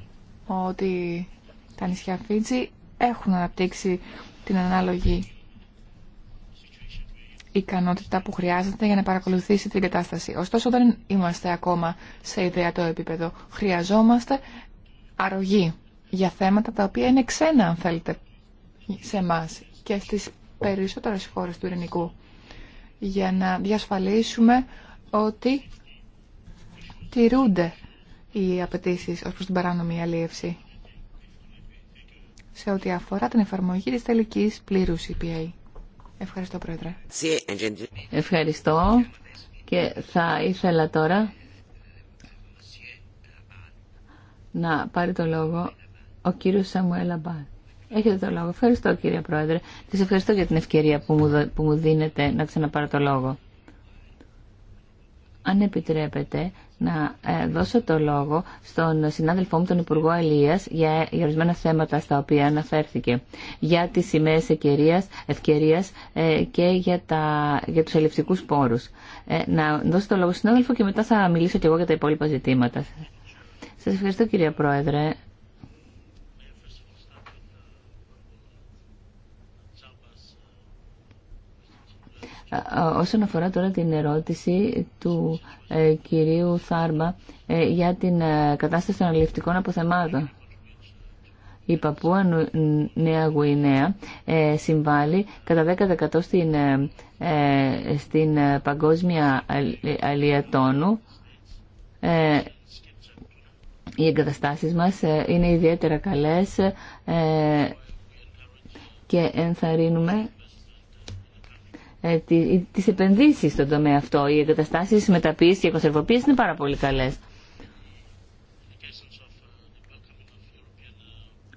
Speaker 3: ότι τα νησιά Φίτζη έχουν αναπτύξει την ανάλογη ικανότητα που χρειάζεται για να παρακολουθήσει την κατάσταση. Ωστόσο δεν είμαστε ακόμα σε ιδεατό επίπεδο. Χρειαζόμαστε αρρωγή για θέματα τα οποία είναι ξένα αν θέλετε σε εμά και στις περισσότερες χώρες του ειρηνικού για να διασφαλίσουμε ότι τηρούνται οι απαιτήσει ως προς την παράνομη αλίευση σε ό,τι αφορά την εφαρμογή της τελικής πλήρους EPA. Ευχαριστώ, Πρόεδρε.
Speaker 2: Ευχαριστώ. Και θα ήθελα τώρα να πάρει το λόγο ο κύριος Σαμουέλ Αμπάρ. Έχετε το λόγο. Ευχαριστώ, κύριε Πρόεδρε. Τις ευχαριστώ για την ευκαιρία που μου, που μου δίνετε να ξαναπάρω το λόγο αν επιτρέπετε, να ε, δώσω το λόγο στον συνάδελφό μου, τον Υπουργό Αλίας, για, για ορισμένα θέματα στα οποία αναφέρθηκε. Για τις σημαίες ευκαιρίας, ευκαιρίας ε, και για, τα, για τους ελευθικούς πόρους. Ε, να δώσω το λόγο στον συνάδελφο και μετά θα μιλήσω και εγώ για τα υπόλοιπα ζητήματα. Σας ευχαριστώ κυρία Πρόεδρε. Όσον αφορά τώρα την ερώτηση του ε, κυρίου Θάρμα ε, για την ε, κατάσταση των αλληλευτικών αποθεμάτων. Η Παππούα Νέα Γουινέα συμβάλλει κατά 10% στην, στην παγκόσμια αλία Οι εγκαταστάσεις μας είναι ιδιαίτερα καλές και ενθαρρύνουμε ε, τις επενδύσεις στον τομέα αυτό. Οι εγκαταστάσεις μεταποίησης και κονσερβοποίησης είναι πάρα πολύ καλές.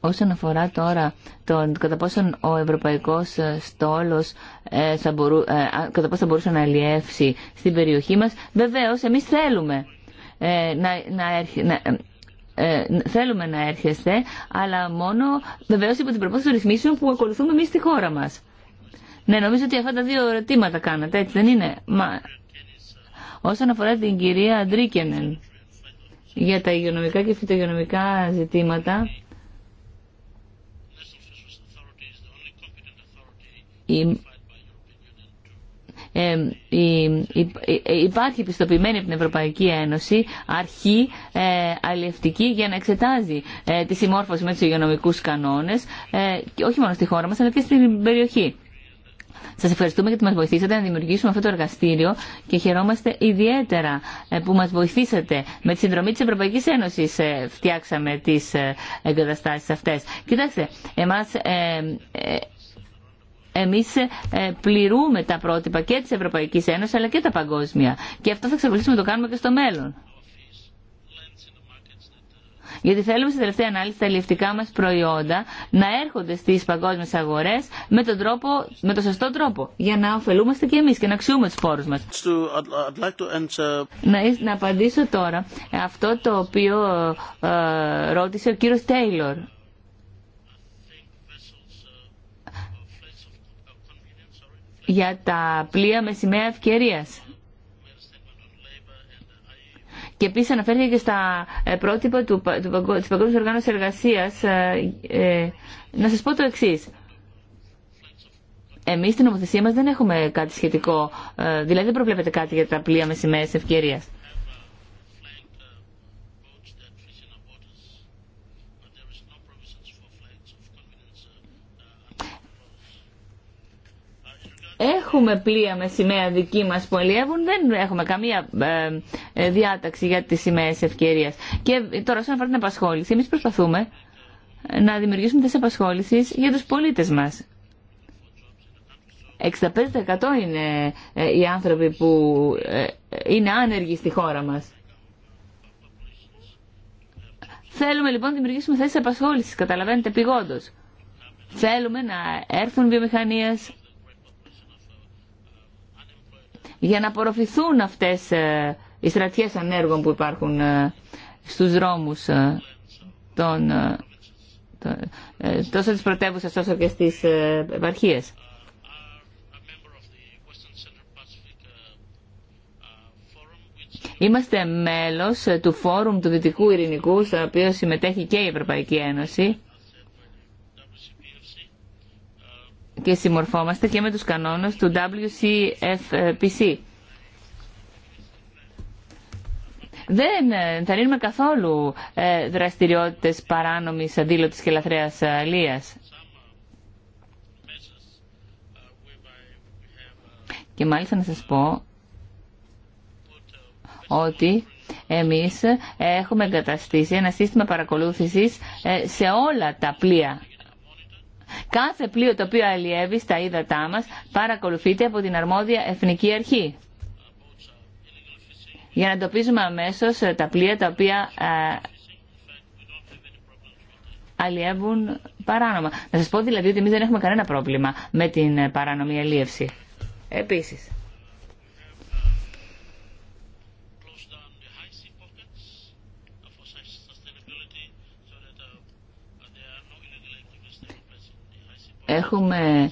Speaker 2: Όσον αφορά τώρα το κατά πόσον ο ευρωπαϊκός ε, στόλος ε, θα κατά πόσο θα μπορούσε να αλλιεύσει στην περιοχή μας, βεβαίως εμείς θέλουμε να, θέλουμε να έρχεστε, αλλά μόνο βεβαίως υπό την προπόθεση των ρυθμίσεων που ακολουθούμε εμείς στη χώρα μας. Ναι, νομίζω ότι αυτά τα δύο ερωτήματα κάνατε, έτσι δεν είναι. Μα όσον αφορά την κυρία Αντρίκενεν για τα υγειονομικά και φυτογειονομικά ζητήματα, ε, η, υπάρχει πιστοποιημένη από την Ευρωπαϊκή Ένωση αρχή ε, για να εξετάζει ε, τη συμμόρφωση με τους υγειονομικούς κανόνες, ε, και όχι μόνο στη χώρα μας, αλλά και στην περιοχή. Σα ευχαριστούμε γιατί μα βοηθήσατε να δημιουργήσουμε αυτό το εργαστήριο και χαιρόμαστε ιδιαίτερα ε, που μα βοηθήσατε. Με τη συνδρομή τη Ευρωπαϊκή Ένωση ε, φτιάξαμε τι ε, εγκαταστάσει αυτέ. Κοιτάξτε, εμά. εμείς πληρούμε τα πρότυπα και της Ευρωπαϊκής Ένωσης αλλά και τα παγκόσμια. Και αυτό θα εξακολουθήσουμε να το κάνουμε και στο μέλλον. Γιατί θέλουμε στην τελευταία ανάλυση τα ελληνικά μα προϊόντα να έρχονται στι παγκόσμιε αγορέ με, τον με σωστό τρόπο. Για να ωφελούμαστε και εμεί και να αξιούμε του πόρου μα. Να, απαντήσω τώρα αυτό το οποίο ε, ρώτησε ο κύριο Τέιλορ. για τα πλοία με σημαία ευκαιρίας. Και επίση αναφέρθηκε και στα ε, πρότυπα του, του, τη Παγκόσμια Οργάνωση Εργασία. Ε, ε, να σα πω το εξή. Εμεί στην νομοθεσία μα δεν έχουμε κάτι σχετικό. δηλαδή δεν προβλέπεται κάτι για τα πλοία με σημαίε ευκαιρία. Έχουμε πλοία με σημαία δική μας που αλλιεύουν, δεν έχουμε καμία ε, ε, διάταξη για τις σημαίες ευκαιρίας. Και τώρα, όσον αφορά την απασχόληση, εμείς προσπαθούμε να δημιουργήσουμε θέσεις απασχόλησης για τους πολίτες μας. 65% είναι ε, οι άνθρωποι που είναι άνεργοι στη χώρα μας. Θέλουμε λοιπόν να δημιουργήσουμε θέσεις απασχόλησης, καταλαβαίνετε, πηγόντως. Θέλουμε να έρθουν βιομηχανίες, για να απορροφηθούν αυτές ε, οι στρατιές ανέργων που υπάρχουν ε, στους δρόμους ε, των, τόσο της πρωτεύουσας όσο και στις επαρχίες. Είμαστε μέλος του Φόρουμ του Δυτικού Ειρηνικού, στο οποίο συμμετέχει και η Ευρωπαϊκή Ένωση και συμμορφόμαστε και με τους κανόνες του WCFPC. Δεν ε, ενθαρρύνουμε καθόλου ε, δραστηριότητες παράνομης, αντίλωτης και λαθρέας αλίας. Ε, και μάλιστα να σας πω ότι εμείς έχουμε εγκαταστήσει ένα σύστημα παρακολούθησης σε όλα τα πλοία Κάθε πλοίο το οποίο αλλιεύει στα ύδατά μας παρακολουθείται από την αρμόδια εθνική αρχή για να εντοπίζουμε αμέσως ε, τα πλοία τα οποία ε, αλλιεύουν παράνομα. Να σας πω δηλαδή ότι εμείς δεν έχουμε κανένα πρόβλημα με την ε, παράνομη αλλίευση. Επίσης. Έχουμε,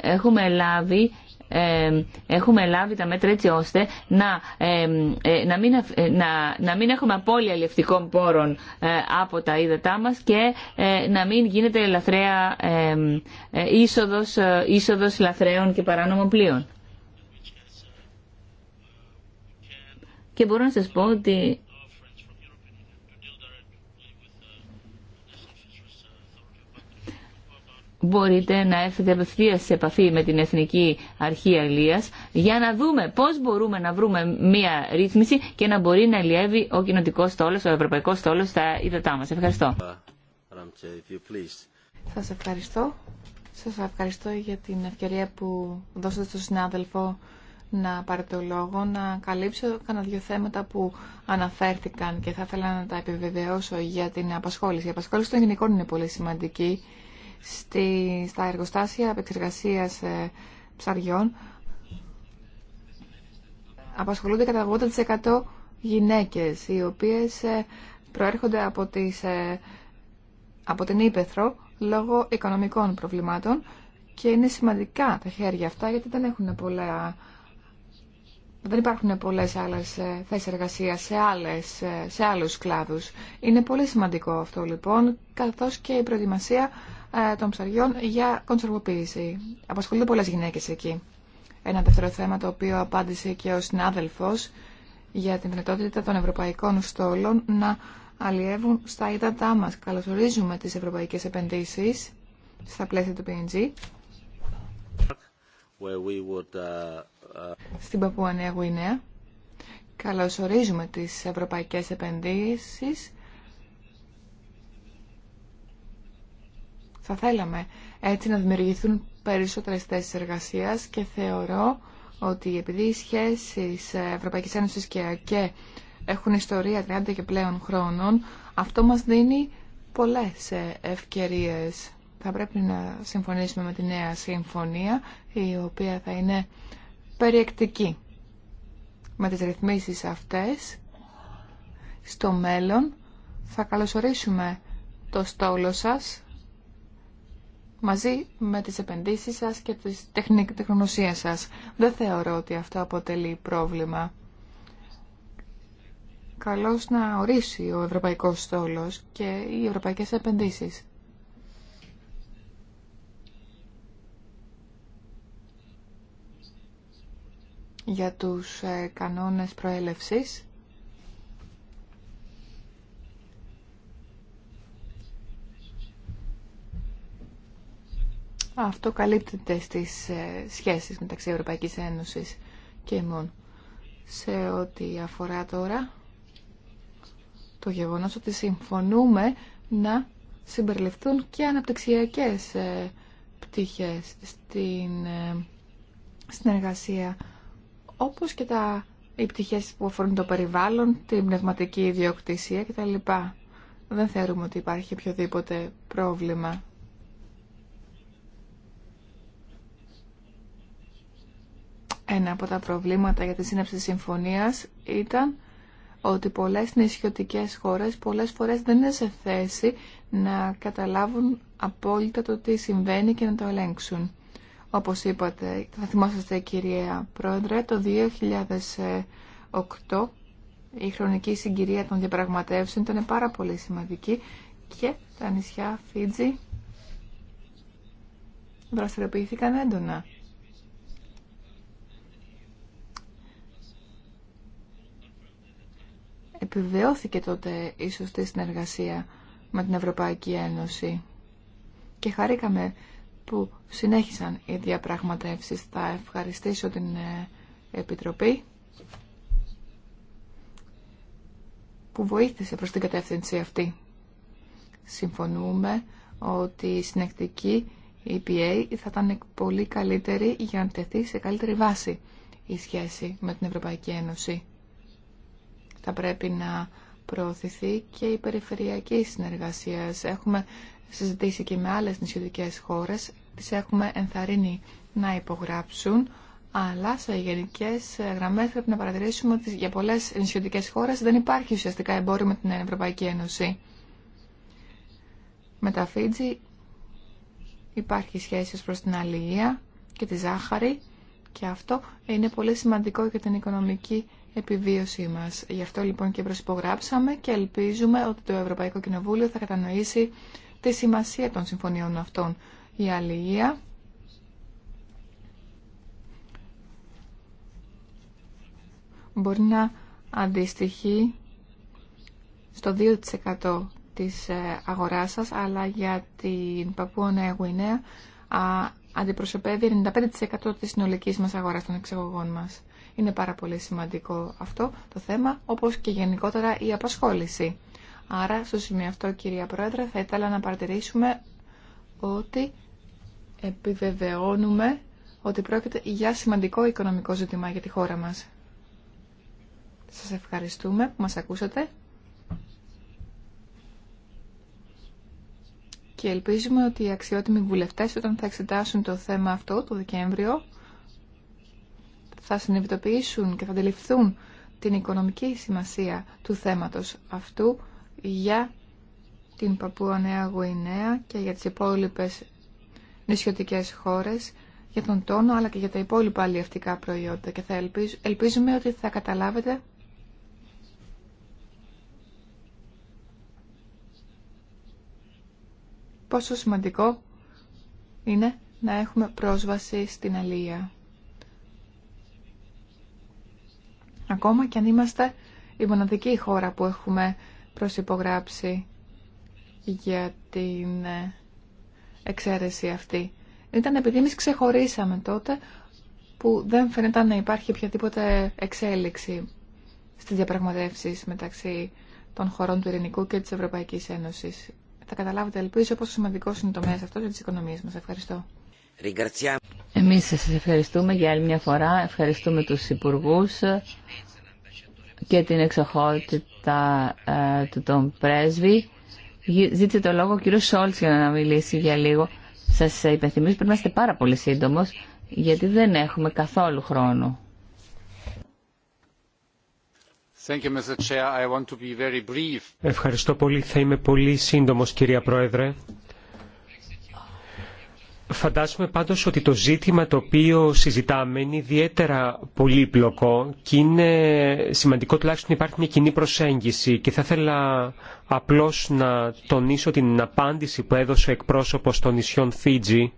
Speaker 2: έχουμε λάβει ε, έχουμε λάβει τα μέτρα έτσι ώστε να, ε, ε, να, μην, ε, να, να μην έχουμε απώλεια λευτικών πόρων από τα ύδατά μας και να μην γίνεται λαθρέα είσοδος, είσοδος λαθρέων και παράνομων πλοίων. Και μπορώ να σας πω ότι μπορείτε να έρθετε απευθεία σε επαφή με την Εθνική Αρχή Αλίας για να δούμε πώς μπορούμε να βρούμε μία ρύθμιση και να μπορεί να ελιεύει ο κοινοτικό στόλος, ο ευρωπαϊκό στόλος στα ύδατά μας. Ευχαριστώ. Uh,
Speaker 3: Σας ευχαριστώ. Σας ευχαριστώ για την ευκαιρία που δώσατε στον συνάδελφο να πάρει το λόγο, να καλύψω κανένα δύο θέματα που αναφέρθηκαν και θα ήθελα να τα επιβεβαιώσω για την απασχόληση. Η απασχόληση των γυναικών είναι πολύ σημαντική στη, στα εργοστάσια επεξεργασίας ε, ψαριών απασχολούνται κατά 80% γυναίκες οι οποίες ε, προέρχονται από, τις, ε, από την Ήπεθρο λόγω οικονομικών προβλημάτων και είναι σημαντικά τα χέρια αυτά γιατί δεν έχουν πολλά δεν υπάρχουν πολλές άλλες θέσεις εργασίας σε, άλλες, σε άλλους κλάδους. Είναι πολύ σημαντικό αυτό λοιπόν, καθώς και η προετοιμασία ε, των ψαριών για κονσορβοποίηση. Απασχολούνται πολλές γυναίκες εκεί. Ένα δεύτερο θέμα το οποίο απάντησε και ο συνάδελφος για την δυνατότητα των ευρωπαϊκών στόλων να αλλιεύουν στα ύδατά μας. Καλωσορίζουμε τις ευρωπαϊκές επενδύσεις στα πλαίσια του PNG. Uh,
Speaker 1: uh,
Speaker 3: Στην Παππούα Νέα Γουινέα καλωσορίζουμε τις ευρωπαϊκές επενδύσεις Θα θέλαμε έτσι να δημιουργηθούν περισσότερες θέσεις εργασίας και θεωρώ ότι επειδή οι σχέσεις Ευρωπαϊκής Ένωσης και ΑΚΕ έχουν ιστορία 30 και πλέον χρόνων, αυτό μας δίνει πολλές ευκαιρίες. Θα πρέπει να συμφωνήσουμε με τη νέα συμφωνία, η οποία θα είναι περιεκτική. Με τις ρυθμίσεις αυτές, στο μέλλον θα καλωσορίσουμε το στόλο σας μαζί με τις επενδύσεις σας και τη τεχνογνωσία σας. Δεν θεωρώ ότι αυτό αποτελεί πρόβλημα. Καλώς να ορίσει ο Ευρωπαϊκός Στόλος και οι ευρωπαϊκές επενδύσεις. Για τους ε, κανόνες προέλευσης, Αυτό καλύπτεται στις ε, σχέσεις μεταξύ Ευρωπαϊκής Ένωσης και ΕΜΟΝ. Σε ό,τι αφορά τώρα το γεγονός ότι συμφωνούμε να συμπεριληφθούν και αναπτυξιακές ε, πτυχές στην ε, συνεργασία, όπως και τα, οι πτυχές που αφορούν το περιβάλλον, την πνευματική ιδιοκτησία κτλ. Δεν θεωρούμε ότι υπάρχει οποιοδήποτε πρόβλημα Ένα από τα προβλήματα για τη σύναψη συμφωνίας ήταν ότι πολλές νησιωτικές χώρες πολλές φορές δεν είναι σε θέση να καταλάβουν απόλυτα το τι συμβαίνει και να το ελέγξουν. Όπως είπατε, θα θυμάσαστε κυρία Πρόεδρε, το 2008 η χρονική συγκυρία των διαπραγματεύσεων ήταν πάρα πολύ σημαντική και τα νησιά Φίτζη δραστηριοποιήθηκαν έντονα. επιβεβαιώθηκε τότε η σωστή συνεργασία με την Ευρωπαϊκή Ένωση και χαρήκαμε που συνέχισαν οι διαπραγματεύσεις. Θα ευχαριστήσω την ε, Επιτροπή που βοήθησε προς την κατεύθυνση αυτή. Συμφωνούμε ότι η συνεκτική EPA θα ήταν πολύ καλύτερη για να τεθεί σε καλύτερη βάση η σχέση με την Ευρωπαϊκή Ένωση. Θα πρέπει να προωθηθεί και η περιφερειακή συνεργασία. Έχουμε συζητήσει και με άλλες νησιωτικές χώρες, τις έχουμε ενθαρρύνει να υπογράψουν, αλλά σε γενικέ γραμμέ πρέπει να παρατηρήσουμε ότι για πολλέ νησιωτικέ χώρε δεν υπάρχει ουσιαστικά εμπόριο με την Ευρωπαϊκή Ένωση. Με τα Φίτζη υπάρχει σχέση προς την αλληλεία και τη ζάχαρη και αυτό είναι πολύ σημαντικό για την οικονομική επιβίωσή μας. Γι' αυτό λοιπόν και προσυπογράψαμε και ελπίζουμε ότι το Ευρωπαϊκό Κοινοβούλιο θα κατανοήσει τη σημασία των συμφωνιών αυτών. Η αλληλεία μπορεί να αντιστοιχεί στο 2% της ε, αγοράς σας, αλλά για την Παππούα Νέα Γουινέα αντιπροσωπεύει 95% της συνολικής μας αγοράς των εξαγωγών μας. Είναι πάρα πολύ σημαντικό αυτό το θέμα, όπως και γενικότερα η απασχόληση. Άρα, στο σημείο αυτό, κυρία Πρόεδρε, θα ήθελα να παρατηρήσουμε ότι επιβεβαιώνουμε ότι πρόκειται για σημαντικό οικονομικό ζήτημα για τη χώρα μας. Σας ευχαριστούμε που μας ακούσατε. Και ελπίζουμε ότι οι αξιότιμοι βουλευτές όταν θα εξετάσουν το θέμα αυτό το Δεκέμβριο θα συνειδητοποιήσουν και θα αντιληφθούν την οικονομική σημασία του θέματος αυτού για την Παππούα Νέα Γουινέα και για τις υπόλοιπες νησιωτικές χώρες για τον τόνο αλλά και για τα υπόλοιπα αλληλευτικά προϊόντα και θα ελπίζουμε ότι θα καταλάβετε πόσο σημαντικό είναι να έχουμε πρόσβαση στην αλία. Ακόμα και αν είμαστε η μοναδική χώρα που έχουμε προσυπογράψει για την ε, εξαίρεση αυτή. Ήταν επειδή εμείς ξεχωρίσαμε τότε που δεν φαίνεται να υπάρχει οποιαδήποτε εξέλιξη στις διαπραγματεύσεις μεταξύ των χωρών του Ειρηνικού και της Ευρωπαϊκής Ένωσης. Θα καταλάβετε, ελπίζω, πόσο σημαντικό είναι το μέσο αυτό για τις οικονομίες μας. Ευχαριστώ.
Speaker 2: Εμείς σας ευχαριστούμε για άλλη μια φορά. Ευχαριστούμε τους υπουργούς και την εξοχότητα ε, του τον πρέσβη. Ζήτησε το λόγο ο κύριος Σόλτς για να μιλήσει για λίγο. Σας υπενθυμίζω πρέπει να είστε πάρα πολύ σύντομος γιατί δεν έχουμε καθόλου χρόνο.
Speaker 4: Ευχαριστώ πολύ. Θα είμαι πολύ σύντομος κυρία Πρόεδρε. Φαντάζομαι πάντως ότι το ζήτημα το οποίο συζητάμε είναι ιδιαίτερα πολύπλοκο και είναι σημαντικό τουλάχιστον υπάρχει μια κοινή προσέγγιση και θα ήθελα απλώς να τονίσω την απάντηση που έδωσε ο εκπρόσωπος των νησιών Φίτζη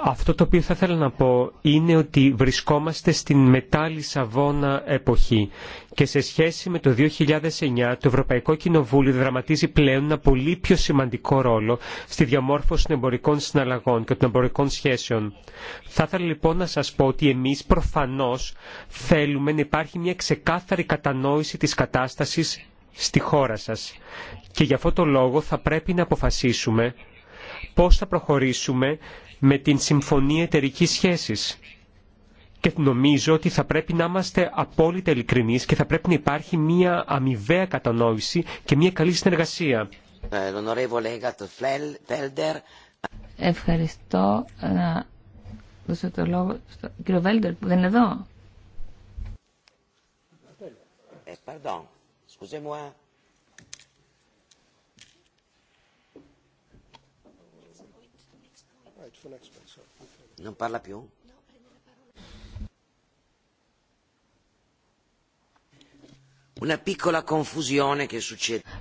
Speaker 4: Αυτό το οποίο θα ήθελα να πω είναι ότι βρισκόμαστε στην μετά Λισαβόνα εποχή και σε σχέση με το 2009 το Ευρωπαϊκό Κοινοβούλιο δραματίζει πλέον ένα πολύ πιο σημαντικό ρόλο στη διαμόρφωση των εμπορικών συναλλαγών και των εμπορικών σχέσεων. Θα ήθελα λοιπόν να σας πω ότι εμείς προφανώς θέλουμε να υπάρχει μια ξεκάθαρη κατανόηση της κατάστασης στη χώρα σας και γι' αυτό το λόγο θα πρέπει να αποφασίσουμε πώς θα προχωρήσουμε με την Συμφωνία εταιρική Σχέσης. Και νομίζω ότι θα πρέπει να είμαστε απόλυτα ειλικρινείς και θα πρέπει να υπάρχει μια αμοιβαία κατανόηση και μια καλή
Speaker 5: συνεργασία.
Speaker 2: Ευχαριστώ να δώσω το λόγο στον κύριο Βέλντερ που δεν είναι εδώ.
Speaker 5: Ε,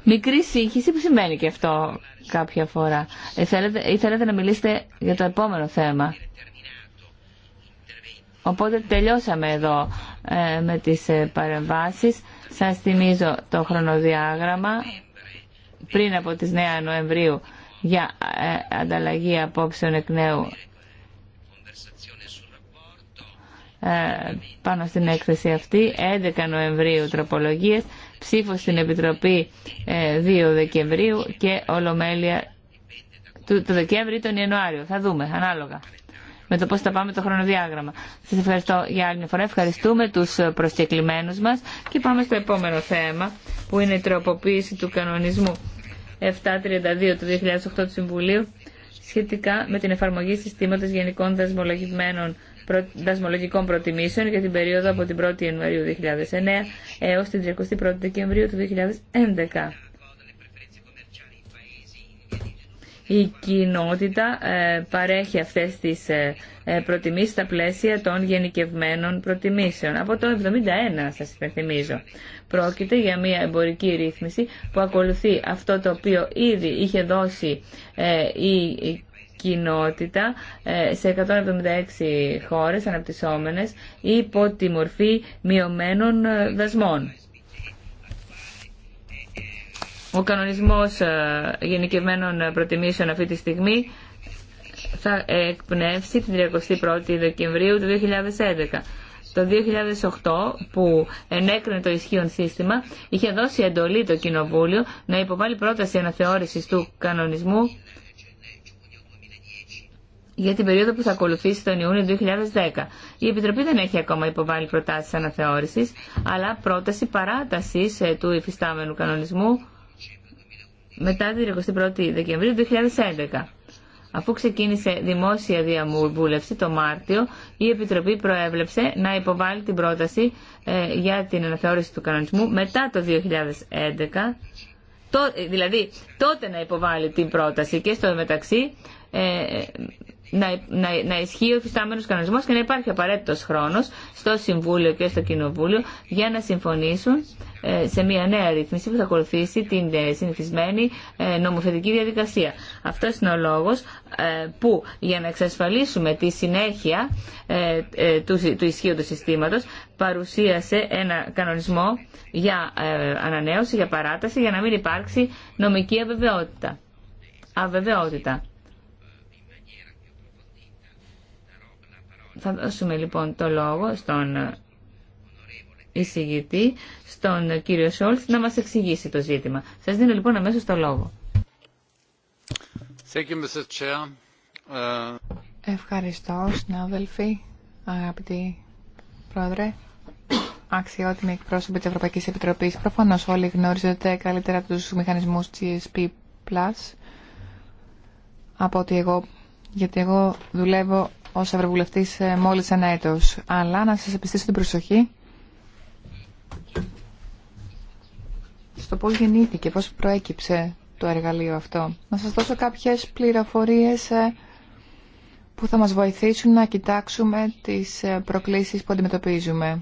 Speaker 2: Μικρή σύγχυση που σημαίνει και αυτό κάποια φορά. Ε, να μιλήσετε για το επόμενο θέμα. Οπότε τελειώσαμε εδώ ε, με τις ε, παρεμβάσεις. Σας θυμίζω το χρονοδιάγραμμα πριν από τις 9 Νοεμβρίου για ε, ανταλλαγή απόψεων εκ νέου ε, πάνω στην έκθεση αυτή 11 Νοεμβρίου τροπολογίες ψήφο στην Επιτροπή 2 ε, Δεκεμβρίου και ολομέλεια του, το Δεκέμβριο ή τον Ιανουάριο. Θα δούμε, ανάλογα με το πώς θα πάμε το χρονοδιάγραμμα. Σας ευχαριστώ για άλλη μια φορά. Ευχαριστούμε τους προσκεκλημένους μας και πάμε στο επόμενο θέμα που είναι η τροποποίηση του κανονισμού 732 του 2008 του Συμβουλίου σχετικά με την εφαρμογή συστήματος γενικών δασμολογικών προτιμήσεων για την περίοδο από την 1η Ιανουαρίου 2009 έως την 31η Δεκεμβρίου του 2011. Η κοινότητα ε, παρέχει αυτές τις ε, ε, προτιμήσεις στα πλαίσια των γενικευμένων προτιμήσεων. Από το 1971 σας υπενθυμίζω. Πρόκειται για μια εμπορική ρύθμιση που ακολουθεί αυτό το οποίο ήδη είχε δώσει ε, η κοινότητα ε, σε 176 χώρες αναπτυσσόμενες υπό τη μορφή μειωμένων ε, δασμών. Ο κανονισμός γενικευμένων προτιμήσεων αυτή τη στιγμή θα εκπνεύσει την 31η Δεκεμβρίου του 2011 το 2008 που ενέκρινε το ισχύον σύστημα είχε δώσει εντολή το Κοινοβούλιο να υποβάλει πρόταση αναθεώρησης του κανονισμού για την περίοδο που θα ακολουθήσει τον Ιούνιο 2010. Η Επιτροπή δεν έχει ακόμα υποβάλει προτάσεις αναθεώρησης, αλλά πρόταση παράτασης ε, του υφιστάμενου κανονισμού μετά την 21η Δεκεμβρίου 2011. Αφού ξεκίνησε δημόσια διαβούλευση το Μάρτιο, η Επιτροπή προέβλεψε να υποβάλει την πρόταση ε, για την αναθεώρηση του κανονισμού μετά το 2011, ε, δηλαδή τότε να υποβάλει την πρόταση και στο μεταξύ ε, να, να, να ισχύει ο φυστάμενο κανονισμό και να υπάρχει απαραίτητο χρόνο στο Συμβούλιο και στο Κοινοβούλιο για να συμφωνήσουν ε, σε μια νέα ρύθμιση που θα ακολουθήσει την ε, συνηθισμένη ε, νομοθετική διαδικασία. Αυτό είναι ο λόγο που για να εξασφαλίσουμε τη συνέχεια του, του ισχύου του συστήματο παρουσίασε ένα κανονισμό για ανανέωση, για παράταση, για να μην υπάρξει νομική αβεβαιότητα. αβεβαιότητα. Θα δώσουμε λοιπόν το λόγο στον εισηγητή, στον κύριο Σόλτ, να μας εξηγήσει το ζήτημα. Σας δίνω λοιπόν αμέσως το λόγο.
Speaker 3: Ε, Ευχαριστώ, συνάδελφοι, αγαπητοί πρόεδρε, αξιότιμοι εκπρόσωποι της Ευρωπαϊκής Επιτροπής. Προφανώς όλοι γνώριζετε καλύτερα τους μηχανισμούς GSP+, από ότι εγώ, γιατί εγώ δουλεύω ως Ευρωβουλευτής ε, μόλις ένα έτος. Αλλά να σας επιστήσω την προσοχή στο πώς γεννήθηκε, πώς προέκυψε το εργαλείο αυτό. Να σας δώσω κάποιες πληροφορίες ε, που θα μας βοηθήσουν να κοιτάξουμε τις ε, προκλήσεις που αντιμετωπίζουμε.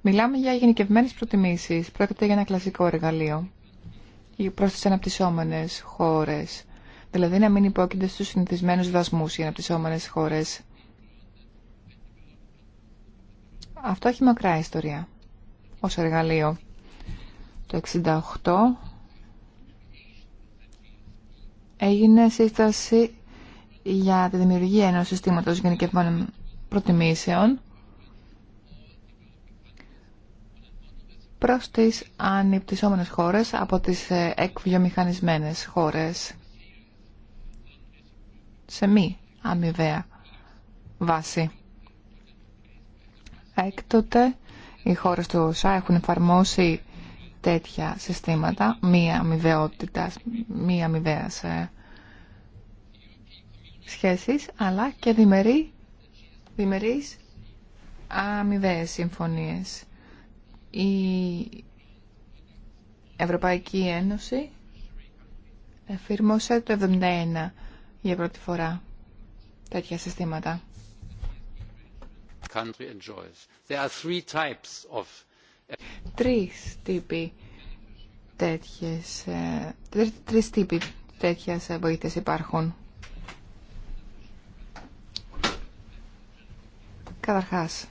Speaker 3: Μιλάμε για γενικευμένες προτιμήσεις. Πρόκειται για ένα κλασικό εργαλείο προς τις αναπτυσσόμενες χώρες δηλαδή να μην υπόκεινται στους συνηθισμένους δασμούς οι αναπτυσσόμενες χώρες. Αυτό έχει μακρά ιστορία ως εργαλείο. Το 1968 έγινε σύσταση για τη δημιουργία ενός συστήματος γενικευμένων προτιμήσεων προς τις ανυπτυσσόμενες χώρες από τις ε, εκβιομηχανισμένες χώρες σε μη αμοιβαία βάση. Έκτοτε οι χώρες του ΩΣΑ έχουν εφαρμόσει τέτοια συστήματα μη αμοιβαιότητας, μη αμοιβαίας ε, σχέσεις, αλλά και διμερεί, διμερείς αμοιβαίες συμφωνίες. Η Ευρωπαϊκή Ένωση εφήρμοσε το 1971 για πρώτη φορά τέτοια συστήματα. Τρεις τύποι τέτοιες, ε, τρεις τύποι τέτοιας ε, βοήθειας υπάρχουν. Καταρχάς,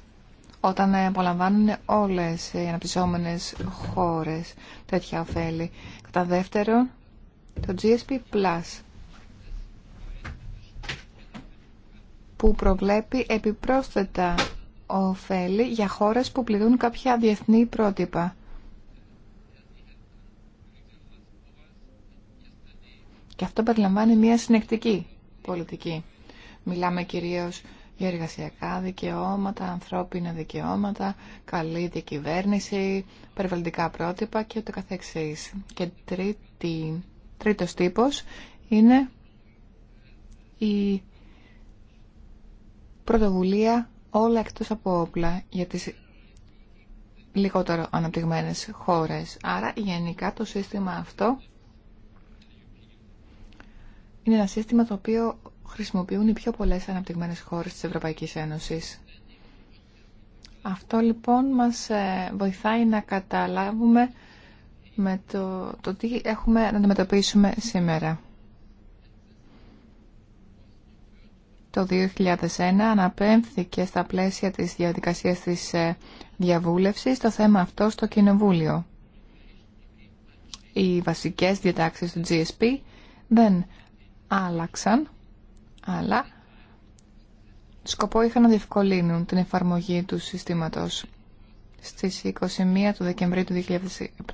Speaker 3: όταν ε, απολαμβάνουν όλες οι αναπτυσσόμενες χώρες τέτοια ωφέλη. Κατά δεύτερον, το GSP Plus που προβλέπει επιπρόσθετα ωφέλη για χώρες που πληρούν κάποια διεθνή πρότυπα. Και αυτό περιλαμβάνει μια συνεκτική πολιτική. Μιλάμε κυρίως για εργασιακά δικαιώματα, ανθρώπινα δικαιώματα, καλή διακυβέρνηση, περιβαλλοντικά πρότυπα και το καθεξής. Και τρίτη, τρίτος τύπος είναι η πρωτοβουλία όλα εκτός από όπλα για τις λιγότερο αναπτυγμένες χώρες. Άρα γενικά το σύστημα αυτό είναι ένα σύστημα το οποίο χρησιμοποιούν οι πιο πολλές αναπτυγμένες χώρες της Ευρωπαϊκής Ένωσης. Αυτό λοιπόν μας ε, βοηθάει να καταλάβουμε με το, το τι έχουμε να αντιμετωπίσουμε σήμερα. το 2001 αναπέμφθηκε στα πλαίσια της διαδικασίας της ε, διαβούλευσης το θέμα αυτό στο Κοινοβούλιο. Οι βασικές διατάξεις του GSP δεν άλλαξαν, αλλά σκοπό είχαν να διευκολύνουν την εφαρμογή του συστήματος. Στις 21 του Δεκεμβρίου του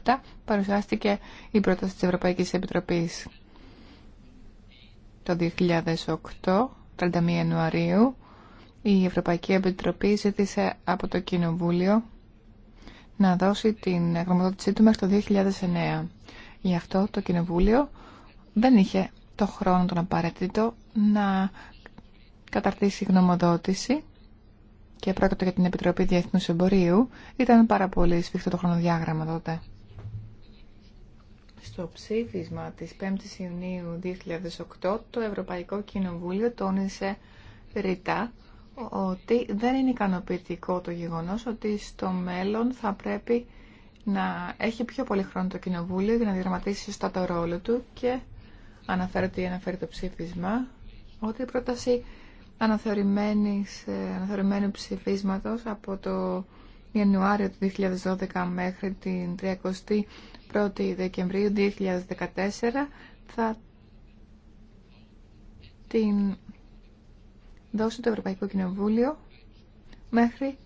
Speaker 3: 2007 παρουσιάστηκε η πρόταση της Ευρωπαϊκής Επιτροπής. Το 2008 31 Ιανουαρίου η Ευρωπαϊκή Επιτροπή ζήτησε από το Κοινοβούλιο να δώσει την γνωμοδότησή του μέχρι το 2009. Γι' αυτό το Κοινοβούλιο δεν είχε το χρόνο τον απαραίτητο να καταρτήσει γνωμοδότηση και πρόκειται για την Επιτροπή Διεθνούς Εμπορίου. Ήταν πάρα πολύ σφιχτό το χρονοδιάγραμμα τότε. Στο ψήφισμα της 5ης Ιουνίου 2008 το Ευρωπαϊκό Κοινοβούλιο τόνισε ρητά ότι δεν είναι ικανοποιητικό το γεγονός ότι στο μέλλον θα πρέπει να έχει πιο πολύ χρόνο το Κοινοβούλιο για να διαδραματίσει σωστά το ρόλο του και αναφέρεται ή αναφέρει το ψήφισμα ότι η πρόταση ε, αναθεωρημένου ψηφίσματος από το Ιανουάριο του 2012 μέχρι την 31η Δεκεμβρίου 2014 θα την δώσει το Ευρωπαϊκό Κοινοβούλιο μέχρι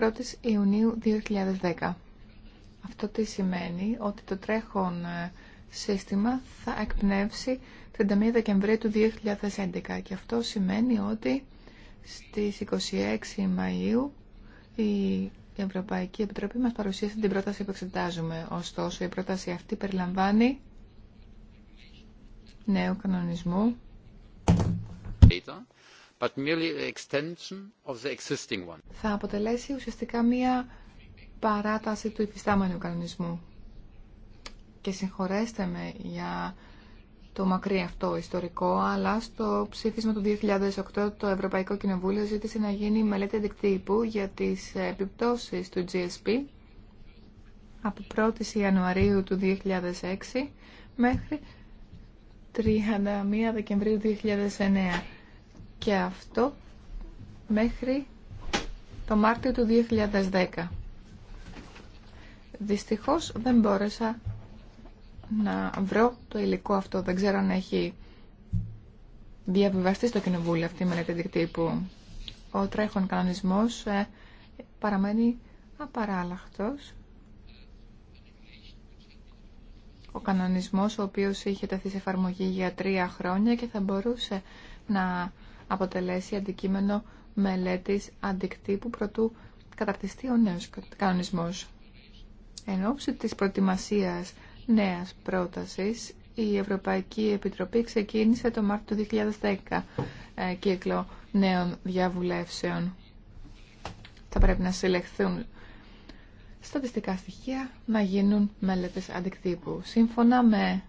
Speaker 3: 1η Ιουνίου 2010. Αυτό τι σημαίνει ότι το τρέχον ε, σύστημα θα εκπνεύσει 31 Δεκεμβρίου του 2011 και αυτό σημαίνει ότι στις 26 Μαΐου η η Ευρωπαϊκή Επιτροπή μας παρουσίασε την πρόταση που εξετάζουμε. Ωστόσο, η πρόταση αυτή περιλαμβάνει νέου κανονισμού θα αποτελέσει ουσιαστικά μία παράταση του υφιστάμενου κανονισμού. Και συγχωρέστε με για το μακρύ αυτό ιστορικό, αλλά στο ψήφισμα του 2008 το Ευρωπαϊκό Κοινοβούλιο ζήτησε να γίνει μελέτη αντικτύπου για τις επιπτώσεις του GSP από 1η Ιανουαρίου του 2006 μέχρι 31 Δεκεμβρίου 2009 και αυτό μέχρι το Μάρτιο του 2010. Δυστυχώς δεν μπόρεσα να βρω το υλικό αυτό. Δεν ξέρω αν έχει διαβιβαστεί στο Κοινοβούλιο αυτή η μελέτη που Ο τρέχον κανονισμός ε, παραμένει απαράλλαχτος. Ο κανονισμός ο οποίος είχε τεθεί σε εφαρμογή για τρία χρόνια και θα μπορούσε να αποτελέσει αντικείμενο μελέτης αντικτύπου προτού καταρτιστεί ο νέος κανονισμός. Εν ώψη της προετοιμασίας νέας πρότασης η Ευρωπαϊκή Επιτροπή ξεκίνησε το Μάρτιο του 2010 ε, κύκλο νέων διαβουλεύσεων. Θα πρέπει να συλλεχθούν στατιστικά στοιχεία, να γίνουν μελέτες αντικτύπου. Σύμφωνα με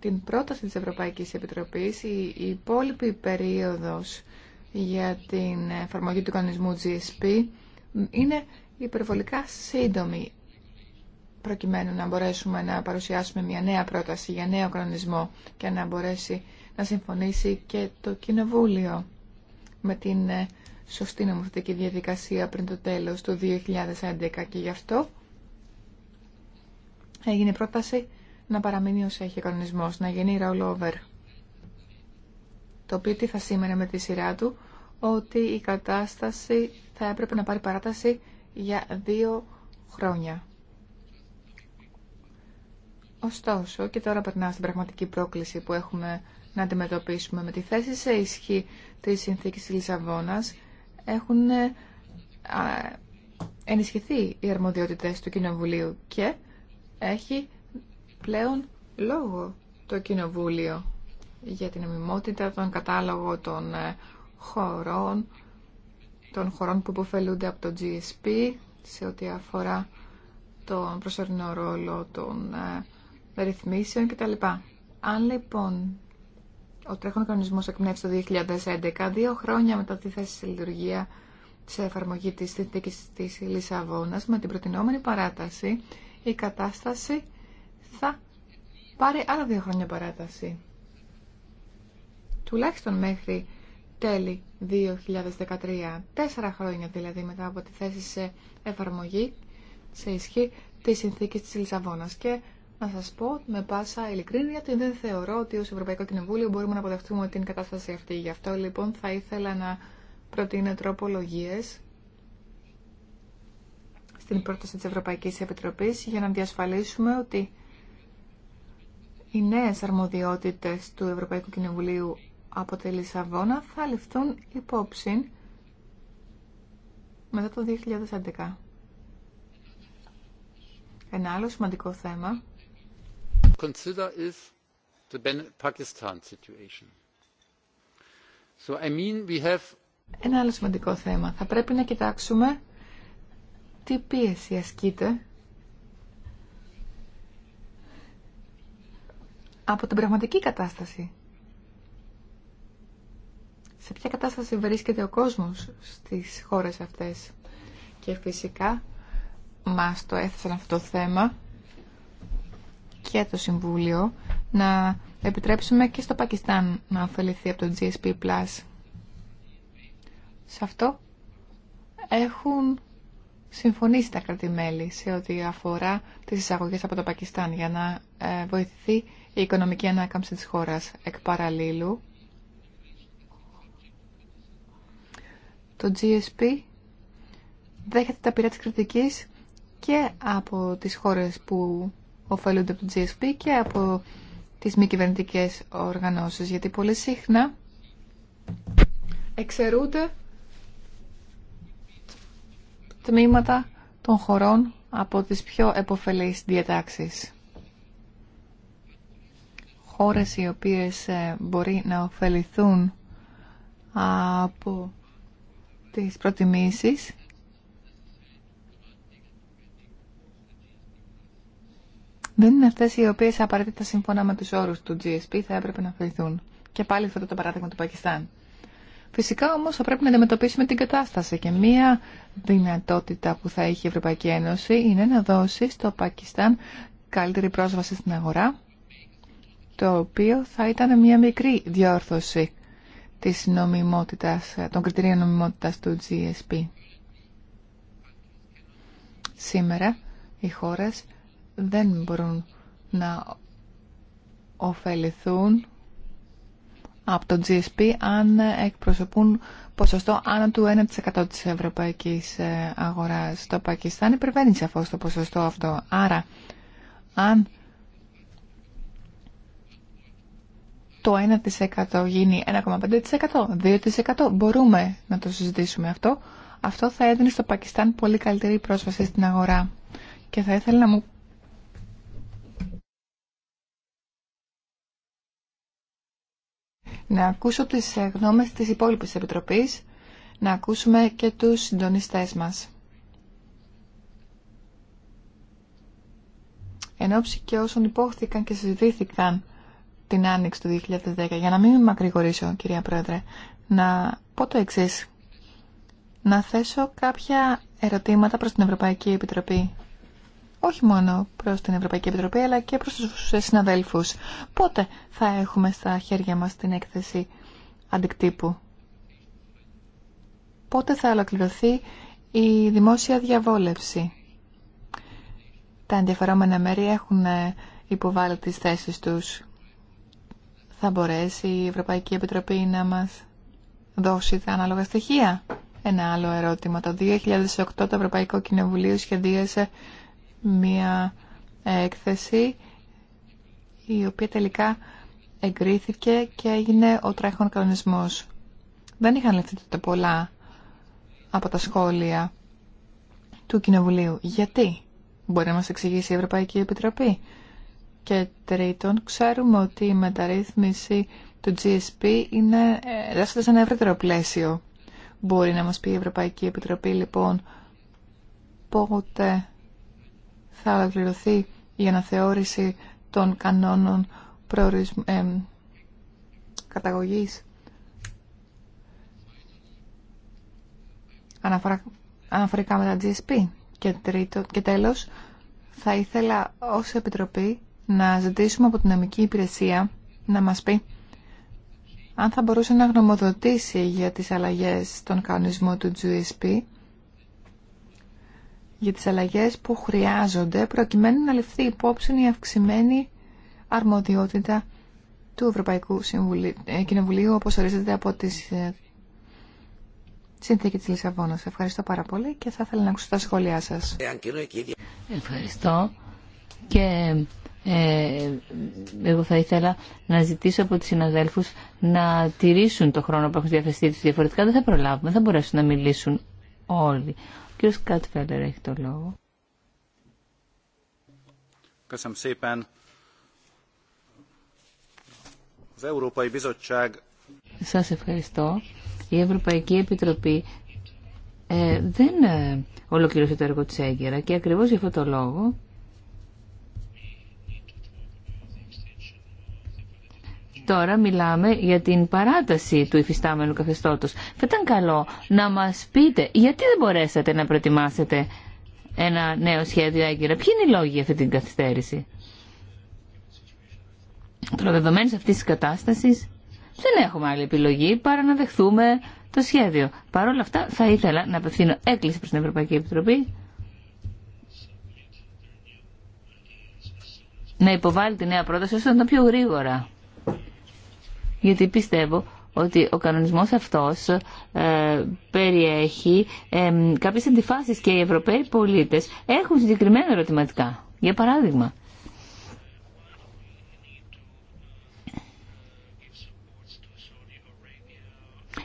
Speaker 3: την πρόταση της Ευρωπαϊκής Επιτροπής, η υπόλοιπη περίοδος για την εφαρμογή του κανονισμού GSP είναι υπερβολικά σύντομη προκειμένου να μπορέσουμε να παρουσιάσουμε μια νέα πρόταση για νέο κανονισμό και να μπορέσει να συμφωνήσει και το Κοινοβούλιο με την ε, σωστή νομοθετική διαδικασία πριν το τέλος του 2011 και γι' αυτό έγινε πρόταση να παραμείνει ως έχει κανονισμός, να γίνει rollover. Το οποίο τι θα σήμερα με τη σειρά του, ότι η κατάσταση θα έπρεπε να πάρει παράταση για δύο χρόνια. Ωστόσο, και τώρα περνάω στην πραγματική πρόκληση που έχουμε να αντιμετωπίσουμε με τη θέση σε ισχύ της συνθήκης της Λισαβόνας έχουν ε, ενισχυθεί οι αρμοδιότητες του Κοινοβουλίου και έχει πλέον λόγο το Κοινοβούλιο για την ομιμότητα, τον κατάλογο των ε, χωρών, των χωρών που υποφελούνται από το GSP σε ό,τι αφορά τον προσωρινό ρόλο των ε, ρυθμίσεων κτλ. Αν λοιπόν ο τρέχον κανονισμό εκπνεύσει το 2011, δύο χρόνια μετά τη θέση σε λειτουργία τη εφαρμογή της συνθήκη τη Λισαβόνα, με την προτινόμενη παράταση η κατάσταση θα πάρει άλλα δύο χρόνια παράταση. Τουλάχιστον μέχρι τέλη 2013, τέσσερα χρόνια δηλαδή μετά από τη θέση σε εφαρμογή, σε ισχύ της συνθήκης της Λισαβόνας και να σας πω με πάσα ειλικρίνεια ότι δεν θεωρώ ότι ως Ευρωπαϊκό Κοινοβούλιο μπορούμε να αποδεχτούμε την κατάσταση αυτή. Γι' αυτό λοιπόν θα ήθελα να προτείνω τροπολογίες στην πρόταση της Ευρωπαϊκής Επιτροπής για να διασφαλίσουμε ότι οι νέες αρμοδιότητες του Ευρωπαϊκού Κοινοβουλίου από τη Λισαβόνα θα ληφθούν υπόψη μετά το 2011. Ένα άλλο σημαντικό θέμα
Speaker 2: consider the Pakistan
Speaker 3: Ένα άλλο σημαντικό θέμα. Θα πρέπει να κοιτάξουμε τι πίεση ασκείται από την πραγματική κατάσταση. Σε ποια κατάσταση βρίσκεται ο κόσμος στις χώρες αυτές. Και φυσικά μας το έθεσαν αυτό το θέμα και το Συμβούλιο να επιτρέψουμε και στο Πακιστάν να ωφεληθεί από το GSP+. Σε αυτό έχουν συμφωνήσει τα κρατημέλη σε ό,τι αφορά τις εισαγωγές από το Πακιστάν για να ε, βοηθηθεί η οικονομική ανάκαμψη της χώρας εκ παραλίλου. Το GSP δέχεται τα πειρά της κριτικής και από τις χώρες που ωφελούνται από το GSP και από τις μη κυβερνητικέ οργανώσεις, γιατί πολύ συχνά εξαιρούνται τμήματα των χωρών από τις πιο επωφελείς διατάξεις. Χώρες οι οποίες ε, μπορεί να ωφεληθούν από τις προτιμήσεις δεν είναι αυτέ οι οποίε απαραίτητα σύμφωνα με του όρου του GSP θα έπρεπε να αφαιρεθούν. Και πάλι αυτό το παράδειγμα του Πακιστάν. Φυσικά όμως θα πρέπει να αντιμετωπίσουμε την κατάσταση και μία δυνατότητα που θα έχει η Ευρωπαϊκή Ένωση είναι να δώσει στο Πακιστάν καλύτερη πρόσβαση στην αγορά, το οποίο θα ήταν μία μικρή διόρθωση της νομιμότητας, των κριτηρίων νομιμότητας του GSP. Σήμερα οι χώρες δεν μπορούν να ωφεληθούν από το GSP αν εκπροσωπούν ποσοστό άνω του 1% της ευρωπαϊκής ε, αγοράς. Το Πακιστάν υπερβαίνει σαφώς το ποσοστό αυτό. Άρα, αν το 1% γίνει 1,5%, 2% μπορούμε να το συζητήσουμε αυτό. Αυτό θα έδινε στο Πακιστάν πολύ καλύτερη πρόσβαση στην αγορά. Και θα ήθελα να μου να ακούσω τις ε, γνώμες της υπόλοιπης Επιτροπής, να ακούσουμε και τους συντονιστές μας. Εν ώψη και όσων υπόχθηκαν και συζητήθηκαν την Άνοιξη του 2010, για να μην μακρηγορήσω, κυρία Πρόεδρε, να πω το εξής. Να θέσω κάποια ερωτήματα προς την Ευρωπαϊκή Επιτροπή όχι μόνο προς την Ευρωπαϊκή Επιτροπή αλλά και προς τους συναδέλφους. Πότε θα έχουμε στα χέρια μας την έκθεση αντικτύπου. Πότε θα ολοκληρωθεί η δημόσια διαβόλευση. Τα ενδιαφερόμενα μέρη έχουν ε, υποβάλει τις θέσεις τους. Θα μπορέσει η Ευρωπαϊκή Επιτροπή να μας δώσει τα ανάλογα στοιχεία. Ένα άλλο ερώτημα. Το 2008 το Ευρωπαϊκό Κοινοβουλίο σχεδίασε μία έκθεση η οποία τελικά εγκρίθηκε και έγινε ο τρέχον κανονισμός. Δεν είχαν λεφθεί τότε πολλά από τα σχόλια του Κοινοβουλίου. Γιατί μπορεί να μας εξηγήσει η Ευρωπαϊκή Επιτροπή. Και τρίτον, ξέρουμε ότι η μεταρρύθμιση του GSP είναι εντάσσεται σε ένα ευρύτερο πλαίσιο. Μπορεί να μας πει η Ευρωπαϊκή Επιτροπή λοιπόν πότε θα ολοκληρωθεί η αναθεώρηση των κανόνων προορισμ, ε, καταγωγής. αναφορικά με τα GSP. Και, τρίτο, και τέλος, θα ήθελα ως Επιτροπή να ζητήσουμε από την νομική υπηρεσία να μας πει αν θα μπορούσε να γνωμοδοτήσει για τις αλλαγές στον κανονισμό του GSP για τις αλλαγές που χρειάζονται προκειμένου να ληφθεί υπόψη η αυξημένη αρμοδιότητα του Ευρωπαϊκού ε, Κοινοβουλίου όπως ορίζεται από τη ε, Συνθήκη της Λισαβόνας. Ευχαριστώ πάρα πολύ και θα ήθελα να ακούσω τα σχόλιά σας.
Speaker 2: Ευχαριστώ και ε, εγώ θα ήθελα να ζητήσω από τους συναδέλφους να τηρήσουν το χρόνο που έχουν διαθεστεί τους. Διαφορετικά δεν θα προλάβουμε, δεν θα μπορέσουν να μιλήσουν όλοι κύριος Κάτφελερ έχει το λόγο. Σας ευχαριστώ. Η Ευρωπαϊκή Επιτροπή ε, δεν ε, ολοκληρώσε το έργο της έγκαιρα και ακριβώς για αυτό το λόγο Τώρα μιλάμε για την παράταση του υφιστάμενου καθεστώτος. Θα ήταν καλό να μας πείτε γιατί δεν μπορέσατε να προετοιμάσετε ένα νέο σχέδιο έγκυρα. Ποιοι είναι οι λόγοι για αυτή την καθυστέρηση. Τώρα αυτής της κατάστασης δεν έχουμε άλλη επιλογή παρά να δεχθούμε το σχέδιο. Παρ' όλα αυτά θα ήθελα να απευθύνω έκκληση προς την Ευρωπαϊκή Επιτροπή να υποβάλει τη νέα πρόταση όσο να πιο γρήγορα γιατί πιστεύω ότι ο κανονισμός αυτός ε, περιέχει ε, κάποιες αντιφάσεις και οι Ευρωπαίοι πολίτες έχουν συγκεκριμένα ερωτηματικά. Για παράδειγμα,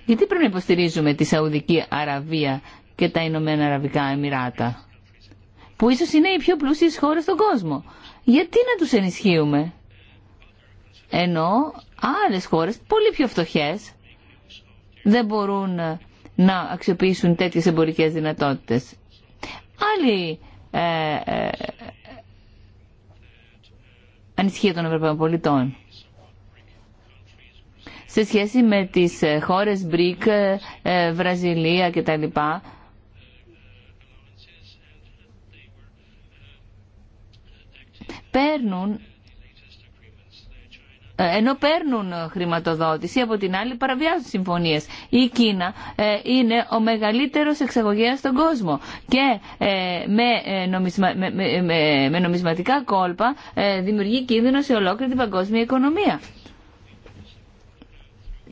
Speaker 2: γιατί πρέπει να υποστηρίζουμε τη Σαουδική Αραβία και τα Ηνωμένα Αραβικά Εμμυράτα, που ίσως είναι οι πιο πλούσιες χώρες στον κόσμο. Γιατί να τους ενισχύουμε ενώ άλλες χώρες, πολύ πιο φτωχές, δεν μπορούν να αξιοποιήσουν τέτοιες εμπορικές δυνατότητες. Άλλη ε, ε ανησυχία των Ευρωπαίων πολιτών. Σε σχέση με τις ε, χώρες BRIC, ε, ε, Βραζιλία κτλ. παίρνουν ε, ενώ παίρνουν χρηματοδότηση, από την άλλη παραβιάζουν συμφωνίε. Η Κίνα ε, είναι ο μεγαλύτερο εξαγωγέα στον κόσμο και ε, με νομισματικά κόλπα δημιουργεί κίνδυνο σε ολόκληρη την παγκόσμια οικονομία.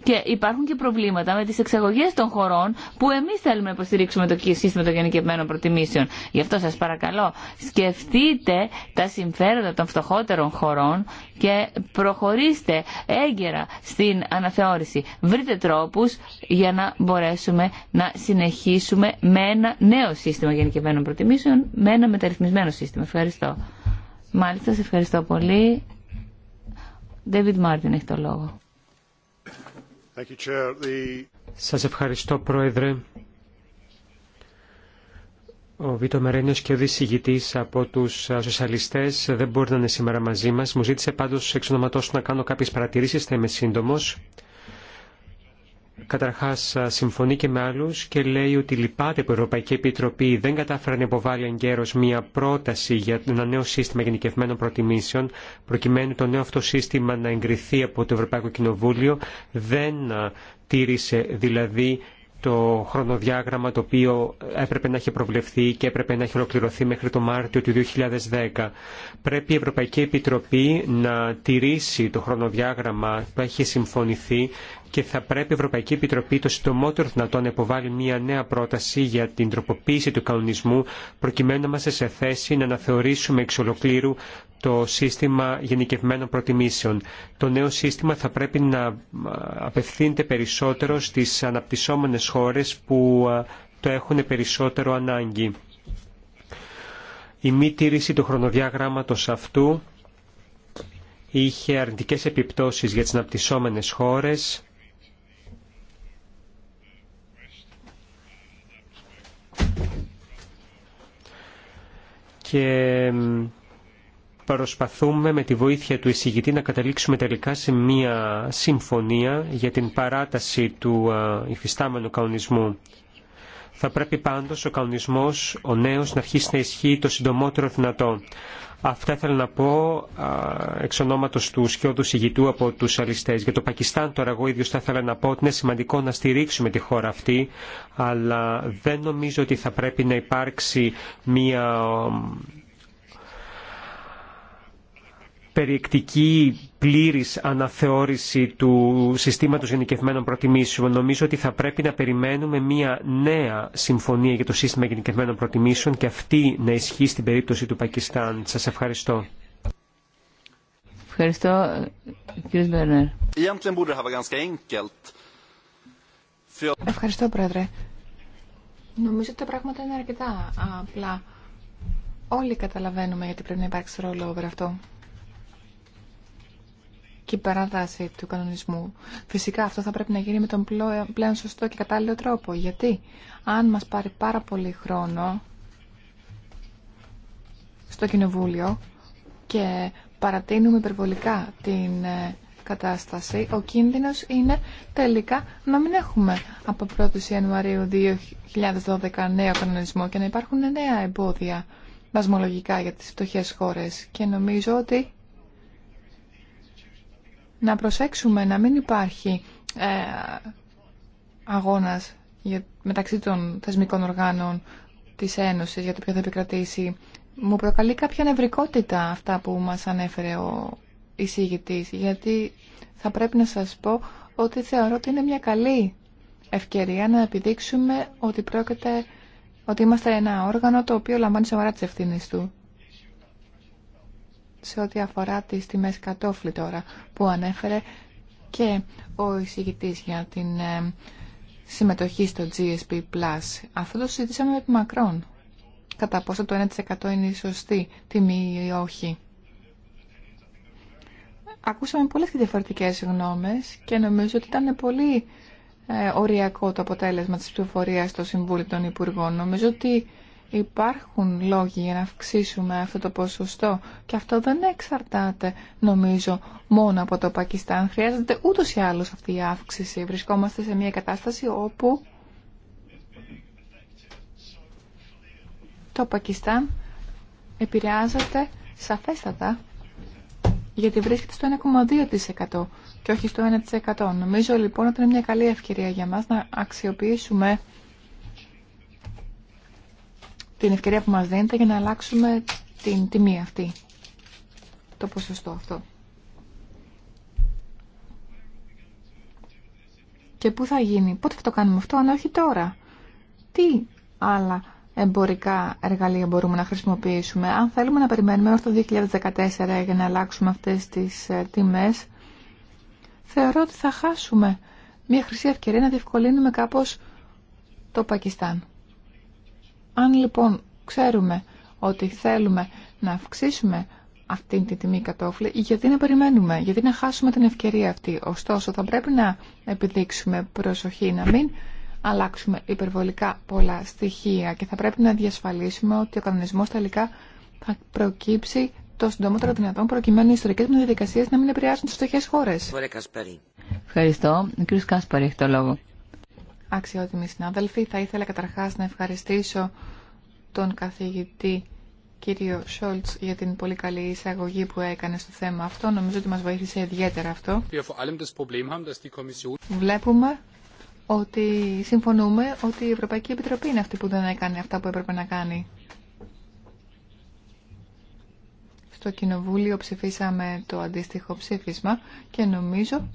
Speaker 2: Και υπάρχουν και προβλήματα με τι εξαγωγέ των χωρών που εμεί θέλουμε να υποστηρίξουμε το σύστημα των γενικευμένων προτιμήσεων. Γι' αυτό σα παρακαλώ, σκεφτείτε τα συμφέροντα των φτωχότερων χωρών και προχωρήστε έγκαιρα στην αναθεώρηση. Βρείτε τρόπου για να μπορέσουμε να συνεχίσουμε με ένα νέο σύστημα γενικευμένων προτιμήσεων, με ένα μεταρρυθμισμένο σύστημα. Ευχαριστώ. Μάλιστα, σε ευχαριστώ πολύ. David Martin έχει το λόγο.
Speaker 4: Σας ευχαριστώ, Πρόεδρε. Ο Βίτο Μερένιο και ο δισηγητή από του σοσιαλιστέ δεν μπορεί να είναι σήμερα μαζί μα. Μου ζήτησε πάντω εξ ονοματό να κάνω κάποιε παρατηρήσει. Θα είμαι σύντομο καταρχάς συμφωνεί και με άλλους και λέει ότι λυπάται που η Ευρωπαϊκή Επιτροπή δεν κατάφερε να υποβάλει εγκαίρως μία πρόταση για ένα νέο σύστημα γενικευμένων προτιμήσεων προκειμένου το νέο αυτό σύστημα να εγκριθεί από το Ευρωπαϊκό Κοινοβούλιο δεν τήρησε δηλαδή το χρονοδιάγραμμα το οποίο έπρεπε να έχει προβλεφθεί και έπρεπε να έχει ολοκληρωθεί μέχρι το Μάρτιο του 2010. Πρέπει η Ευρωπαϊκή Επιτροπή να τηρήσει το χρονοδιάγραμμα που έχει συμφωνηθεί και θα πρέπει η Ευρωπαϊκή Επιτροπή το συντομότερο δυνατόν να υποβάλει μια νέα πρόταση για την τροποποίηση του κανονισμού προκειμένου να είμαστε σε θέση να αναθεωρήσουμε εξ ολοκλήρου το σύστημα γενικευμένων προτιμήσεων. Το νέο σύστημα θα πρέπει να απευθύνεται περισσότερο στις αναπτυσσόμενες χώρες που το έχουν περισσότερο ανάγκη. Η μη τήρηση του χρονοδιάγραμματος αυτού είχε αρνητικές επιπτώσεις για τις αναπτυσσόμενες χώρες. Και προσπαθούμε με τη βοήθεια του εισηγητή να καταλήξουμε τελικά σε μία συμφωνία για την παράταση του ε, υφιστάμενου κανονισμού. Θα πρέπει πάντως ο κανονισμός, ο νέος, να αρχίσει να ισχύει το συντομότερο δυνατό. Αυτά ήθελα να πω ε, εξ ονόματος του Σκιώδου Σιγητού από τους Αλιστές. Για το Πακιστάν τώρα εγώ ίδιος θα ήθελα να πω ότι είναι σημαντικό να στηρίξουμε τη χώρα αυτή, αλλά δεν νομίζω ότι θα πρέπει να υπάρξει μια περιεκτική πλήρης αναθεώρηση του συστήματος γενικευμένων προτιμήσεων. Νομίζω ότι θα πρέπει να περιμένουμε μια νέα συμφωνία για το σύστημα γενικευμένων προτιμήσεων και αυτή να ισχύει στην περίπτωση του Πακιστάν. Σας ευχαριστώ.
Speaker 2: Ευχαριστώ, κύριε Μπέρνερ. Ευχαριστώ, Πρόεδρε.
Speaker 3: Νομίζω ότι τα πράγματα είναι αρκετά απλά. Όλοι καταλαβαίνουμε γιατί πρέπει να υπάρξει ρόλο αυτό και η παράδαση του κανονισμού. Φυσικά αυτό θα πρέπει να γίνει με τον πλέον σωστό και κατάλληλο τρόπο. Γιατί αν μας πάρει πάρα πολύ χρόνο στο Κοινοβούλιο και παρατείνουμε υπερβολικά την ε, κατάσταση, ο κίνδυνος είναι τελικά να μην έχουμε από 1η Ιανουαρίου 2012 νέο κανονισμό και να υπάρχουν νέα εμπόδια βασμολογικά για τις φτωχές χώρες. Και νομίζω ότι να προσέξουμε να μην υπάρχει ε, αγώνας για, μεταξύ των θεσμικών οργάνων της Ένωσης για το ποιο θα επικρατήσει. Μου προκαλεί κάποια νευρικότητα αυτά που μας ανέφερε ο εισηγητής, γιατί θα πρέπει να σας πω ότι θεωρώ ότι είναι μια καλή ευκαιρία να επιδείξουμε ότι πρόκειται ότι είμαστε ένα όργανο το οποίο λαμβάνει σοβαρά τις ευθύνες του σε ό,τι αφορά τις τιμές κατόφλι τώρα που ανέφερε και ο εισηγητή για την ε, συμμετοχή στο GSP+. Αυτό το συζητήσαμε τη μακρόν. Κατά πόσο το 1% είναι η σωστή τιμή ή όχι. Ακούσαμε πολλές και διαφορετικές γνώμες και νομίζω ότι ήταν πολύ ε, οριακό το αποτέλεσμα της ψηφοφορίας στο Συμβούλιο των Υπουργών. Νομίζω ότι Υπάρχουν λόγοι για να αυξήσουμε αυτό το ποσοστό και αυτό δεν εξαρτάται νομίζω μόνο από το Πακιστάν. Χρειάζεται ούτως ή άλλως αυτή η αύξηση. Βρισκόμαστε σε μια κατάσταση όπου το Πακιστάν επηρεάζεται σαφέστατα γιατί βρίσκεται στο 1,2% και όχι στο 1%. Νομίζω λοιπόν ότι είναι μια καλή ευκαιρία για μας να αξιοποιήσουμε την ευκαιρία που μας δίνεται για να αλλάξουμε την τιμή αυτή, το ποσοστό αυτό. Και πού θα γίνει, πότε θα το κάνουμε αυτό, αν όχι τώρα. Τι άλλα εμπορικά εργαλεία μπορούμε να χρησιμοποιήσουμε. Αν θέλουμε να περιμένουμε έως το 2014 για να αλλάξουμε αυτές τις ε, τιμές, θεωρώ ότι θα χάσουμε μια χρυσή ευκαιρία να διευκολύνουμε κάπως το Πακιστάν. Αν λοιπόν ξέρουμε ότι θέλουμε να αυξήσουμε αυτή την τιμή κατόφλη, γιατί να περιμένουμε, γιατί να χάσουμε την ευκαιρία αυτή. Ωστόσο, θα πρέπει να επιδείξουμε προσοχή, να μην αλλάξουμε υπερβολικά πολλά στοιχεία και θα πρέπει να διασφαλίσουμε ότι ο κανονισμός τελικά θα προκύψει το συντομότερο δυνατόν προκειμένου οι ιστορικέ μα διαδικασίε να μην επηρεάσουν τι φτωχέ χώρε.
Speaker 2: Ευχαριστώ. Ο κ. Κάσπαρη έχει το λόγο
Speaker 3: αξιότιμοι συνάδελφοι. Θα ήθελα καταρχάς να ευχαριστήσω τον καθηγητή κύριο Σόλτς για την πολύ καλή εισαγωγή που έκανε στο θέμα αυτό. Νομίζω ότι μας βοήθησε ιδιαίτερα αυτό. Βλέπουμε ότι συμφωνούμε ότι η Ευρωπαϊκή Επιτροπή είναι αυτή που δεν έκανε αυτά που έπρεπε να κάνει. Στο Κοινοβούλιο ψηφίσαμε το αντίστοιχο ψήφισμα και νομίζω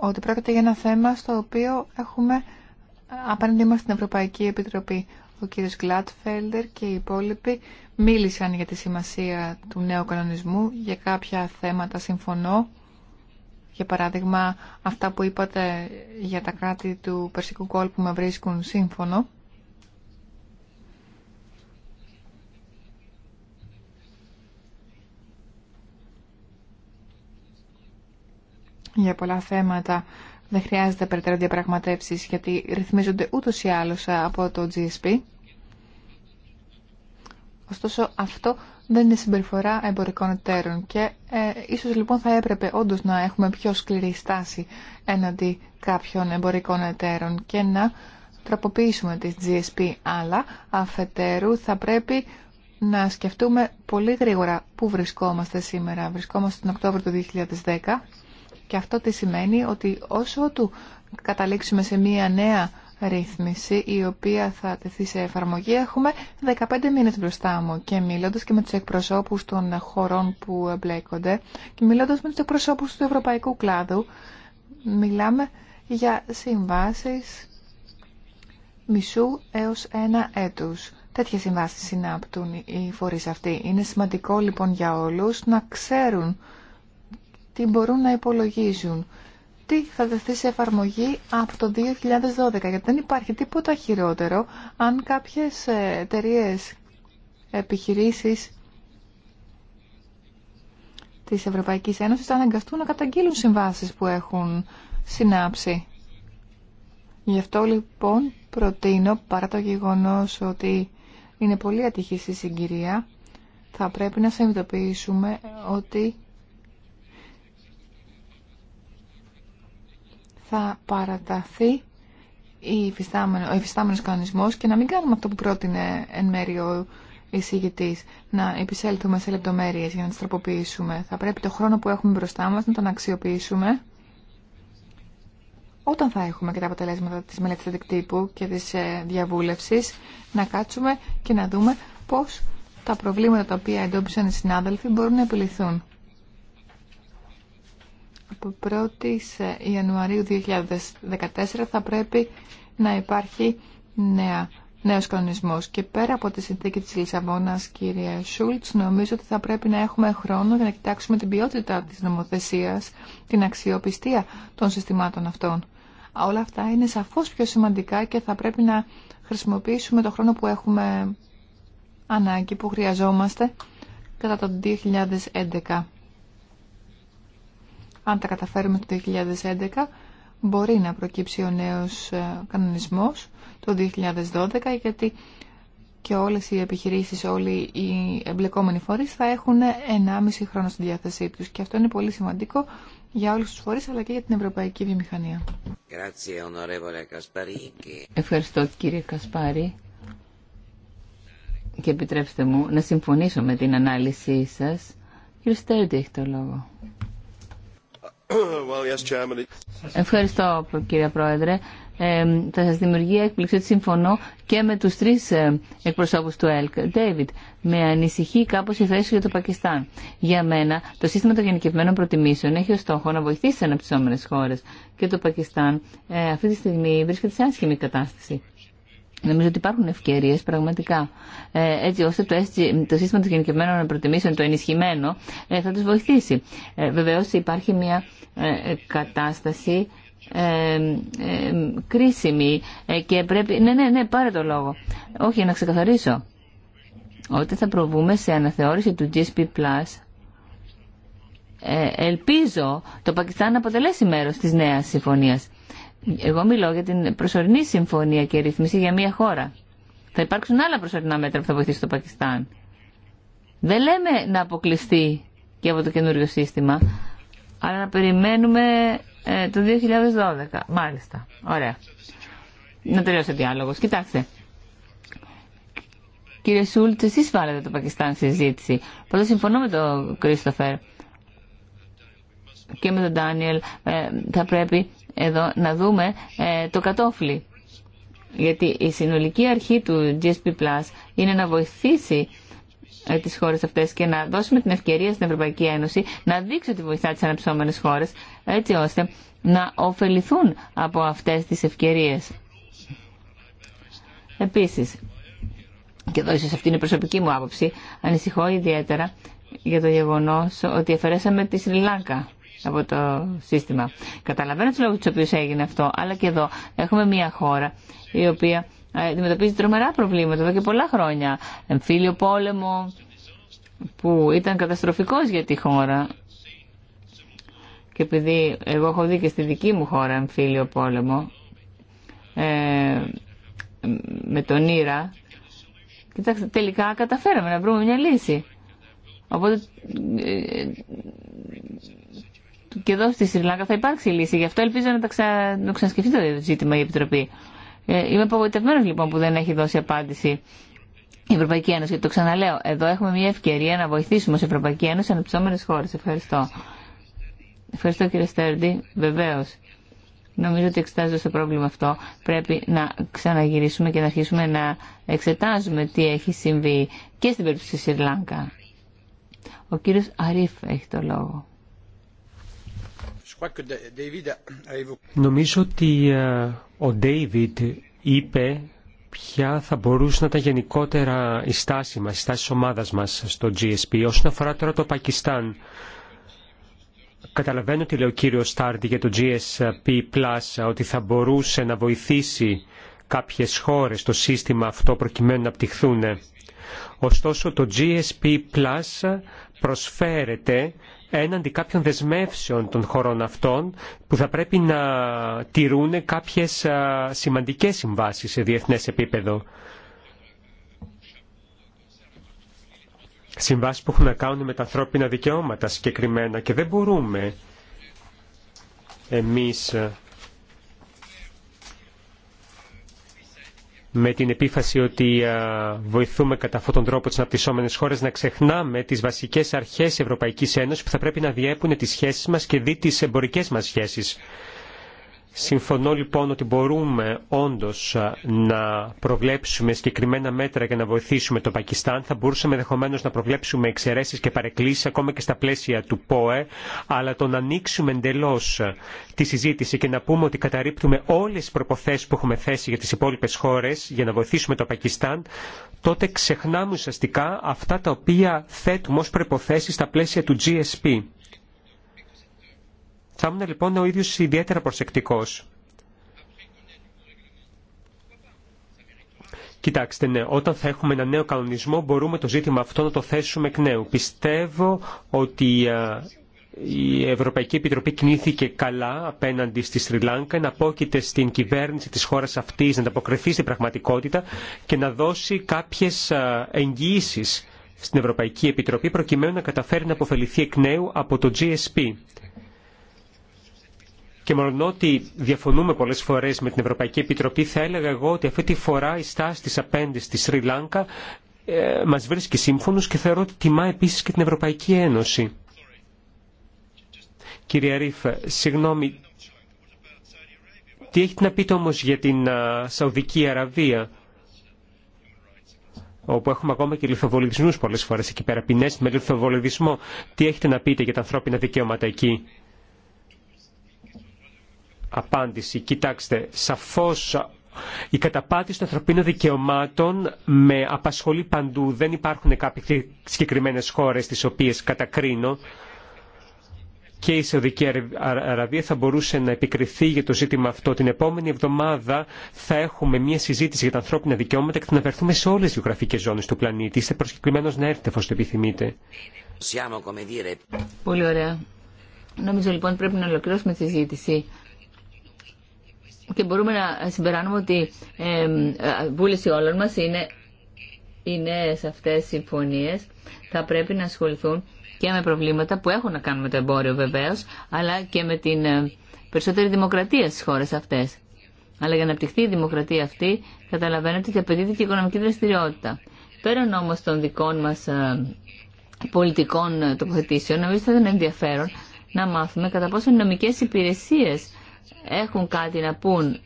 Speaker 3: ότι πρόκειται για ένα θέμα στο οποίο έχουμε απέναντι μας την Ευρωπαϊκή Επιτροπή. Ο κύριος Γκλάτφελντερ και οι υπόλοιποι μίλησαν για τη σημασία του νέου κανονισμού. Για κάποια θέματα συμφωνώ. Για παράδειγμα, αυτά που είπατε για τα κράτη του Περσικού κόλπου με βρίσκουν σύμφωνο. για πολλά θέματα δεν χρειάζεται περαιτέρω διαπραγματεύσεις γιατί ρυθμίζονται ούτως ή άλλως από το GSP. Ωστόσο αυτό δεν είναι συμπεριφορά εμπορικών εταίρων και ε, ίσως λοιπόν θα έπρεπε όντως να έχουμε πιο σκληρή στάση έναντι κάποιων εμπορικών εταίρων και να τροποποιήσουμε τις GSP αλλά αφετέρου θα πρέπει να σκεφτούμε πολύ γρήγορα πού βρισκόμαστε σήμερα. Βρισκόμαστε τον Οκτώβριο του 2010 και αυτό τι σημαίνει ότι όσο του καταλήξουμε σε μία νέα ρύθμιση η οποία θα τεθεί σε εφαρμογή έχουμε 15 μήνες μπροστά μου και μιλώντας και με τους εκπροσώπους των χωρών που εμπλέκονται και μιλώντας με τους εκπροσώπους του ευρωπαϊκού κλάδου μιλάμε για συμβάσεις μισού έως ένα έτους. Τέτοιες συμβάσεις συνάπτουν οι φορείς αυτοί. Είναι σημαντικό λοιπόν για όλους να ξέρουν τι μπορούν να υπολογίζουν, τι θα δεθεί σε εφαρμογή από το 2012, γιατί δεν υπάρχει τίποτα χειρότερο αν κάποιες ε, εταιρείε επιχειρήσεις της Ευρωπαϊκής Ένωσης θα αναγκαστούν να καταγγείλουν συμβάσεις που έχουν συνάψει. Γι' αυτό λοιπόν προτείνω, παρά το γεγονός ότι είναι πολύ ατυχής η συγκυρία, θα πρέπει να συνειδητοποιήσουμε ότι θα παραταθεί η ο υφιστάμενος κανονισμός και να μην κάνουμε αυτό που πρότεινε εν μέρει ο εισηγητής, να επισέλθουμε σε λεπτομέρειες για να τις τροποποιήσουμε. Θα πρέπει το χρόνο που έχουμε μπροστά μας να τον αξιοποιήσουμε όταν θα έχουμε και τα αποτελέσματα της μελέτης αντικτύπου και της ε, διαβούλευσης, να κάτσουμε και να δούμε πώς τα προβλήματα τα οποία εντόπισαν οι συνάδελφοι μπορούν να επιληθούν από 1η Ιανουαρίου 2014 θα πρέπει να υπάρχει νέα, νέος κανονισμός. Και πέρα από τη συνθήκη της Λισαβόνας, κύριε Σούλτς, νομίζω ότι θα πρέπει να έχουμε χρόνο για να κοιτάξουμε την ποιότητα της νομοθεσίας, την αξιοπιστία των συστημάτων αυτών. Όλα αυτά είναι σαφώς πιο σημαντικά και θα πρέπει να χρησιμοποιήσουμε το χρόνο που έχουμε ανάγκη, που χρειαζόμαστε κατά το 2011. Αν τα καταφέρουμε το 2011, μπορεί να προκύψει ο νέος ε, κανονισμός το 2012, γιατί και όλες οι επιχειρήσεις, όλοι οι εμπλεκόμενοι φορείς θα έχουν 1,5 χρόνο στη διάθεσή τους. Και αυτό είναι πολύ σημαντικό
Speaker 2: για όλους τους φορείς, αλλά και για την ευρωπαϊκή βιομηχανία. Ευχαριστώ κύριε Κασπάρη. Και επιτρέψτε μου να συμφωνήσω με την ανάλυση σας. Κύριε Στέρντι έχει το λόγο. Ευχαριστώ κύριε Πρόεδρε. Ε, θα σας δημιουργεί έκπληξη ότι συμφωνώ και με τους τρεις ε, εκπροσώπους του ΕΛΚ. Ντέιβιτ, με ανησυχεί κάπως η θέση για το Πακιστάν. Για μένα, το σύστημα των γενικευμένων προτιμήσεων έχει ως στόχο να βοηθήσει τις αναπτυσσόμενες χώρες. Και το Πακιστάν ε, αυτή τη στιγμή βρίσκεται σε άσχημη κατάσταση. Νομίζω ότι υπάρχουν ευκαιρίες πραγματικά ε, έτσι ώστε το, το σύστημα των γενικευμένων προτιμήσεων, το ενισχυμένο, ε, θα τους βοηθήσει. Ε, βεβαίως υπάρχει μια κατάσταση ε, κρίσιμη και πρέπει... Ναι, ναι, ναι, πάρε το λόγο. Όχι, να ξεκαθαρίσω. Ότι θα προβούμε σε αναθεώρηση του GSP+, ε, ελπίζω το Πακιστάν να αποτελέσει μέρος της νέας συμφωνίας. Εγώ μιλώ για την προσωρινή συμφωνία και ρυθμίση για μια χώρα. Θα υπάρξουν άλλα προσωρινά μέτρα που θα βοηθήσουν το Πακιστάν. Δεν λέμε να αποκλειστεί και από το καινούριο σύστημα, αλλά να περιμένουμε ε, το 2012. Μάλιστα. Ωραία. Να τελειώσει ο διάλογο. Κοιτάξτε. Κύριε Σούλτ, εσεί βάλετε το Πακιστάν συζήτηση. Πρώτα συμφωνώ με τον Κρίστοφερ και με τον Ντάνιελ. θα πρέπει εδώ να δούμε ε, το κατόφλι. Γιατί η συνολική αρχή του GSP Plus είναι να βοηθήσει ε, τις χώρες αυτές και να δώσουμε την ευκαιρία στην Ευρωπαϊκή Ένωση να δείξει ότι βοηθά τις αναψώμενες χώρες έτσι ώστε να ωφεληθούν από αυτές τις ευκαιρίες. Επίσης, και εδώ ίσως αυτή είναι η προσωπική μου άποψη, ανησυχώ ιδιαίτερα για το γεγονός ότι αφαιρέσαμε τη Σρι από το σύστημα. Καταλαβαίνω του λόγου του οποίου έγινε αυτό, αλλά και εδώ έχουμε μια χώρα η οποία ε, αντιμετωπίζει τρομερά προβλήματα εδώ και πολλά χρόνια. Εμφύλιο πόλεμο που ήταν καταστροφικός για τη χώρα και επειδή εγώ έχω δει και στη δική μου χώρα εμφύλιο πόλεμο ε, με τον Ήρα κοιτάξτε τελικά καταφέραμε να βρούμε μια λύση οπότε ε, και εδώ στη Σρι θα υπάρξει λύση. Γι' αυτό ελπίζω να, τα ξα... ξανασκεφτεί το ζήτημα η Επιτροπή. Ε, είμαι απογοητευμένο λοιπόν που δεν έχει δώσει απάντηση η Ευρωπαϊκή Ένωση. Και το ξαναλέω, εδώ έχουμε μια ευκαιρία να βοηθήσουμε ω Ευρωπαϊκή Ένωση αναπτυσσόμενε χώρε. Ευχαριστώ. Ευχαριστώ κύριε Στέρντι. Βεβαίω. Νομίζω ότι εξετάζοντα το πρόβλημα αυτό πρέπει να ξαναγυρίσουμε και να αρχίσουμε να εξετάζουμε τι έχει συμβεί και στην περίπτωση τη Σρι Ο κύριος Αρίφ έχει το λόγο.
Speaker 4: Νομίζω ότι ε, ο Ντέιβιντ είπε ποια θα μπορούσε να τα γενικότερα η στάση μας, η στάση της ομάδας μας στο GSP. Όσον αφορά τώρα το Πακιστάν, καταλαβαίνω ότι λέει ο κύριος Στάρντι για το GSP+, ότι θα μπορούσε να βοηθήσει κάποιες χώρες το σύστημα αυτό προκειμένου να πτυχθούν. Ωστόσο το GSP Plus προσφέρεται έναντι κάποιων δεσμεύσεων των χωρών αυτών που θα πρέπει να τηρούν κάποιες σημαντικές συμβάσεις σε διεθνές επίπεδο. Συμβάσεις που έχουν να κάνουν με τα ανθρώπινα δικαιώματα συγκεκριμένα και δεν μπορούμε εμείς με την επίφαση ότι βοηθούμε κατά αυτόν τον τρόπο τις αναπτυσσόμενες χώρες να ξεχνάμε τις βασικές αρχές Ευρωπαϊκής Ένωσης που θα πρέπει να διέπουν τις σχέσεις μας και δι' τις εμπορικές μας σχέσεις. Συμφωνώ λοιπόν ότι μπορούμε όντως να προβλέψουμε συγκεκριμένα μέτρα για να βοηθήσουμε το Πακιστάν. Θα μπορούσαμε ενδεχομένω να προβλέψουμε εξαιρέσεις και παρεκκλήσεις ακόμα και στα πλαίσια του ΠΟΕ, αλλά το να ανοίξουμε εντελώ τη συζήτηση και να πούμε ότι καταρρύπτουμε όλες τις προποθέσεις που έχουμε θέσει για τις υπόλοιπες χώρες για να βοηθήσουμε το Πακιστάν, τότε ξεχνάμε ουσιαστικά αυτά τα οποία θέτουμε ως προποθέσει στα πλαίσια του GSP. Θα ήμουν λοιπόν ο ίδιο ιδιαίτερα προσεκτικό. Κοιτάξτε, ναι, όταν θα έχουμε ένα νέο κανονισμό μπορούμε το ζήτημα αυτό να το θέσουμε εκ νέου. Πιστεύω ότι ε, η Ευρωπαϊκή Επιτροπή κινήθηκε καλά απέναντι στη Σρι Λάνκα, να απόκειται στην κυβέρνηση της χώρας αυτής να ανταποκριθεί στην πραγματικότητα και να δώσει κάποιες ε, εγγυήσεις στην Ευρωπαϊκή Επιτροπή προκειμένου να καταφέρει να αποφεληθεί εκ νέου από το GSP. Και μόνο ότι διαφωνούμε πολλέ φορέ με την Ευρωπαϊκή Επιτροπή, θα έλεγα εγώ ότι αυτή τη φορά η στάση τη απέντη στη Σρι Λάνκα ε, μα βρίσκει σύμφωνο και θεωρώ ότι τιμά επίση και την Ευρωπαϊκή Ένωση. Κύριε Ρίφ, συγγνώμη, τι έχετε να πείτε όμως για την α, Σαουδική Αραβία, όπου έχουμε ακόμα και λιθοβολιδισμούς πολλές φορές εκεί πέρα, ποινές με λιθοβολισμό, Τι έχετε να πείτε για τα ανθρώπινα δικαιώματα εκεί απάντηση. Κοιτάξτε, σαφώς η καταπάτηση των ανθρωπίνων δικαιωμάτων με απασχολεί παντού. Δεν υπάρχουν κάποιες συγκεκριμένε χώρε τις οποίες κατακρίνω και η Σαουδική Αραβία θα μπορούσε να επικριθεί για το ζήτημα αυτό. Την επόμενη εβδομάδα θα έχουμε μια συζήτηση για τα ανθρώπινα δικαιώματα και θα αναφερθούμε σε όλες τις γεωγραφικές ζώνες του πλανήτη. Είστε προσκεκριμένος να έρθετε εφόσον
Speaker 5: το επιθυμείτε.
Speaker 2: Πολύ ωραία. Νομίζω λοιπόν πρέπει να ολοκληρώσουμε τη συζήτηση και μπορούμε να συμπεράνουμε ότι ε, βούληση όλων μας είναι, οι νέε αυτές συμφωνίε συμφωνίες θα πρέπει να ασχοληθούν και με προβλήματα που έχουν να κάνουν με το εμπόριο βεβαίως αλλά και με την ε, περισσότερη δημοκρατία στις χώρες αυτές. Αλλά για να απτυχθεί η δημοκρατία αυτή καταλαβαίνετε ότι απαιτείται και οικονομική δραστηριότητα. Πέραν όμω των δικών μας ε, πολιτικών τοποθετήσεων νομίζω θα ήταν ενδιαφέρον να μάθουμε κατά πόσο οι νομικές υπηρεσίες έχουν κάτι να πούν.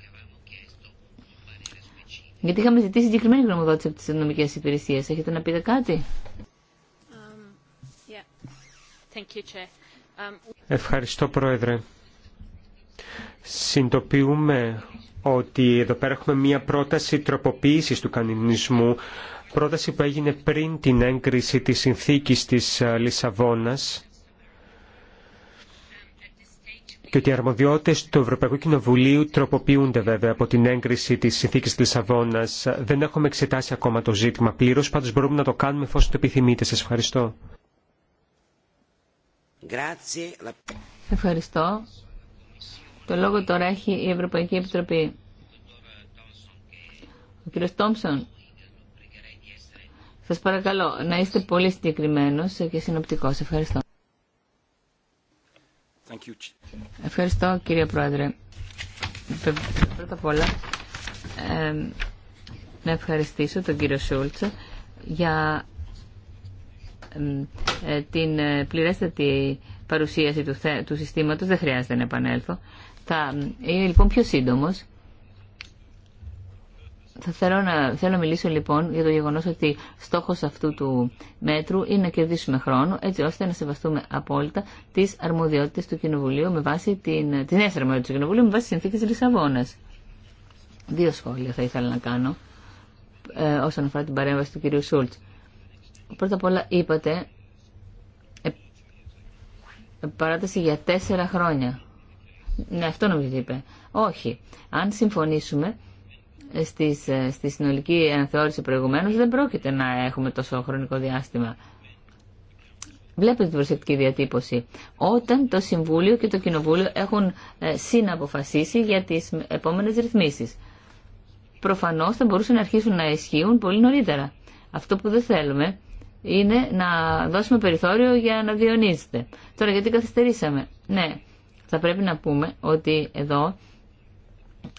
Speaker 2: Γιατί είχαμε ζητήσει συγκεκριμένη γνωμοδότηση από τις νομικές υπηρεσίες. Έχετε να πείτε κάτι.
Speaker 4: Ευχαριστώ Πρόεδρε. Συντοποιούμε ότι εδώ πέρα έχουμε μία πρόταση τροποποίησης του κανονισμού, πρόταση που έγινε πριν την έγκριση της συνθήκης της ε, Λισαβόνας και ότι οι αρμοδιότητε του Ευρωπαϊκού Κοινοβουλίου τροποποιούνται βέβαια από την έγκριση τη συνθήκη τη Λισαβόνα. Δεν έχουμε εξετάσει ακόμα το ζήτημα πλήρω, Πάντω μπορούμε να το κάνουμε εφόσον το επιθυμείτε. Σα
Speaker 2: ευχαριστώ. Ευχαριστώ. Το λόγο τώρα έχει η Ευρωπαϊκή Επιτροπή. Ο κύριο Τόμψον, σας παρακαλώ να είστε πολύ συγκεκριμένος και συνοπτικός. Ευχαριστώ. Ευχαριστώ κύριε Πρόεδρε. Πρώτα απ' όλα να ευχαριστήσω τον κύριο Σούλτσα για ε, την ε, πληρέστατη παρουσίαση του, του συστήματος. Δεν χρειάζεται να επανέλθω. Θα ε, είναι λοιπόν πιο σύντομος θα θέλω να, θέλω να μιλήσω λοιπόν για το γεγονός ότι στόχος αυτού του μέτρου είναι να κερδίσουμε χρόνο έτσι ώστε να σεβαστούμε απόλυτα τις αρμοδιότητες του Κοινοβουλίου με βάση την, την αρμοδιότητες του Κοινοβουλίου με βάση τις συνθήκες Λισαβόνας. Δύο σχόλια θα ήθελα να κάνω ε, όσον αφορά την παρέμβαση του κυρίου Σούλτ. Πρώτα απ' όλα είπατε ε, ε, παράταση για τέσσερα χρόνια. Ναι, αυτό νομίζω είπε. Όχι. Αν συμφωνήσουμε στις, ε, στη συνολική αναθεώρηση προηγουμένως δεν πρόκειται να έχουμε τόσο χρονικό διάστημα. Βλέπετε την προσεκτική διατύπωση. Όταν το Συμβούλιο και το Κοινοβούλιο έχουν ε, συναποφασίσει για τις επόμενες ρυθμίσεις. Προφανώς θα μπορούσαν να αρχίσουν να ισχύουν πολύ νωρίτερα. Αυτό που δεν θέλουμε είναι να δώσουμε περιθώριο για να διονύσετε. Τώρα γιατί καθυστερήσαμε. Ναι, θα πρέπει να πούμε ότι εδώ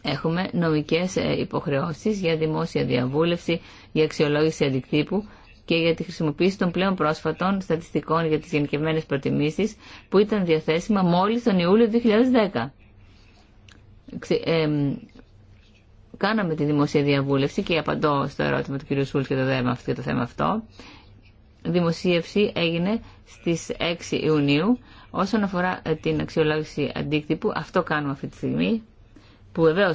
Speaker 2: έχουμε νομικές ε, υποχρεώσεις για δημόσια διαβούλευση, για αξιολόγηση αντικτύπου και για τη χρησιμοποίηση των πλέον πρόσφατων στατιστικών για τις γενικευμένες προτιμήσεις που ήταν διαθέσιμα μόλις τον Ιούλιο 2010. Ε, κάναμε τη δημόσια διαβούλευση και απαντώ στο ερώτημα του κ. Σούλτ και το, θέμα, το θέμα αυτό. Δημοσίευση έγινε στις 6 Ιουνίου. Όσον αφορά ε, την αξιολόγηση αντίκτυπου, αυτό κάνουμε αυτή τη στιγμή που βεβαίω ε,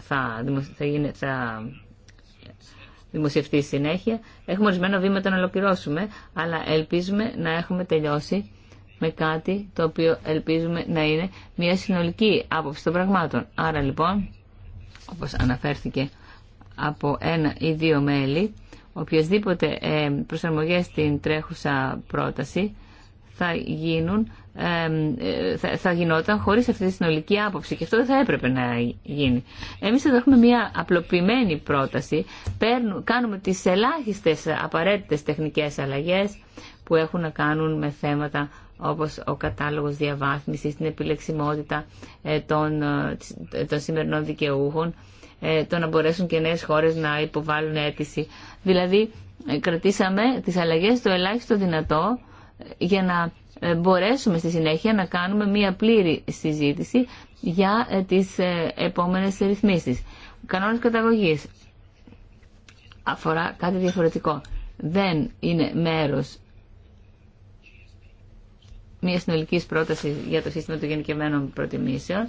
Speaker 2: θα, θα δημοσιευτεί συνέχεια. Έχουμε ορισμένο βήματα να ολοκληρώσουμε, αλλά ελπίζουμε να έχουμε τελειώσει με κάτι το οποίο ελπίζουμε να είναι μια συνολική άποψη των πραγμάτων. Άρα λοιπόν, όπως αναφέρθηκε από ένα ή δύο μέλη, οποιασδήποτε ε, προσαρμογές στην τρέχουσα πρόταση θα, γίνουν, ε, θα, θα γινόταν χωρίς αυτή τη συνολική άποψη και αυτό δεν θα έπρεπε να γίνει. Εμείς εδώ έχουμε μια απλοποιημένη πρόταση, κάνουμε τις ελάχιστες απαραίτητες τεχνικές αλλαγές που έχουν να κάνουν με θέματα όπως ο κατάλογος διαβάθμιση, την επιλεξιμότητα ε, των, ε, των σημερινών δικαιούχων, το να μπορέσουν και νέες χώρες να υποβάλουν αίτηση. Δηλαδή, κρατήσαμε τις αλλαγές στο ελάχιστο δυνατό για να ε, μπορέσουμε στη συνέχεια να κάνουμε μία πλήρη συζήτηση για ε, τις ε, επόμενες ρυθμίσεις. Ο κανόνας καταγωγής αφορά κάτι διαφορετικό. Δεν είναι μέρος μια συνολική πρόταση για το σύστημα των γενικευμένων προτιμήσεων.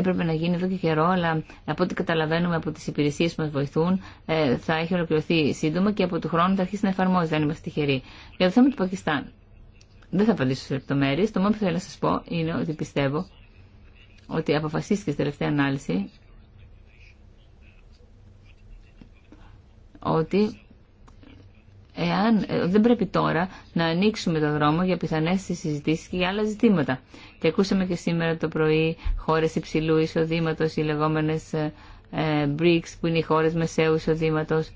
Speaker 2: Έπρεπε να γίνει εδώ και καιρό, αλλά από ό,τι καταλαβαίνουμε από τι υπηρεσίε που μα βοηθούν, ε, θα έχει ολοκληρωθεί σύντομα και από του χρόνου θα αρχίσει να εφαρμόζεται, αν είμαστε τυχεροί. Για το θέμα του Πακιστάν. Δεν θα απαντήσω σε λεπτομέρειε. Το μόνο που θέλω να σα πω είναι ότι πιστεύω ότι αποφασίστηκε στη τελευταία ανάλυση ότι εάν, ε, δεν πρέπει τώρα να ανοίξουμε το δρόμο για πιθανές συζητήσεις και για άλλα ζητήματα και ακούσαμε και σήμερα το πρωί χώρες υψηλού εισοδήματος, οι λεγόμενες ε, ε, BRICS που είναι οι χώρες μεσαίου εισοδήματος,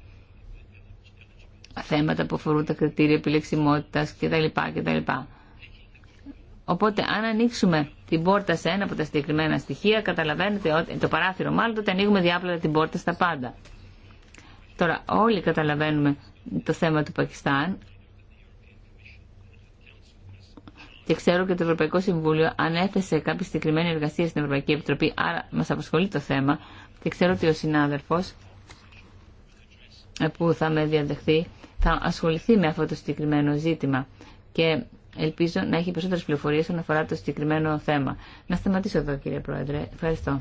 Speaker 2: θέματα που αφορούν τα κριτήρια επιλεξιμότητας κτλ. κτλ. Οπότε αν ανοίξουμε την πόρτα σε ένα από τα συγκεκριμένα στοιχεία, καταλαβαίνετε ότι το παράθυρο μάλλον τότε ανοίγουμε διάπλατα την πόρτα στα πάντα. Τώρα όλοι καταλαβαίνουμε το θέμα του Πακιστάν, και ξέρω και το Ευρωπαϊκό Συμβούλιο ανέθεσε κάποια συγκεκριμένη εργασία στην Ευρωπαϊκή Επιτροπή, άρα μα απασχολεί το θέμα και ξέρω ότι ο συνάδελφο ε, που θα με διαδεχθεί θα ασχοληθεί με αυτό το συγκεκριμένο ζήτημα και ελπίζω να έχει περισσότερε πληροφορίε όσον αφορά το συγκεκριμένο θέμα. Να σταματήσω εδώ, κύριε Πρόεδρε. Ευχαριστώ.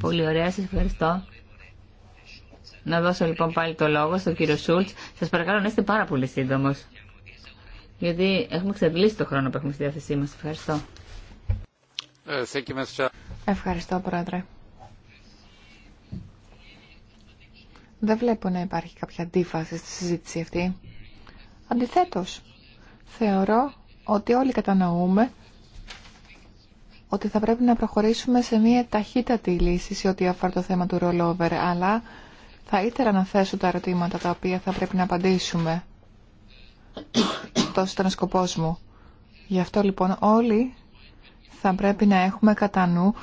Speaker 2: Πολύ ωραία, σα ευχαριστώ. Να δώσω λοιπόν πάλι το λόγο στον κύριο Σούλτ. Σα παρακαλώ να είστε πάρα πολύ σύντομο γιατί έχουμε ξεπλήσει το χρόνο που έχουμε στη διάθεσή μας. Ευχαριστώ.
Speaker 5: Ε,
Speaker 2: Ευχαριστώ, Πρόεδρε.
Speaker 3: Δεν βλέπω να υπάρχει κάποια αντίφαση στη συζήτηση αυτή. Αντιθέτως, θεωρώ ότι όλοι κατανοούμε ότι θα πρέπει να προχωρήσουμε σε μια ταχύτατη λύση σε ό,τι αφορά το θέμα του rollover, αλλά θα ήθελα να θέσω τα ερωτήματα τα οποία θα πρέπει να απαντήσουμε αυτό ήταν ο σκοπός μου. Γι' αυτό λοιπόν όλοι θα πρέπει να έχουμε κατά νου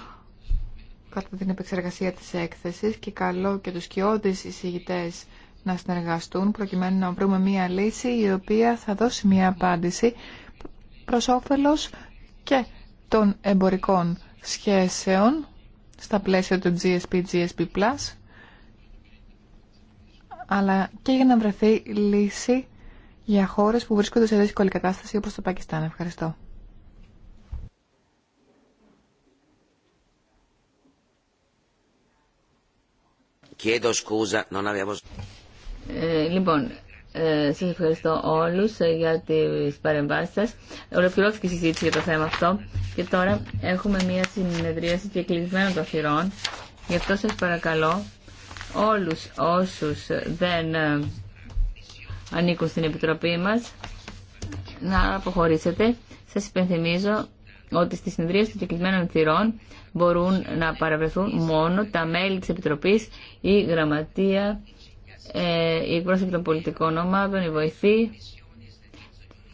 Speaker 3: κατά την επεξεργασία της έκθεσης και καλό και τους κοιόδης εισηγητές να συνεργαστούν προκειμένου να βρούμε μία λύση η οποία θα δώσει μία απάντηση προς όφελος και των εμπορικών σχέσεων στα πλαίσια του GSP, GSP+, αλλά και για να βρεθεί λύση για χώρες που βρίσκονται σε δύσκολη κατάσταση όπως το Πακιστάν. Ευχαριστώ.
Speaker 2: Ε, λοιπόν, ε, σας ευχαριστώ όλους ε, για τις παρεμβάσεις σας. Ολοκληρώθηκε η συζήτηση για το θέμα αυτό και τώρα έχουμε μια συνεδρίαση και κλεισμένο των θυρών. Γι' αυτό σας παρακαλώ όλους όσους δεν ε, ανήκουν στην Επιτροπή μας να αποχωρήσετε. Σας υπενθυμίζω ότι στις συνεδρίες των κεκλειμένων θυρών μπορούν να παραβρεθούν μόνο τα μέλη της Επιτροπής, η Γραμματεία, ε, η εκπρόσωπη των πολιτικών ομάδων, η βοηθή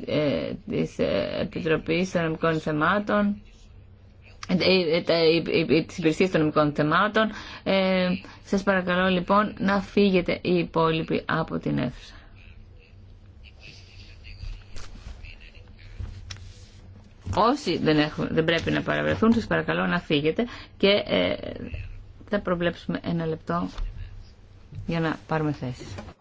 Speaker 2: ε, της Επιτροπής Νομικών Θεμάτων, ε, ε, της υπηρεσίας των νομικών θεμάτων. Ε, σας παρακαλώ λοιπόν να φύγετε οι υπόλοιποι από την αίθουσα. Όσοι δεν, έχουν, δεν πρέπει να παραβρεθούν, σας παρακαλώ να φύγετε και ε, θα προβλέψουμε ένα λεπτό για να πάρουμε θέσεις.